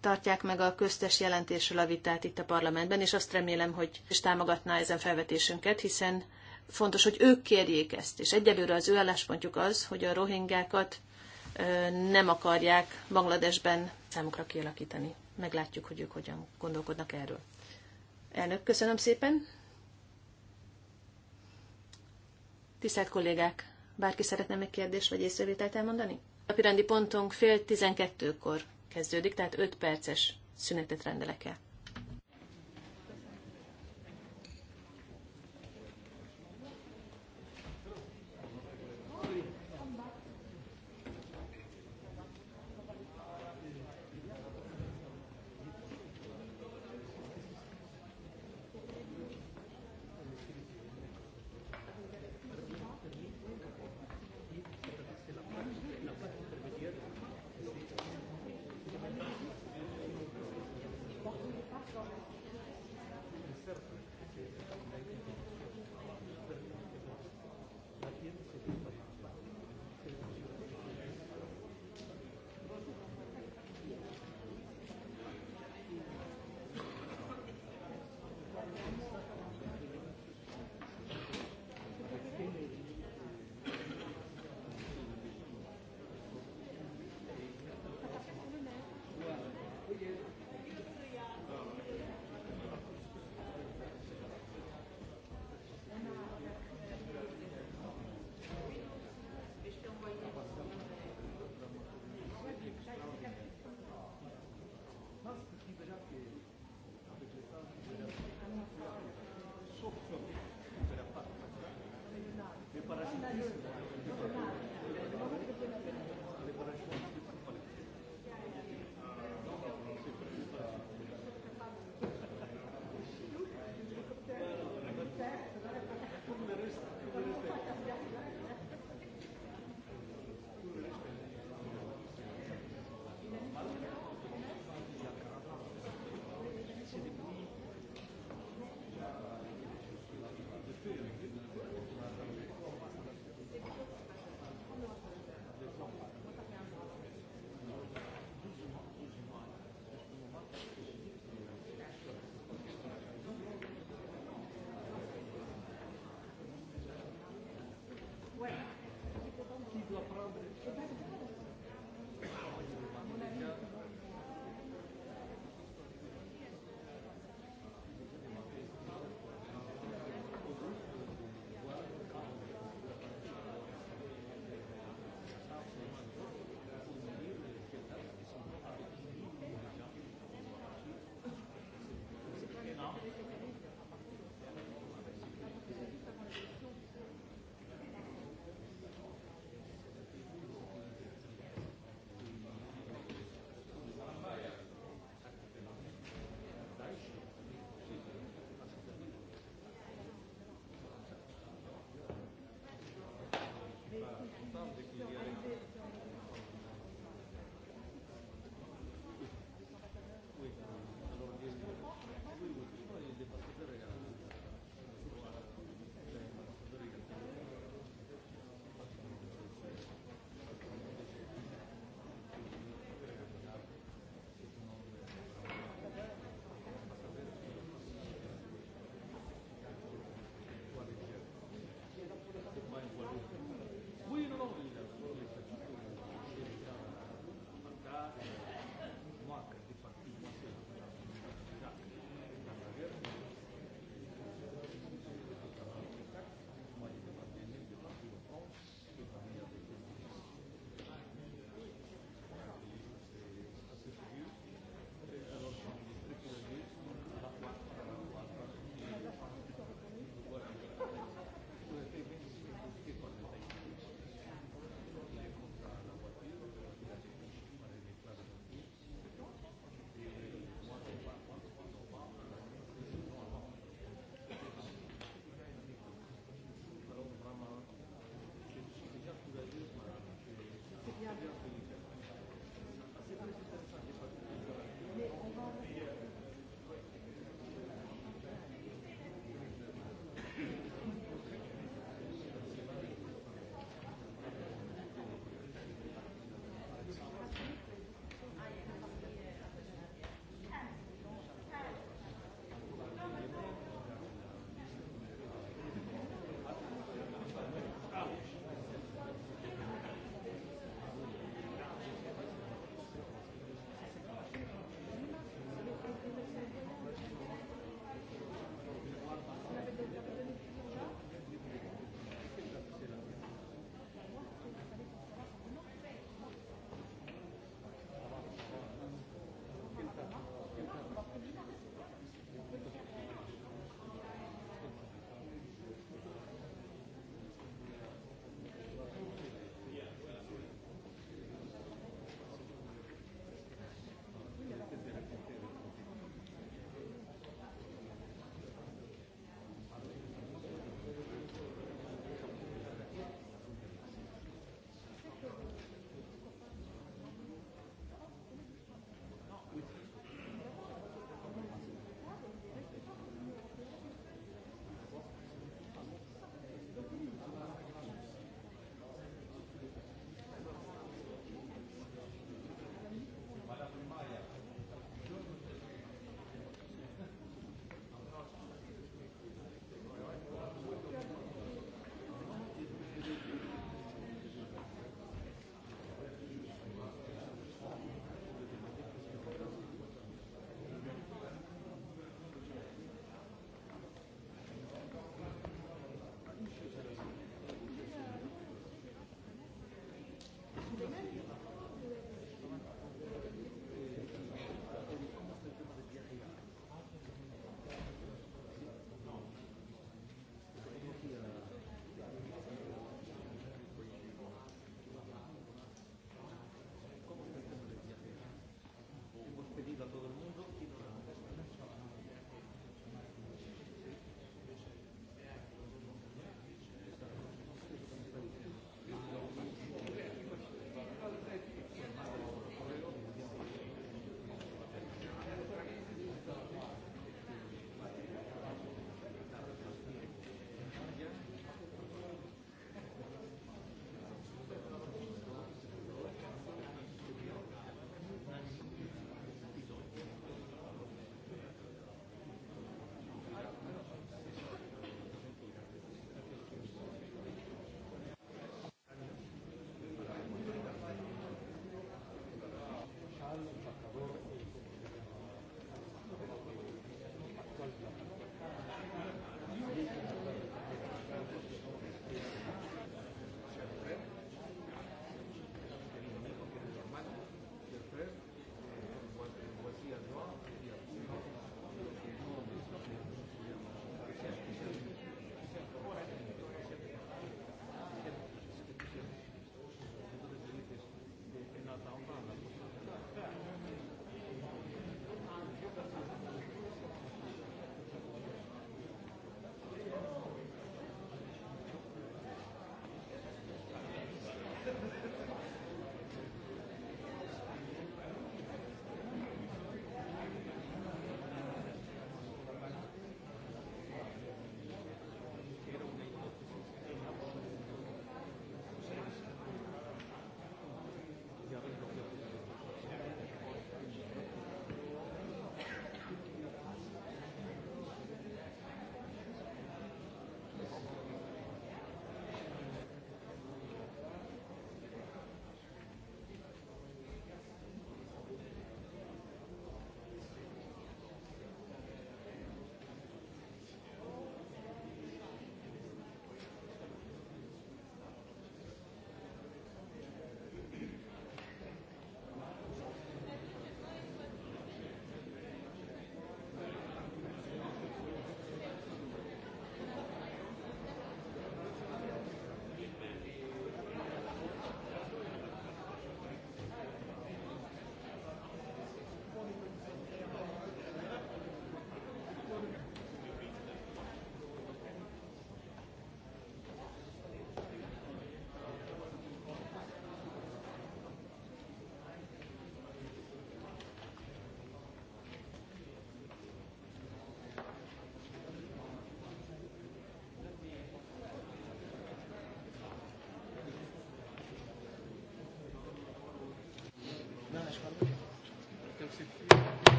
tartják meg a köztes jelentésről a vitát itt a parlamentben, és azt remélem, hogy is támogatná ezen felvetésünket, hiszen fontos, hogy ők kérjék ezt. És egyelőre az ő álláspontjuk az, hogy a rohingákat nem akarják Bangladesben számukra kialakítani meglátjuk, hogy ők hogyan gondolkodnak erről. Elnök, köszönöm szépen. Tisztelt kollégák, bárki szeretne meg kérdést vagy észrevételt elmondani? Napirendi pontunk fél kor kezdődik, tehát 5 perces szünetet rendelek el.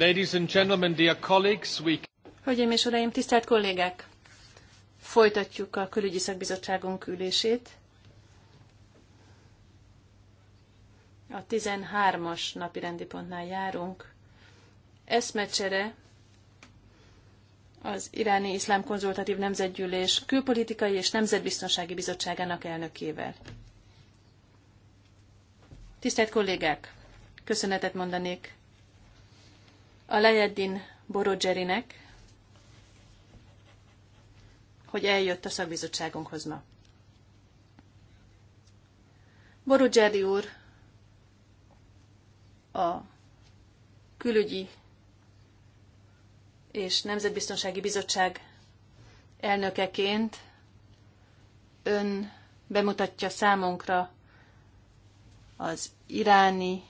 Ladies and gentlemen, dear colleagues, we... Hölgyeim és uraim, tisztelt kollégák! Folytatjuk a külügyi szakbizottságunk ülését. A 13-as napi rendi pontnál járunk. Eszmecsere az iráni iszlám konzultatív nemzetgyűlés külpolitikai és nemzetbiztonsági bizottságának elnökével. Tisztelt kollégák! Köszönetet mondanék a Lejeddin Borodzserinek, hogy eljött a szakbizottságunkhoz ma. Borodzseri úr a külügyi és Nemzetbiztonsági Bizottság elnökeként ön bemutatja számunkra az iráni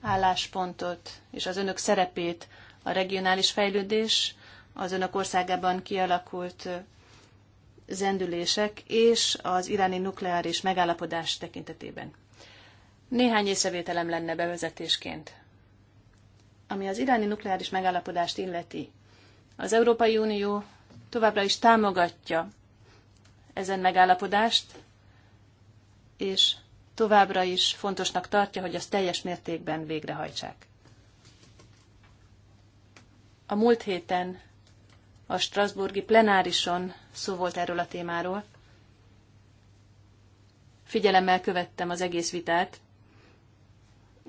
álláspontot és az önök szerepét a regionális fejlődés, az önök országában kialakult zendülések és az iráni nukleáris megállapodás tekintetében. Néhány észrevételem lenne bevezetésként. Ami az iráni nukleáris megállapodást illeti, az Európai Unió továbbra is támogatja ezen megállapodást, és továbbra is fontosnak tartja, hogy azt teljes mértékben végrehajtsák. A múlt héten a Strasburgi plenárison szó volt erről a témáról. Figyelemmel követtem az egész vitát,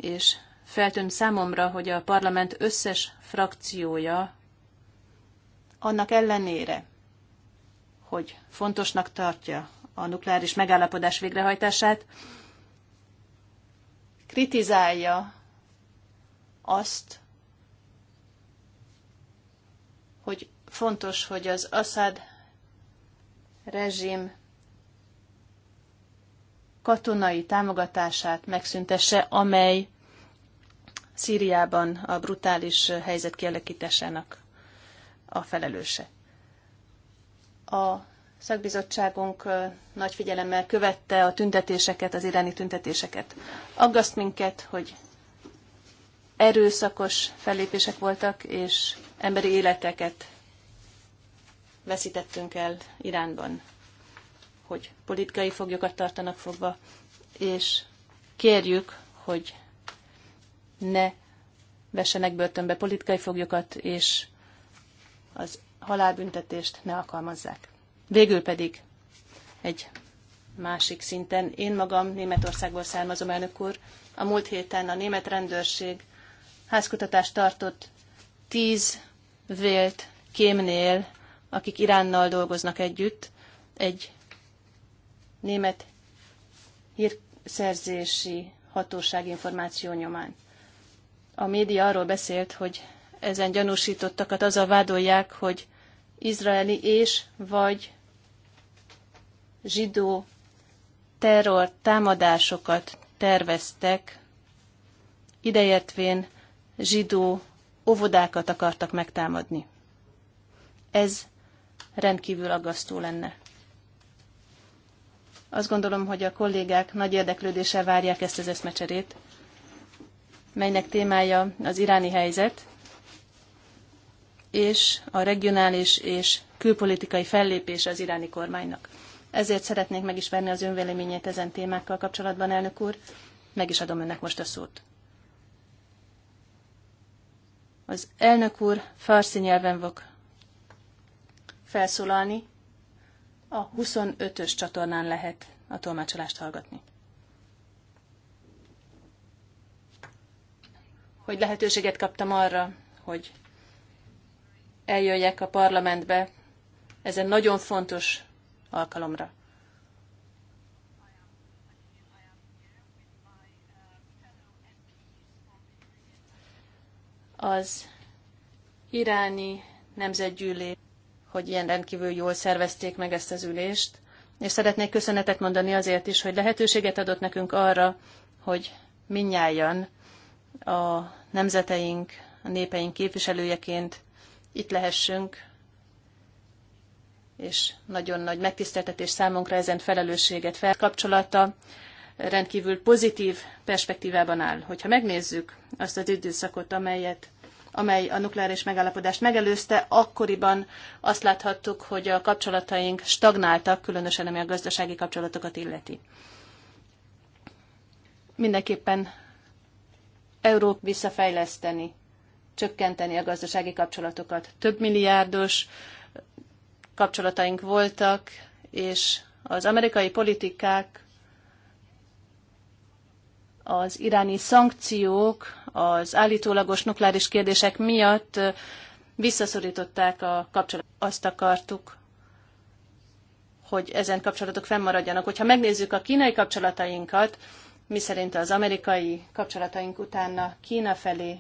és feltűnt számomra, hogy a parlament összes frakciója annak ellenére, hogy fontosnak tartja a nukleáris megállapodás végrehajtását, kritizálja azt, hogy fontos, hogy az Assad rezsim katonai támogatását megszüntesse, amely Szíriában a brutális helyzet kialakításának a felelőse. A szakbizottságunk nagy figyelemmel követte a tüntetéseket, az iráni tüntetéseket. Aggaszt minket, hogy erőszakos fellépések voltak, és emberi életeket veszítettünk el Iránban, hogy politikai foglyokat tartanak fogva, és kérjük, hogy ne vessenek börtönbe politikai foglyokat, és az halálbüntetést ne alkalmazzák. Végül pedig egy másik szinten. Én magam Németországból származom, elnök úr. A múlt héten a német rendőrség házkutatást tartott tíz vélt kémnél, akik Iránnal dolgoznak együtt, egy német hírszerzési hatóság információ nyomán. A média arról beszélt, hogy ezen gyanúsítottakat azzal vádolják, hogy izraeli és vagy zsidó terror támadásokat terveztek, ideértvén zsidó óvodákat akartak megtámadni. Ez rendkívül aggasztó lenne. Azt gondolom, hogy a kollégák nagy érdeklődéssel várják ezt az eszmecserét, melynek témája az iráni helyzet és a regionális és külpolitikai fellépés az iráni kormánynak. Ezért szeretnék megismerni az önvéleményét ezen témákkal kapcsolatban, elnök úr. Meg is adom önnek most a szót. Az elnök úr farszi nyelven fog felszólalni. A 25-ös csatornán lehet a tolmácsolást hallgatni. Hogy lehetőséget kaptam arra, hogy eljöjjek a parlamentbe ezen nagyon fontos alkalomra. Az iráni nemzetgyűlés, hogy ilyen rendkívül jól szervezték meg ezt az ülést, és szeretnék köszönetet mondani azért is, hogy lehetőséget adott nekünk arra, hogy minnyáján a nemzeteink, a népeink képviselőjeként itt lehessünk és nagyon nagy megtiszteltetés számunkra ezen felelősséget felkapcsolata rendkívül pozitív perspektívában áll. Hogyha megnézzük azt az időszakot, amelyet amely a nukleáris megállapodást megelőzte, akkoriban azt láthattuk, hogy a kapcsolataink stagnáltak, különösen ami a gazdasági kapcsolatokat illeti. Mindenképpen Európa visszafejleszteni, csökkenteni a gazdasági kapcsolatokat. Több milliárdos kapcsolataink voltak, és az amerikai politikák, az iráni szankciók, az állítólagos nukleáris kérdések miatt visszaszorították a kapcsolatot. Azt akartuk, hogy ezen kapcsolatok fennmaradjanak. Hogyha megnézzük a kínai kapcsolatainkat, mi szerint az amerikai kapcsolataink utána Kína felé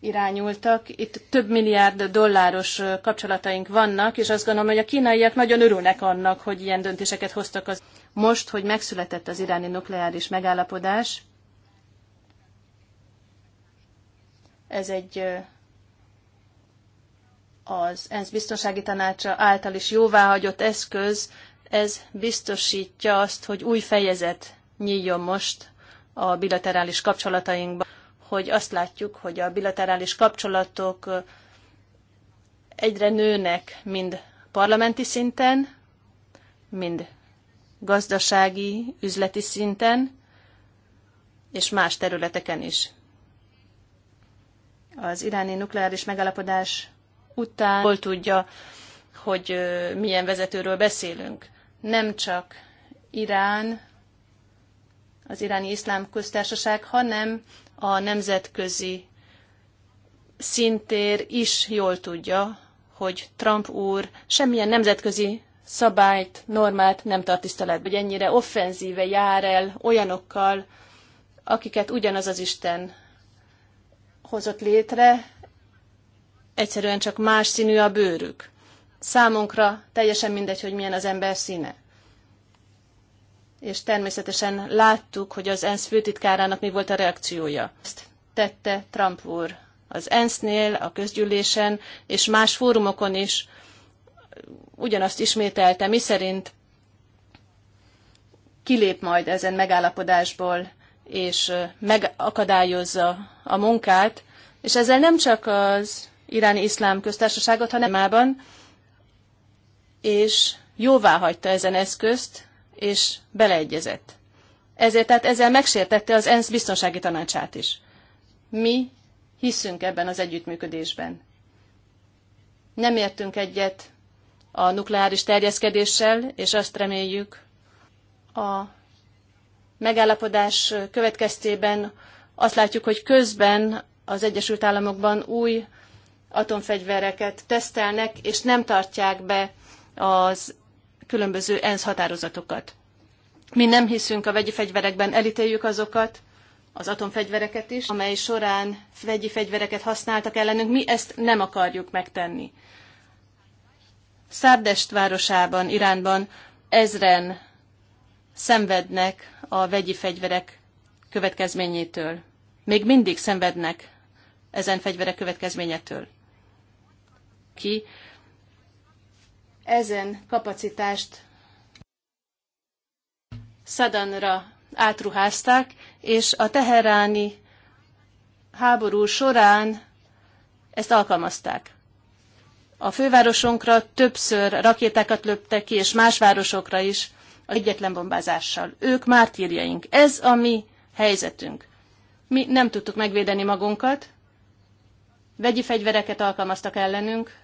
irányultak. Itt több milliárd dolláros kapcsolataink vannak, és azt gondolom, hogy a kínaiak nagyon örülnek annak, hogy ilyen döntéseket hoztak az. Most, hogy megszületett az iráni nukleáris megállapodás, ez egy az ENSZ biztonsági tanácsa által is jóváhagyott eszköz, ez biztosítja azt, hogy új fejezet nyíljon most a bilaterális kapcsolatainkban hogy azt látjuk, hogy a bilaterális kapcsolatok egyre nőnek, mind parlamenti szinten, mind gazdasági, üzleti szinten, és más területeken is. Az iráni nukleáris megállapodás után hol tudja, hogy milyen vezetőről beszélünk. Nem csak Irán, az iráni iszlám köztársaság, hanem a nemzetközi szintér is jól tudja, hogy Trump úr semmilyen nemzetközi szabályt, normát nem tart tiszteletben, hogy ennyire offenzíve jár el olyanokkal, akiket ugyanaz az Isten hozott létre, egyszerűen csak más színű a bőrük. Számunkra teljesen mindegy, hogy milyen az ember színe és természetesen láttuk, hogy az ENSZ főtitkárának mi volt a reakciója. Ezt tette Trump úr az ENSZ-nél, a közgyűlésen és más fórumokon is ugyanazt ismételte, mi szerint kilép majd ezen megállapodásból, és megakadályozza a munkát, és ezzel nem csak az iráni iszlám köztársaságot, hanem mában, és jóvá hagyta ezen eszközt, és beleegyezett. Ezért tehát ezzel megsértette az ENSZ biztonsági tanácsát is. Mi hiszünk ebben az együttműködésben. Nem értünk egyet a nukleáris terjeszkedéssel, és azt reméljük a megállapodás következtében azt látjuk, hogy közben az Egyesült Államokban új atomfegyvereket tesztelnek, és nem tartják be az különböző ENSZ határozatokat. Mi nem hiszünk a vegyi fegyverekben, elítéljük azokat, az atomfegyvereket is, amely során vegyi fegyvereket használtak ellenünk, mi ezt nem akarjuk megtenni. Szárdest városában, Iránban ezren szenvednek a vegyi fegyverek következményétől. Még mindig szenvednek ezen fegyverek következményétől. Ki ezen kapacitást Szadanra átruházták, és a teheráni háború során ezt alkalmazták. A fővárosunkra többször rakétákat löptek ki, és más városokra is a egyetlen bombázással. Ők mártírjaink. Ez a mi helyzetünk. Mi nem tudtuk megvédeni magunkat, vegyi fegyvereket alkalmaztak ellenünk,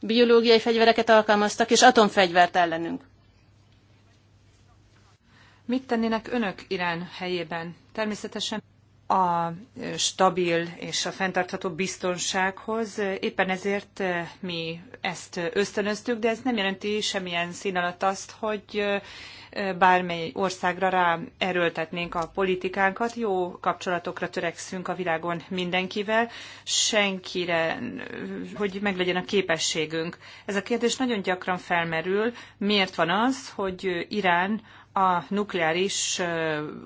biológiai fegyvereket alkalmaztak, és atomfegyvert ellenünk. Mit tennének önök Irán helyében? Természetesen a stabil és a fenntartható biztonsághoz. Éppen ezért eh, mi ezt ösztönöztük, de ez nem jelenti semmilyen szín alatt azt, hogy eh, bármely országra rá erőltetnénk a politikánkat, jó kapcsolatokra törekszünk a világon mindenkivel, senkire, hogy meglegyen a képességünk. Ez a kérdés nagyon gyakran felmerül, miért van az, hogy Irán a nukleáris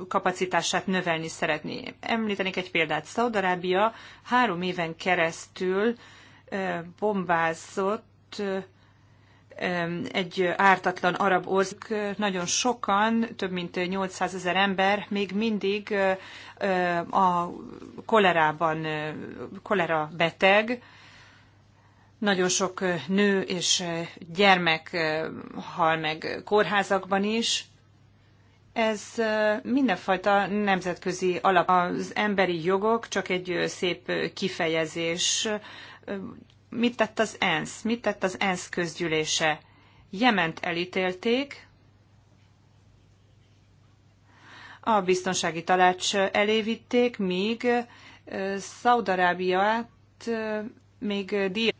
kapacitását növelni szeretné. Említenék egy példát. Szaudarábia három éven keresztül bombázott egy ártatlan arab ország. Nagyon sokan, több mint 800 ezer ember még mindig a kolerában, kolera beteg, nagyon sok nő és gyermek hal meg kórházakban is, ez mindenfajta nemzetközi alap. Az emberi jogok csak egy szép kifejezés. Mit tett az ENSZ? Mit tett az ENSZ közgyűlése? Jement elítélték, a biztonsági talács elé vitték, míg Szaudarábiát még díj...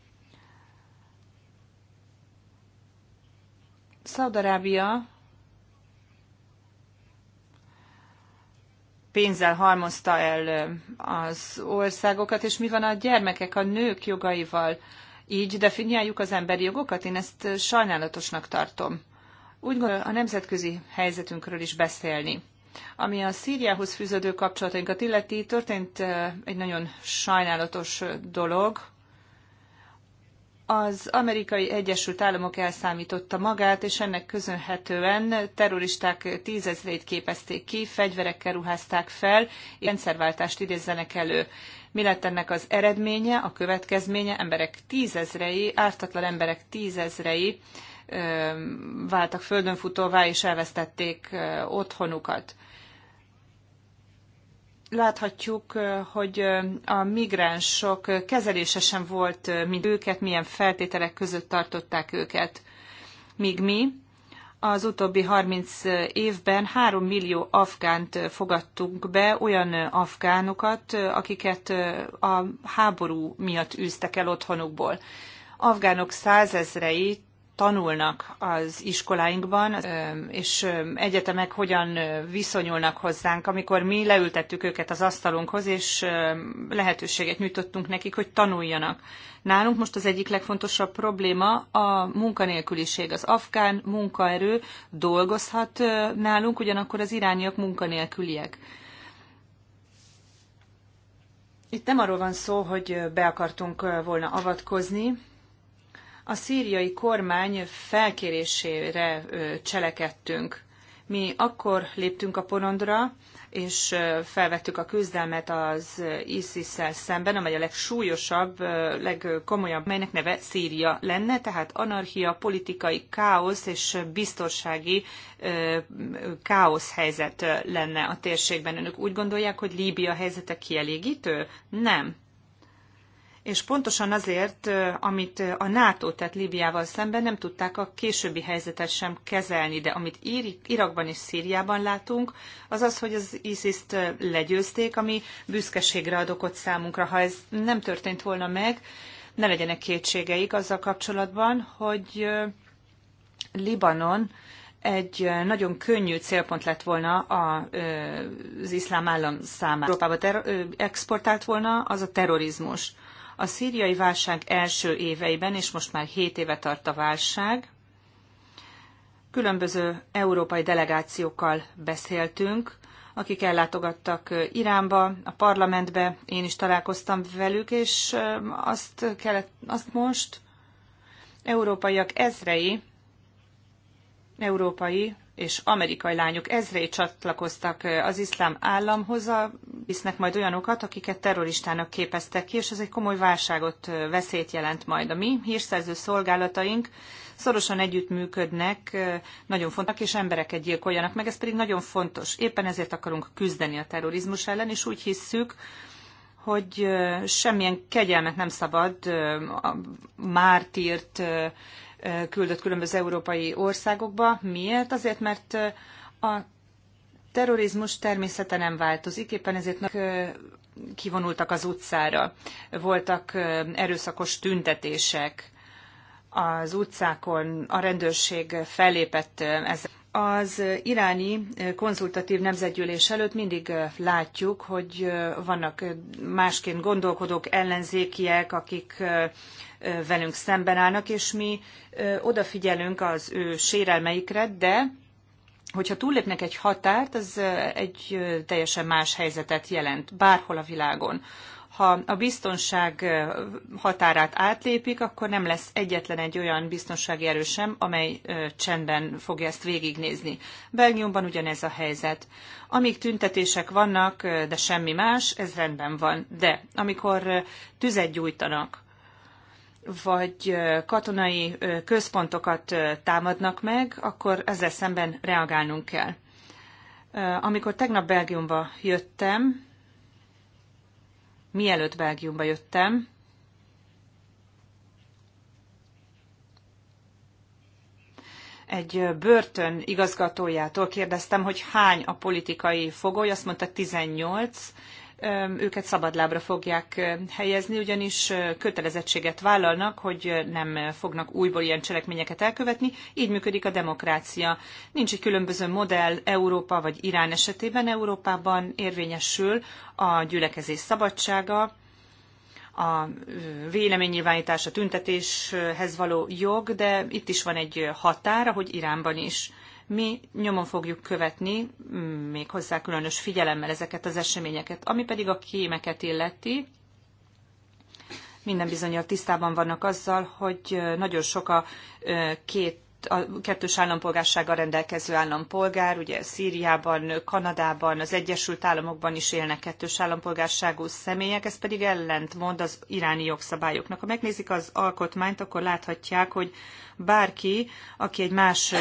Szaudarábia pénzzel halmozta el az országokat, és mi van a gyermekek, a nők jogaival? Így definiáljuk az emberi jogokat? Én ezt sajnálatosnak tartom. Úgy gondolom, a nemzetközi helyzetünkről is beszélni. Ami a Szíriához fűződő kapcsolatainkat illeti, történt egy nagyon sajnálatos dolog, az amerikai Egyesült Államok elszámította magát, és ennek köszönhetően terroristák tízezreit képezték ki, fegyverekkel ruházták fel, és rendszerváltást idézzenek elő. Mi lett ennek az eredménye, a következménye? Emberek tízezrei, ártatlan emberek tízezrei váltak földönfutóvá, és elvesztették otthonukat láthatjuk, hogy a migránsok kezelése sem volt, mint őket, milyen feltételek között tartották őket. Míg mi az utóbbi 30 évben 3 millió afgánt fogadtunk be, olyan afgánokat, akiket a háború miatt űztek el otthonukból. Afgánok százezrei tanulnak az iskoláinkban, és egyetemek hogyan viszonyulnak hozzánk, amikor mi leültettük őket az asztalunkhoz, és lehetőséget nyújtottunk nekik, hogy tanuljanak. Nálunk most az egyik legfontosabb probléma a munkanélküliség. Az afgán munkaerő dolgozhat nálunk, ugyanakkor az irániak munkanélküliek. Itt nem arról van szó, hogy be akartunk volna avatkozni, a szíriai kormány felkérésére cselekedtünk. Mi akkor léptünk a porondra, és felvettük a küzdelmet az ISIS-szel szemben, amely a legsúlyosabb, legkomolyabb, melynek neve Szíria lenne, tehát anarchia, politikai káosz és biztonsági káosz helyzet lenne a térségben. Önök úgy gondolják, hogy Líbia helyzete kielégítő? Nem és pontosan azért, amit a NATO tett Líbiával szemben, nem tudták a későbbi helyzetet sem kezelni, de amit Irakban és Szíriában látunk, az az, hogy az ISIS-t legyőzték, ami büszkeségre ad okot számunkra. Ha ez nem történt volna meg, ne legyenek kétségeik azzal kapcsolatban, hogy Libanon egy nagyon könnyű célpont lett volna az iszlám állam számára. Európába exportált volna, az a terrorizmus. A szíriai válság első éveiben, és most már 7 éve tart a válság, különböző európai delegációkkal beszéltünk, akik ellátogattak Iránba, a parlamentbe, én is találkoztam velük, és azt, kellett, azt most európaiak ezrei, európai és amerikai lányok ezré csatlakoztak az iszlám államhoz, visznek majd olyanokat, akiket terroristának képeztek ki, és ez egy komoly válságot, veszélyt jelent majd. A mi hírszerző szolgálataink szorosan együttműködnek, nagyon fontosak, és embereket gyilkoljanak meg, ez pedig nagyon fontos. Éppen ezért akarunk küzdeni a terrorizmus ellen, és úgy hisszük, hogy semmilyen kegyelmet nem szabad a mártírt küldött különböző európai országokba. Miért? Azért, mert a terrorizmus természete nem változik, éppen ezért kivonultak az utcára. Voltak erőszakos tüntetések az utcákon, a rendőrség fellépett ezzel az iráni eh, konzultatív nemzetgyűlés előtt mindig eh, látjuk, hogy eh, vannak másként gondolkodók, ellenzékiek, akik velünk szemben állnak, és mi odafigyelünk az ő sérelmeikre, de hogyha túllépnek egy határt, az egy teljesen más helyzetet jelent bárhol a világon ha a biztonság határát átlépik, akkor nem lesz egyetlen egy olyan biztonsági erő sem, amely csendben fogja ezt végignézni. Belgiumban ugyanez a helyzet. Amíg tüntetések vannak, de semmi más, ez rendben van. De amikor tüzet gyújtanak, vagy katonai központokat támadnak meg, akkor ezzel szemben reagálnunk kell. Amikor tegnap Belgiumba jöttem, mielőtt Belgiumba jöttem, egy börtön igazgatójától kérdeztem, hogy hány a politikai fogoly, azt mondta 18, őket szabadlábra fogják helyezni, ugyanis kötelezettséget vállalnak, hogy nem fognak újból ilyen cselekményeket elkövetni. Így működik a demokrácia. Nincs egy különböző modell Európa vagy Irán esetében. Európában érvényesül a gyülekezés szabadsága, a véleménynyilvánítás, a tüntetéshez való jog, de itt is van egy határa, hogy Iránban is. Mi nyomon fogjuk követni, mm, még hozzá különös figyelemmel ezeket az eseményeket. Ami pedig a kémeket illeti, minden bizonyal tisztában vannak azzal, hogy nagyon sok a két a kettős állampolgársággal rendelkező állampolgár, ugye Szíriában, Kanadában, az Egyesült Államokban is élnek kettős állampolgárságú személyek, ez pedig ellentmond az iráni jogszabályoknak. Ha megnézik az alkotmányt, akkor láthatják, hogy bárki, aki egy, más,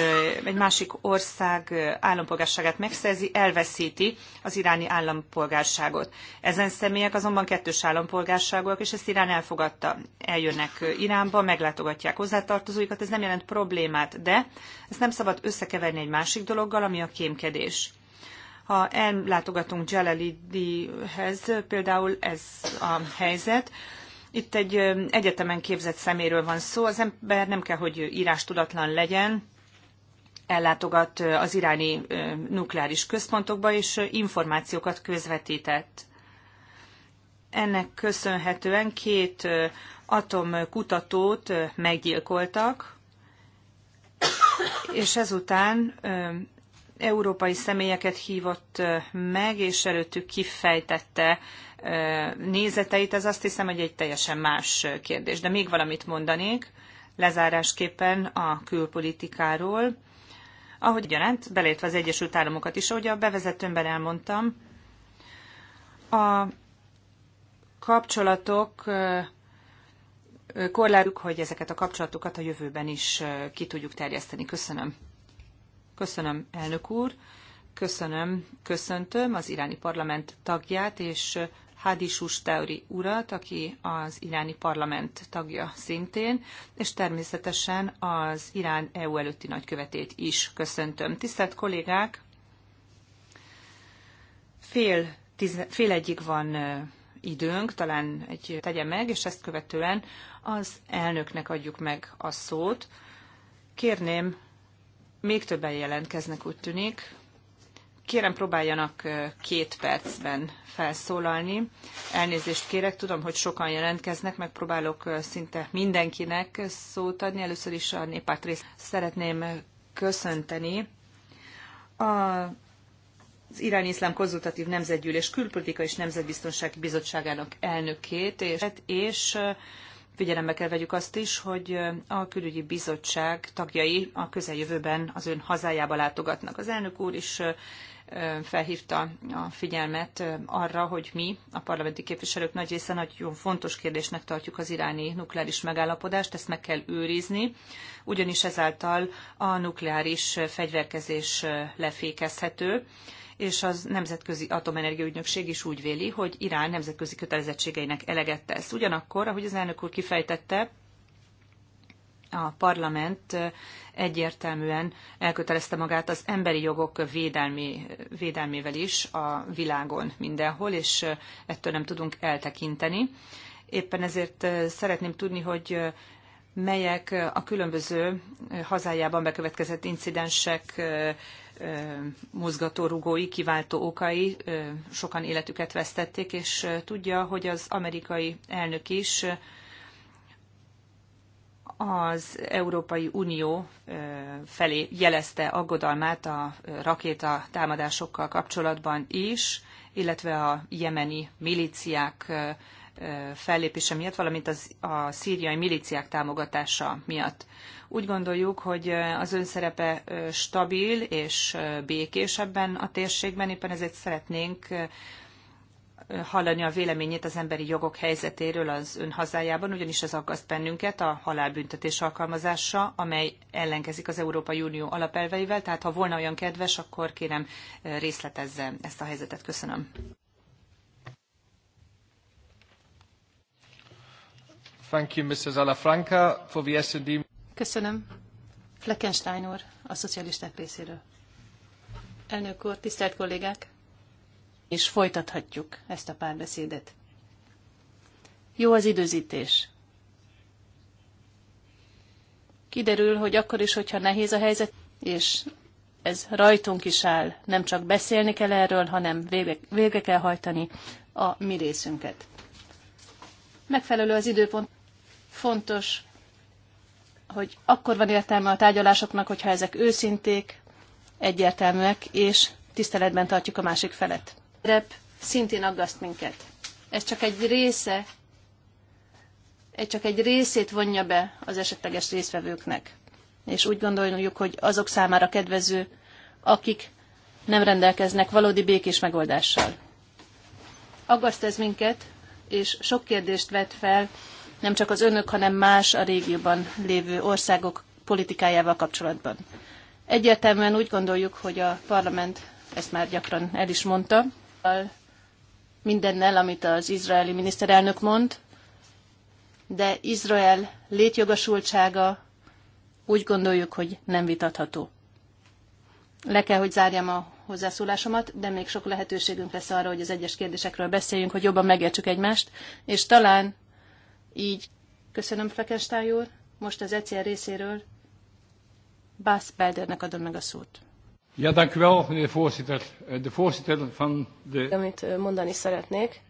egy másik ország állampolgárságát megszerzi, elveszíti az iráni állampolgárságot. Ezen személyek azonban kettős állampolgárságúak, és ezt Irán elfogadta. Eljönnek Iránba, meglátogatják hozzátartozóikat, ez nem jelent problémát, de ezt nem szabad összekeverni egy másik dologgal, ami a kémkedés ha ellátogatunk Jalalidihez, például ez a helyzet, itt egy egyetemen képzett szeméről van szó, az ember nem kell, hogy írás tudatlan legyen, ellátogat az iráni nukleáris központokba, és információkat közvetített. Ennek köszönhetően két atomkutatót meggyilkoltak, és ezután európai személyeket hívott meg, és előttük kifejtette nézeteit, ez azt hiszem, hogy egy teljesen más kérdés. De még valamit mondanék lezárásképpen a külpolitikáról, ahogy gyanánt, belétve az Egyesült Államokat is, ahogy a bevezetőmben elmondtam, a kapcsolatok korlátjuk, hogy ezeket a kapcsolatokat a jövőben is ki tudjuk terjeszteni. Köszönöm. Köszönöm, elnök úr. Köszönöm, köszöntöm az iráni parlament tagját és Hadi Teori urat, aki az iráni parlament tagja szintén, és természetesen az Irán EU előtti nagykövetét is köszöntöm. Tisztelt kollégák, fél, tiz, fél egyig van időnk, talán egy tegye meg, és ezt követően az elnöknek adjuk meg a szót. Kérném még többen jelentkeznek, úgy tűnik. Kérem, próbáljanak két percben felszólalni. Elnézést kérek, tudom, hogy sokan jelentkeznek, megpróbálok szinte mindenkinek szót adni. Először is a néppárt részt szeretném köszönteni. A az Irán Iszlám Konzultatív Nemzetgyűlés Külpolitika és Nemzetbiztonsági Bizottságának elnökét, és, és Figyelembe kell vegyük azt is, hogy a külügyi bizottság tagjai a közeljövőben az ön hazájába látogatnak. Az elnök úr is felhívta a figyelmet arra, hogy mi, a parlamenti képviselők nagy része nagyon fontos kérdésnek tartjuk az iráni nukleáris megállapodást, ezt meg kell őrizni, ugyanis ezáltal a nukleáris fegyverkezés lefékezhető és az Nemzetközi Atomenergia Ügynökség is úgy véli, hogy Irán nemzetközi kötelezettségeinek eleget tesz. Ugyanakkor, ahogy az elnök úr kifejtette, a parlament egyértelműen elkötelezte magát az emberi jogok védelmi, védelmével is a világon mindenhol, és ettől nem tudunk eltekinteni. Éppen ezért szeretném tudni, hogy melyek a különböző hazájában bekövetkezett incidensek mozgatórugói, kiváltó okai, sokan életüket vesztették, és tudja, hogy az amerikai elnök is az Európai Unió felé jelezte aggodalmát a rakéta támadásokkal kapcsolatban is, illetve a jemeni milíciák fellépése miatt, valamint az, a szíriai milíciák támogatása miatt. Úgy gondoljuk, hogy az ön szerepe stabil és békés ebben a térségben, éppen ezért szeretnénk hallani a véleményét az emberi jogok helyzetéről az ön hazájában, ugyanis ez aggaszt bennünket a halálbüntetés alkalmazása, amely ellenkezik az Európai Unió alapelveivel, tehát ha volna olyan kedves, akkor kérem részletezze ezt a helyzetet. Köszönöm. Thank you, Mrs. Alafranca, for the SD. Köszönöm. Fleckenstein úr, a szocialisták részéről. Elnök úr, tisztelt kollégák! És folytathatjuk ezt a párbeszédet. Jó az időzítés. Kiderül, hogy akkor is, hogyha nehéz a helyzet, és ez rajtunk is áll, nem csak beszélni kell erről, hanem végre, végre kell hajtani a mi részünket. Megfelelő az időpont. Fontos, hogy akkor van értelme a tárgyalásoknak, hogyha ezek őszinték, egyértelműek, és tiszteletben tartjuk a másik felet. Rep szintén aggaszt minket. Ez csak egy része, egy csak egy részét vonja be az esetleges részvevőknek. És úgy gondoljuk, hogy azok számára kedvező, akik nem rendelkeznek valódi békés megoldással. Aggaszt ez minket, és sok kérdést vet fel nem csak az önök, hanem más a régióban lévő országok politikájával kapcsolatban. Egyértelműen úgy gondoljuk, hogy a parlament, ezt már gyakran el is mondta, mindennel, amit az izraeli miniszterelnök mond, de Izrael létjogosultsága úgy gondoljuk, hogy nem vitatható. Le kell, hogy zárjam a hozzászólásomat, de még sok lehetőségünk lesz arra, hogy az egyes kérdésekről beszéljünk, hogy jobban megértsük egymást, és talán így köszönöm Fekestály úr, most az ECR részéről Bász Beldernek adom meg a szót. Ja, dank meneer voorzitter. Eh, de voorzitter van de... Amit eh, mondani szeretnék,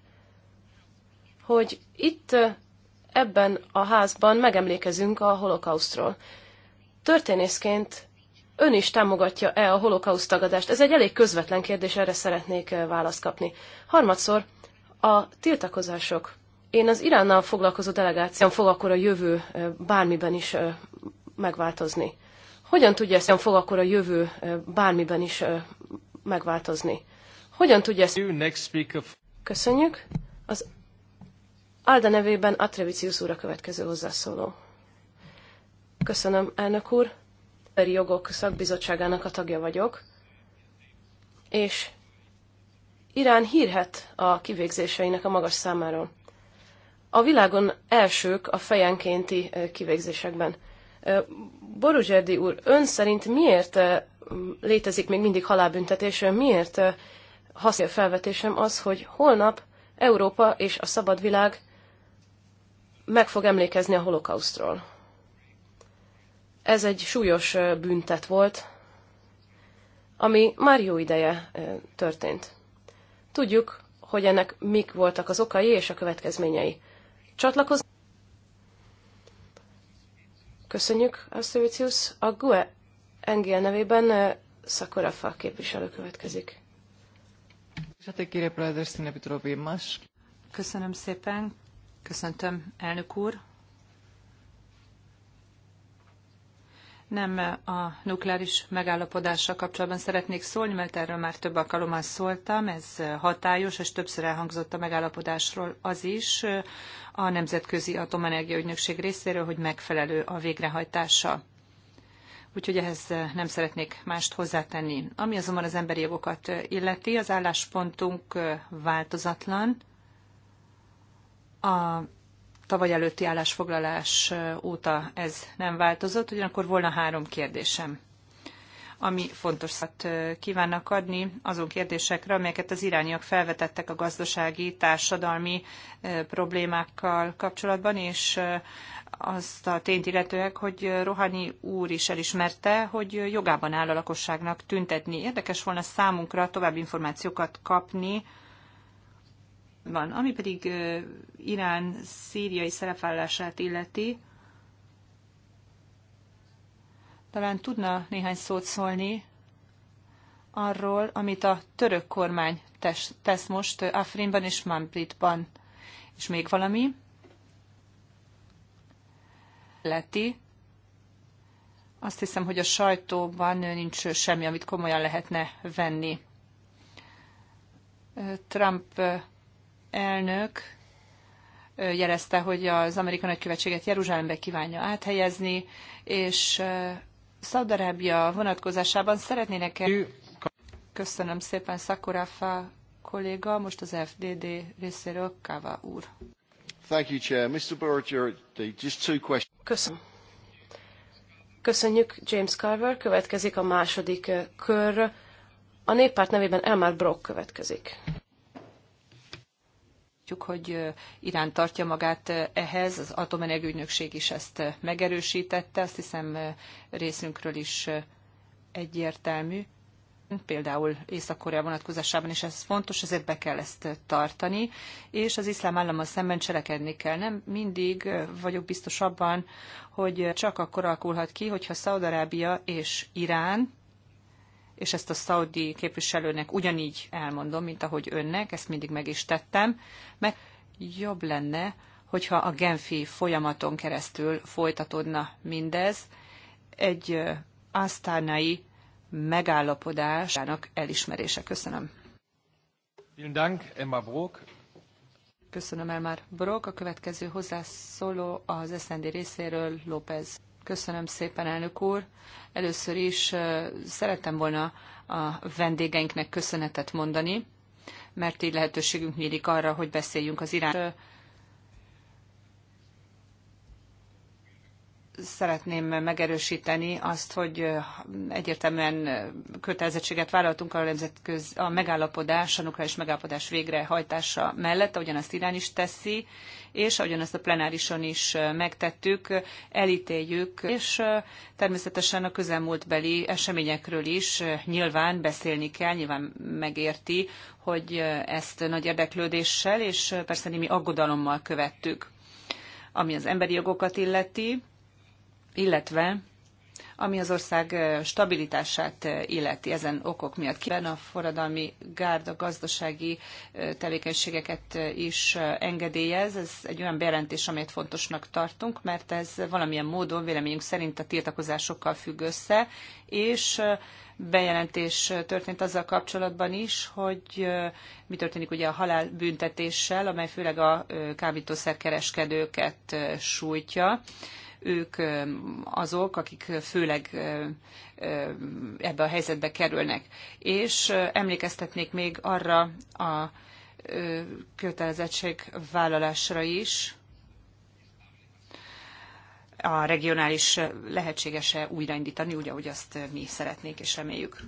hogy itt eh, ebben a házban megemlékezünk a holokausztról. Történészként ön is támogatja-e a holokauszt tagadást? Ez egy elég közvetlen kérdés, erre szeretnék választ kapni. Harmadszor, a tiltakozások én az Iránnal foglalkozó delegáción fog akkor a jövő bármiben is megváltozni. Hogyan tudja ezt fog akkor a jövő bármiben is megváltozni? Hogyan tudja ezt... Köszönjük. Az Alda nevében Atrevicius úr a következő hozzászóló. Köszönöm, elnök úr. Emberi jogok szakbizottságának a tagja vagyok, és Irán hírhet a kivégzéseinek a magas számáról a világon elsők a fejenkénti kivégzésekben. Boruzserdi úr, ön szerint miért létezik még mindig halálbüntetés, miért használja felvetésem az, hogy holnap Európa és a szabad világ meg fog emlékezni a holokausztról. Ez egy súlyos büntet volt, ami már jó ideje történt. Tudjuk, hogy ennek mik voltak az okai és a következményei csatlakozni? Köszönjük, Asztrovicius. A GUE NGL nevében eh, Szakorafa képviselő következik. Köszönöm szépen. Köszöntöm, elnök úr. Nem a nukleáris megállapodással kapcsolatban szeretnék szólni, mert erről már több alkalommal szóltam, ez hatályos, és többször elhangzott a megállapodásról az is a Nemzetközi Atomenergia Ügynökség részéről, hogy megfelelő a végrehajtása. Úgyhogy ehhez nem szeretnék mást hozzátenni. Ami azonban az emberi jogokat illeti, az álláspontunk változatlan. A tavaly előtti állásfoglalás óta ez nem változott, ugyanakkor volna három kérdésem ami fontosat kívánnak adni azon kérdésekre, amelyeket az irányiak felvetettek a gazdasági, társadalmi problémákkal kapcsolatban, és azt a tényt illetőek, hogy Rohani úr is elismerte, hogy jogában áll a lakosságnak tüntetni. Érdekes volna számunkra további információkat kapni van. Ami pedig Irán szíriai szerepvállását illeti, talán tudna néhány szót szólni arról, amit a török kormány tesz, tesz most Afrinban és Manbritban. És még valami? Leti. Azt hiszem, hogy a sajtóban nincs semmi, amit komolyan lehetne venni. Trump elnök jelezte, hogy az amerikai nagykövetséget Jeruzsálembe kívánja áthelyezni, és Szaudarábia vonatkozásában szeretnének -e... Köszönöm szépen, Sakurafa kolléga, most az FDD részéről Kava úr. Thank you, Chair. Mr. Berger, just two questions. Köszönöm. Köszönjük, James Carver. Következik a második kör. A néppárt nevében Elmar Brock következik látjuk, hogy Irán tartja magát ehhez, az Atomenergia Ügynökség is ezt megerősítette, azt hiszem részünkről is egyértelmű. Például Észak-Korea vonatkozásában is ez fontos, ezért be kell ezt tartani, és az iszlám állammal szemben cselekedni kell. Nem mindig vagyok biztos abban, hogy csak akkor alakulhat ki, hogyha Szaudarábia és Irán és ezt a szaudi képviselőnek ugyanígy elmondom, mint ahogy önnek, ezt mindig meg is tettem, mert jobb lenne, hogyha a Genfi folyamaton keresztül folytatódna mindez, egy asztánai megállapodásának elismerése. Köszönöm. Köszönöm el már Brok. A következő hozzászóló az SZND részéről López Köszönöm szépen, elnök úr. Először is szerettem volna a vendégeinknek köszönetet mondani, mert így lehetőségünk nyílik arra, hogy beszéljünk az irány szeretném megerősíteni azt, hogy egyértelműen kötelezettséget vállaltunk a nemzetköz a megállapodás, a nukleáris megállapodás végrehajtása mellett, ahogyan azt Irán is teszi, és ahogyan azt a plenárison is megtettük, elítéljük, és természetesen a közelmúltbeli eseményekről is nyilván beszélni kell, nyilván megérti, hogy ezt nagy érdeklődéssel és persze némi aggodalommal követtük. Ami az emberi jogokat illeti, illetve ami az ország stabilitását illeti ezen okok miatt. Kiben a forradalmi gárda gazdasági tevékenységeket is engedélyez. Ez egy olyan bejelentés, amelyet fontosnak tartunk, mert ez valamilyen módon véleményünk szerint a tiltakozásokkal függ össze, és bejelentés történt azzal kapcsolatban is, hogy mi történik ugye a halálbüntetéssel, amely főleg a kábítószerkereskedőket sújtja ők azok, akik főleg ebbe a helyzetbe kerülnek. És emlékeztetnék még arra a kötelezettségvállalásra is, a regionális lehetséges-e újraindítani, úgy, ahogy azt mi szeretnék és reméljük.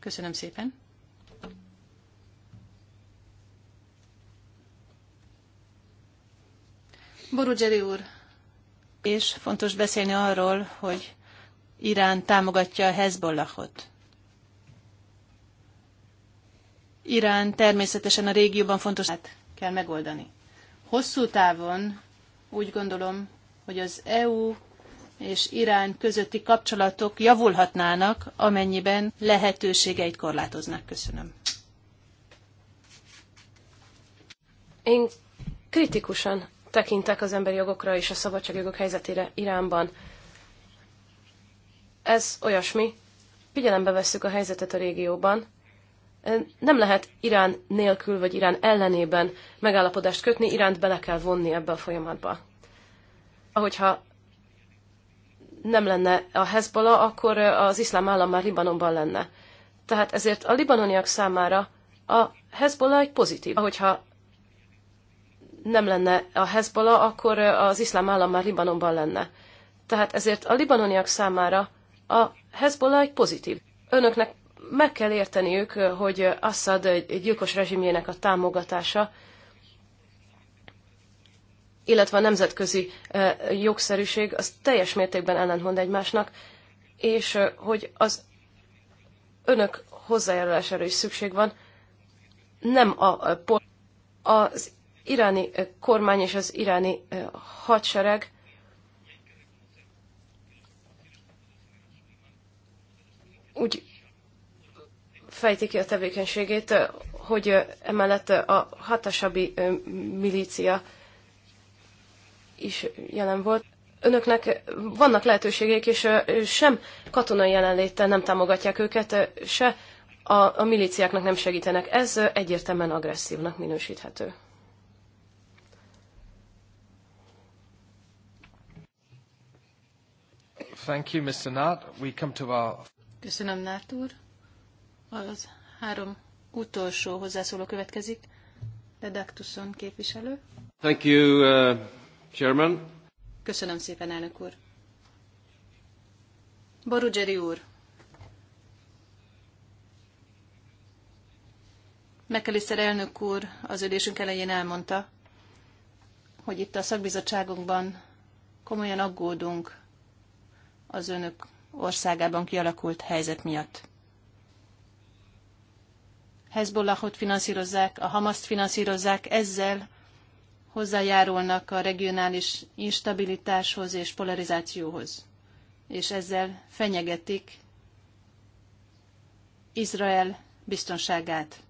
Köszönöm szépen. Borodzseri úr, és fontos beszélni arról, hogy Irán támogatja a Hezbollahot. Irán természetesen a régióban fontos hát kell megoldani. Hosszú távon úgy gondolom, hogy az EU és Irán közötti kapcsolatok javulhatnának, amennyiben lehetőségeit korlátoznak. Köszönöm. Én kritikusan tekintek az emberi jogokra és a szabadságjogok helyzetére Iránban. Ez olyasmi, figyelembe vesszük a helyzetet a régióban, nem lehet Irán nélkül vagy Irán ellenében megállapodást kötni, Iránt bele kell vonni ebbe a folyamatba. Ahogyha nem lenne a Hezbollah, akkor az iszlám állam már Libanonban lenne. Tehát ezért a libanoniak számára a Hezbollah egy pozitív. Ahogyha nem lenne a Hezbollah, akkor az iszlám állam már Libanonban lenne. Tehát ezért a libanoniak számára a Hezbollah egy pozitív. Önöknek meg kell érteniük, hogy Assad egy gyilkos rezsimjének a támogatása, illetve a nemzetközi jogszerűség, az teljes mértékben ellentmond egymásnak, és hogy az önök hozzájárulására is szükség van, nem a, az iráni kormány és az iráni hadsereg úgy fejti ki a tevékenységét, hogy emellett a hatasabi milícia is jelen volt. Önöknek vannak lehetőségek, és sem katonai jelenléttel nem támogatják őket, se a, a milíciáknak nem segítenek. Ez egyértelműen agresszívnak minősíthető. Thank you, Mr. Nat. We come to our... Köszönöm, Nat úr. Az három utolsó hozzászóló következik. Redaktuson képviselő. Thank you, uh, Chairman. Köszönöm szépen, elnök úr. Borugeri úr, Mekeliszer elnök úr az ödésünk elején elmondta, hogy itt a szakbizottságunkban komolyan aggódunk az önök országában kialakult helyzet miatt. Hezbollahot finanszírozzák, a Hamaszt finanszírozzák, ezzel hozzájárulnak a regionális instabilitáshoz és polarizációhoz, és ezzel fenyegetik Izrael biztonságát.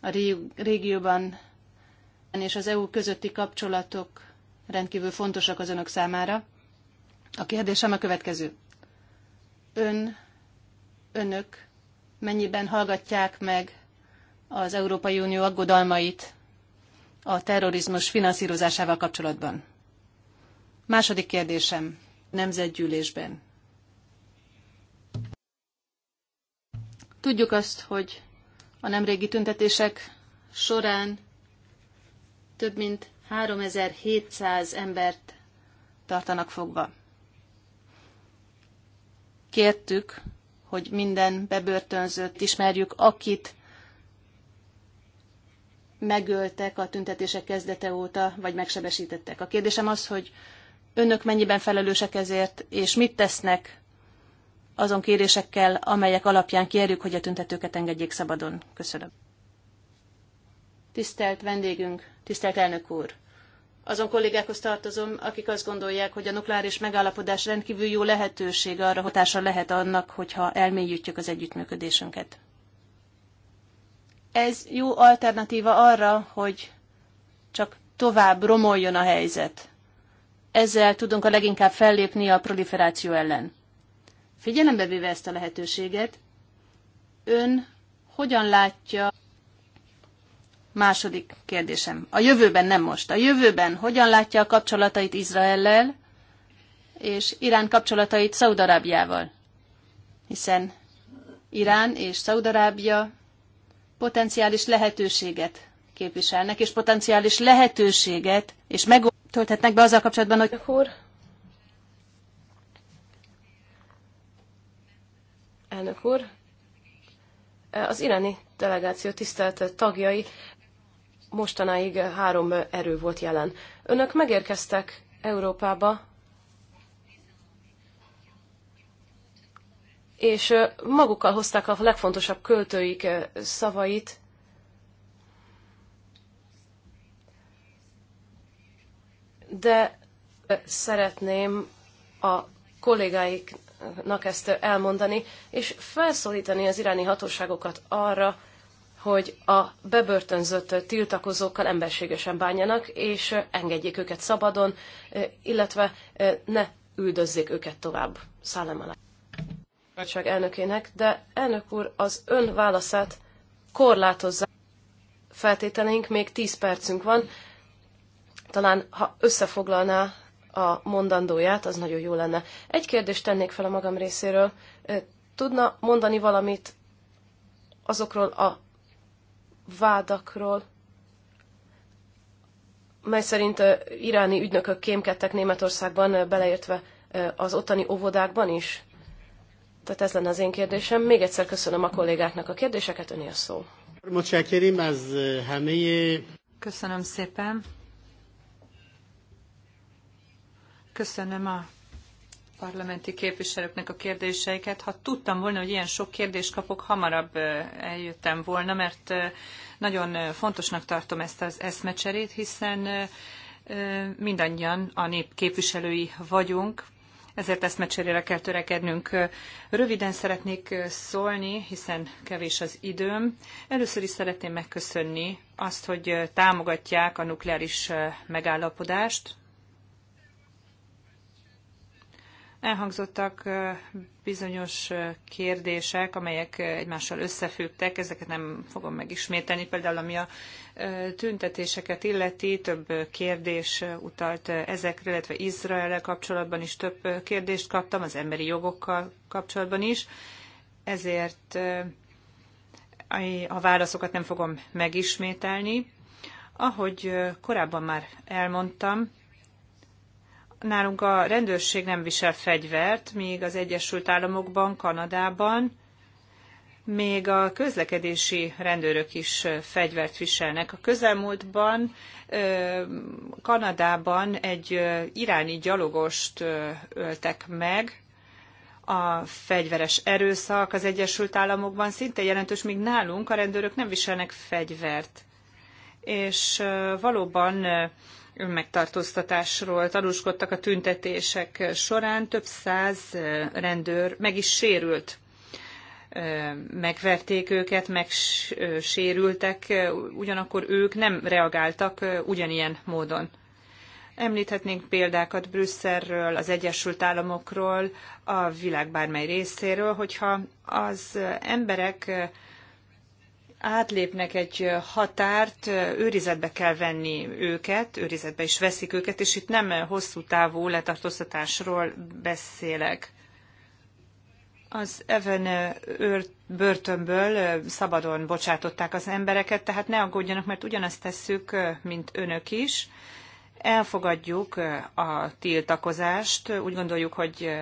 A régióban és az EU közötti kapcsolatok rendkívül fontosak az önök számára. A kérdésem a következő ön, önök mennyiben hallgatják meg az Európai Unió aggodalmait a terrorizmus finanszírozásával kapcsolatban? Második kérdésem. Nemzetgyűlésben. Tudjuk azt, hogy a nemrégi tüntetések során több mint 3700 embert tartanak fogva kértük, hogy minden bebörtönzött ismerjük, akit megöltek a tüntetések kezdete óta, vagy megsebesítettek. A kérdésem az, hogy önök mennyiben felelősek ezért, és mit tesznek azon kérésekkel, amelyek alapján kérjük, hogy a tüntetőket engedjék szabadon. Köszönöm. Tisztelt vendégünk, tisztelt elnök úr! azon kollégákhoz tartozom, akik azt gondolják, hogy a nukleáris megállapodás rendkívül jó lehetőség arra, hatása lehet annak, hogyha elmélyítjük az együttműködésünket. Ez jó alternatíva arra, hogy csak tovább romoljon a helyzet. Ezzel tudunk a leginkább fellépni a proliferáció ellen. Figyelembe véve ezt a lehetőséget, ön hogyan látja Második kérdésem. A jövőben, nem most. A jövőben hogyan látja a kapcsolatait Izraellel és Irán kapcsolatait Szaudarábiával? Hiszen Irán és Szaudarábia potenciális lehetőséget képviselnek, és potenciális lehetőséget, és megtölthetnek be azzal kapcsolatban, hogy... Elnök úr, az iráni delegáció tisztelt tagjai mostanáig három erő volt jelen. Önök megérkeztek Európába, és magukkal hozták a legfontosabb költőik szavait, de szeretném a kollégáiknak ezt elmondani, és felszólítani az iráni hatóságokat arra, hogy a bebörtönzött tiltakozókkal emberségesen bánjanak, és engedjék őket szabadon, illetve ne üldözzék őket tovább. szállam alá. Bizottság elnökének, de elnök úr az ön válaszát korlátozza. Feltételeink még 10 percünk van. Talán, ha összefoglalná a mondandóját, az nagyon jó lenne. Egy kérdést tennék fel a magam részéről. Tudna mondani valamit azokról a vádakról, mely szerint iráni ügynökök kémkedtek Németországban, beleértve az ottani óvodákban is? Tehát ez lenne az én kérdésem. Még egyszer köszönöm a kollégáknak a kérdéseket, öné a szó. Eh, köszönöm szépen. Köszönöm a parlamenti képviselőknek a kérdéseiket. Ha tudtam volna, hogy ilyen sok kérdést kapok, hamarabb eljöttem volna, mert nagyon fontosnak tartom ezt az eszmecserét, hiszen mindannyian a nép képviselői vagyunk, ezért eszmecserére kell törekednünk. Röviden szeretnék szólni, hiszen kevés az időm. Először is szeretném megköszönni azt, hogy támogatják a nukleáris megállapodást, Elhangzottak bizonyos kérdések, amelyek egymással összefüggtek, ezeket nem fogom megismételni, például ami a tüntetéseket illeti, több kérdés utalt ezekre, illetve izrael kapcsolatban is több kérdést kaptam, az emberi jogokkal kapcsolatban is, ezért a válaszokat nem fogom megismételni. Ahogy korábban már elmondtam, nálunk a rendőrség nem visel fegyvert, míg az Egyesült Államokban, Kanadában még a közlekedési rendőrök is fegyvert viselnek. A közelmúltban Kanadában egy iráni gyalogost öltek meg, a fegyveres erőszak az Egyesült Államokban szinte jelentős, míg nálunk a rendőrök nem viselnek fegyvert. És valóban megtartóztatásról tanúskodtak a tüntetések során. Több száz rendőr meg is sérült. Megverték őket, megsérültek, ugyanakkor ők nem reagáltak ugyanilyen módon. Említhetnénk példákat Brüsszelről, az Egyesült Államokról, a világ bármely részéről, hogyha az emberek átlépnek egy határt, őrizetbe kell venni őket, őrizetbe is veszik őket, és itt nem hosszú távú letartóztatásról beszélek. Az Even börtönből szabadon bocsátották az embereket, tehát ne aggódjanak, mert ugyanazt tesszük, mint önök is. Elfogadjuk a tiltakozást, úgy gondoljuk, hogy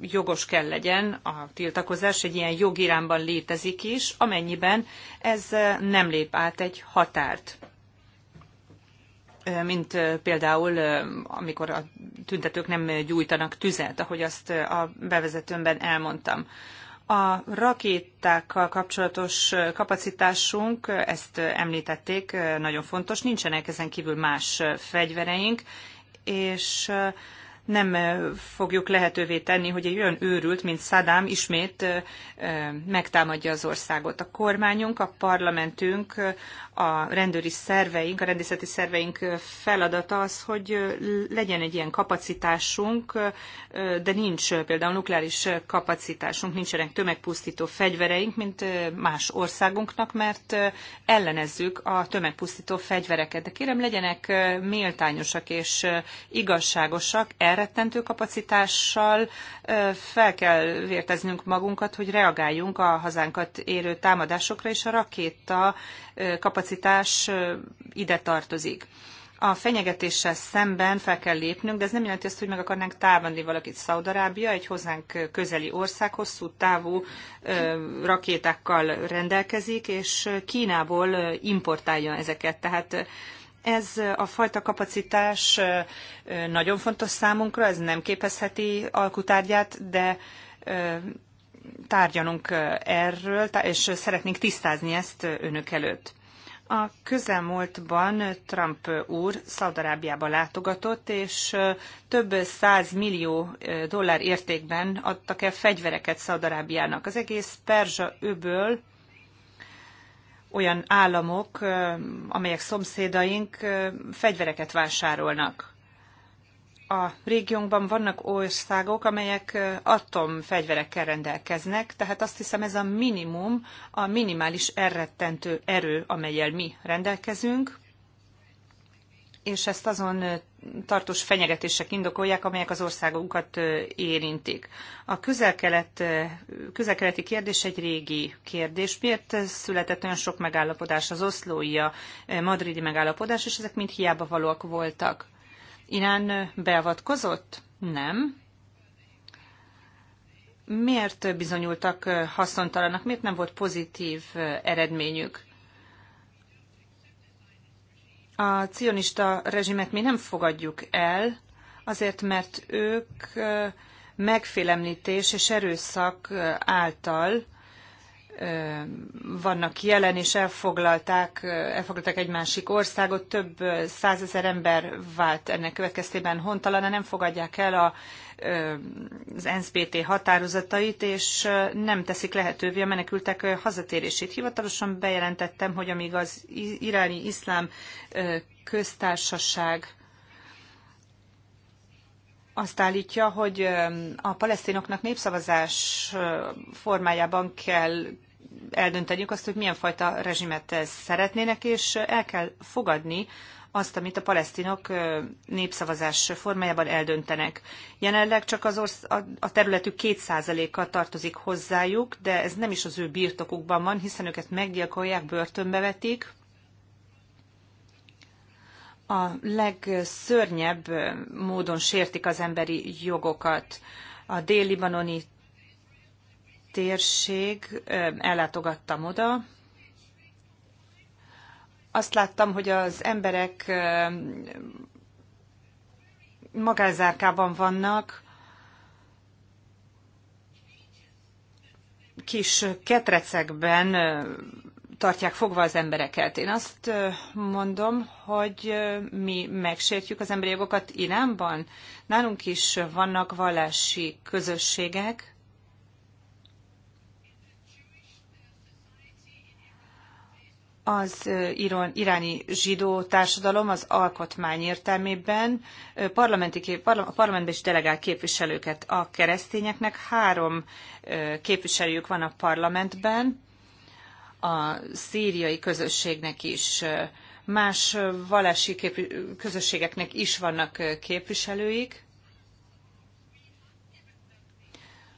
jogos kell legyen a tiltakozás, egy ilyen jogirányban létezik is, amennyiben ez nem lép át egy határt mint például, amikor a tüntetők nem gyújtanak tüzet, ahogy azt a bevezetőmben elmondtam. A rakétákkal kapcsolatos kapacitásunk, ezt említették, nagyon fontos, nincsenek ezen kívül más fegyvereink, és nem fogjuk lehetővé tenni, hogy egy olyan őrült, mint Szadám ismét megtámadja az országot. A kormányunk, a parlamentünk, a rendőri szerveink, a rendészeti szerveink feladata az, hogy legyen egy ilyen kapacitásunk, de nincs például nukleáris kapacitásunk, nincsenek tömegpusztító fegyvereink, mint más országunknak, mert ellenezzük a tömegpusztító fegyvereket. De kérem, legyenek méltányosak és igazságosak, elrettentő kapacitással fel kell vérteznünk magunkat, hogy reagáljunk a hazánkat érő támadásokra, és a rakéta kapacitás ide tartozik a fenyegetéssel szemben fel kell lépnünk, de ez nem jelenti azt, hogy meg akarnánk távolni valakit. Szaudarábia egy hozzánk közeli ország, hosszú távú rakétákkal rendelkezik, és Kínából importálja ezeket. Tehát ez a fajta kapacitás nagyon fontos számunkra, ez nem képezheti alkutárgyát, de tárgyalunk erről, és szeretnénk tisztázni ezt önök előtt. A közelmúltban Trump úr Szaudarábiába látogatott, és több száz millió dollár értékben adtak el fegyvereket Szaudarábiának. Az egész Perzsa öböl olyan államok, amelyek szomszédaink fegyvereket vásárolnak. A régiónkban vannak országok, amelyek atomfegyverekkel rendelkeznek, tehát azt hiszem ez a minimum, a minimális elrettentő erő, amelyel mi rendelkezünk, és ezt azon tartós fenyegetések indokolják, amelyek az országunkat érintik. A közel-kelet, közel-keleti kérdés egy régi kérdés. Miért született olyan sok megállapodás az oszlói, a madridi megállapodás, és ezek mind hiába valóak voltak? Irán beavatkozott? Nem. Miért bizonyultak haszontalanak? Miért nem volt pozitív eredményük? a cionista rezsimet mi nem fogadjuk el, azért mert ők megfélemlítés és erőszak által vannak jelen, és elfoglalták, elfoglalták egy másik országot, több százezer ember vált ennek következtében hontalan, nem fogadják el a az NSZPT határozatait, és nem teszik lehetővé a menekültek hazatérését. Hivatalosan bejelentettem, hogy amíg az iráni iszlám köztársaság azt állítja, hogy a palesztinoknak népszavazás formájában kell eldönteniük azt, hogy milyen fajta rezsimet szeretnének, és el kell fogadni azt, amit a palesztinok népszavazás formájában eldöntenek. Jelenleg csak az orsz- a területük 2 tartozik hozzájuk, de ez nem is az ő birtokukban van, hiszen őket meggyilkolják, börtönbe vetik, a legszörnyebb módon sértik az emberi jogokat. A dél-libanoni térség, ellátogattam oda, azt láttam, hogy az emberek magázárkában vannak, kis ketrecekben tartják fogva az embereket. Én azt mondom, hogy mi megsértjük az emberi jogokat Iránban. Nálunk is vannak vallási közösségek, az iráni zsidó társadalom az alkotmány értelmében parlamenti kép, parla, parlamentben is delegál képviselőket. A keresztényeknek három képviselőjük van a parlamentben, a szíriai közösségnek is, más valási kép, közösségeknek is vannak képviselőik.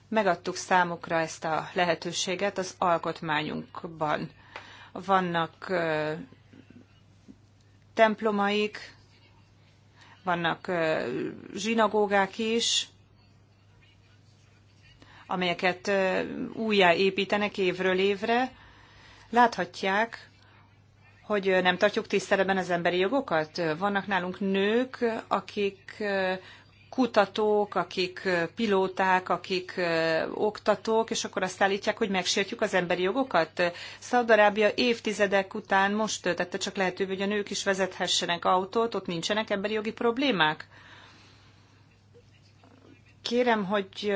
Megadtuk számukra ezt a lehetőséget az alkotmányunkban vannak templomaik, vannak zsinagógák is, amelyeket újjáépítenek évről évre. Láthatják, hogy nem tartjuk tiszteletben az emberi jogokat. Vannak nálunk nők, akik kutatók, akik pilóták, akik oktatók, és akkor azt állítják, hogy megsértjük az emberi jogokat. Szaudarábia évtizedek után most tette csak lehetővé, hogy a nők is vezethessenek autót, ott nincsenek emberi jogi problémák? Kérem, hogy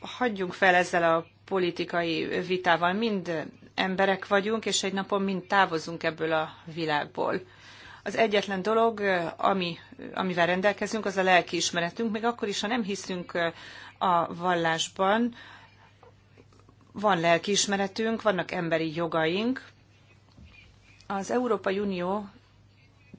hagyjunk fel ezzel a politikai vitával. Mind emberek vagyunk, és egy napon mind távozunk ebből a világból az egyetlen dolog, ami, amivel rendelkezünk, az a lelki ismeretünk, még akkor is, ha nem hiszünk a vallásban, van lelki ismeretünk, vannak emberi jogaink. Az Európai Unió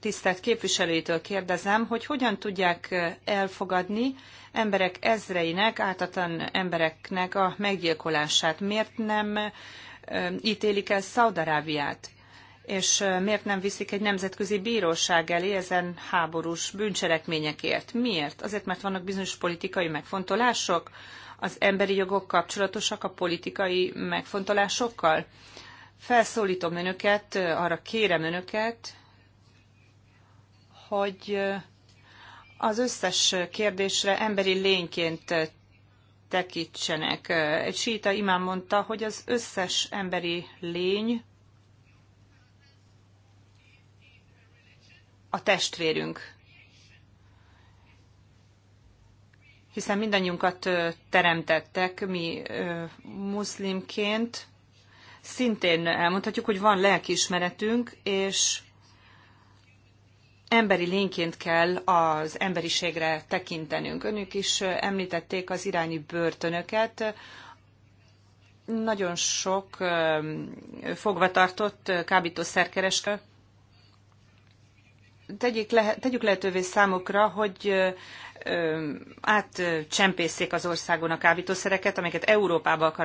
tisztelt képviselőitől kérdezem, hogy hogyan tudják elfogadni emberek ezreinek, ártatlan embereknek a meggyilkolását. Miért nem ítélik el Szaudarábiát? és miért nem viszik egy nemzetközi bíróság elé ezen háborús bűncselekményekért? Miért? Azért, mert vannak bizonyos politikai megfontolások? Az emberi jogok kapcsolatosak a politikai megfontolásokkal? Felszólítom önöket, arra kérem önöket, hogy az összes kérdésre emberi lényként tekintsenek. Egy síta imám mondta, hogy az összes emberi lény a testvérünk. Hiszen mindannyiunkat teremtettek, mi muszlimként szintén elmondhatjuk, hogy van lelkiismeretünk, és emberi lényként kell az emberiségre tekintenünk. Önök is említették az irányi börtönöket. Nagyon sok fogvatartott kábítószerkereskedő tegyük, le, tegyük lehetővé számukra, hogy átcsempészék az országon a kábítószereket, amelyeket Európába akar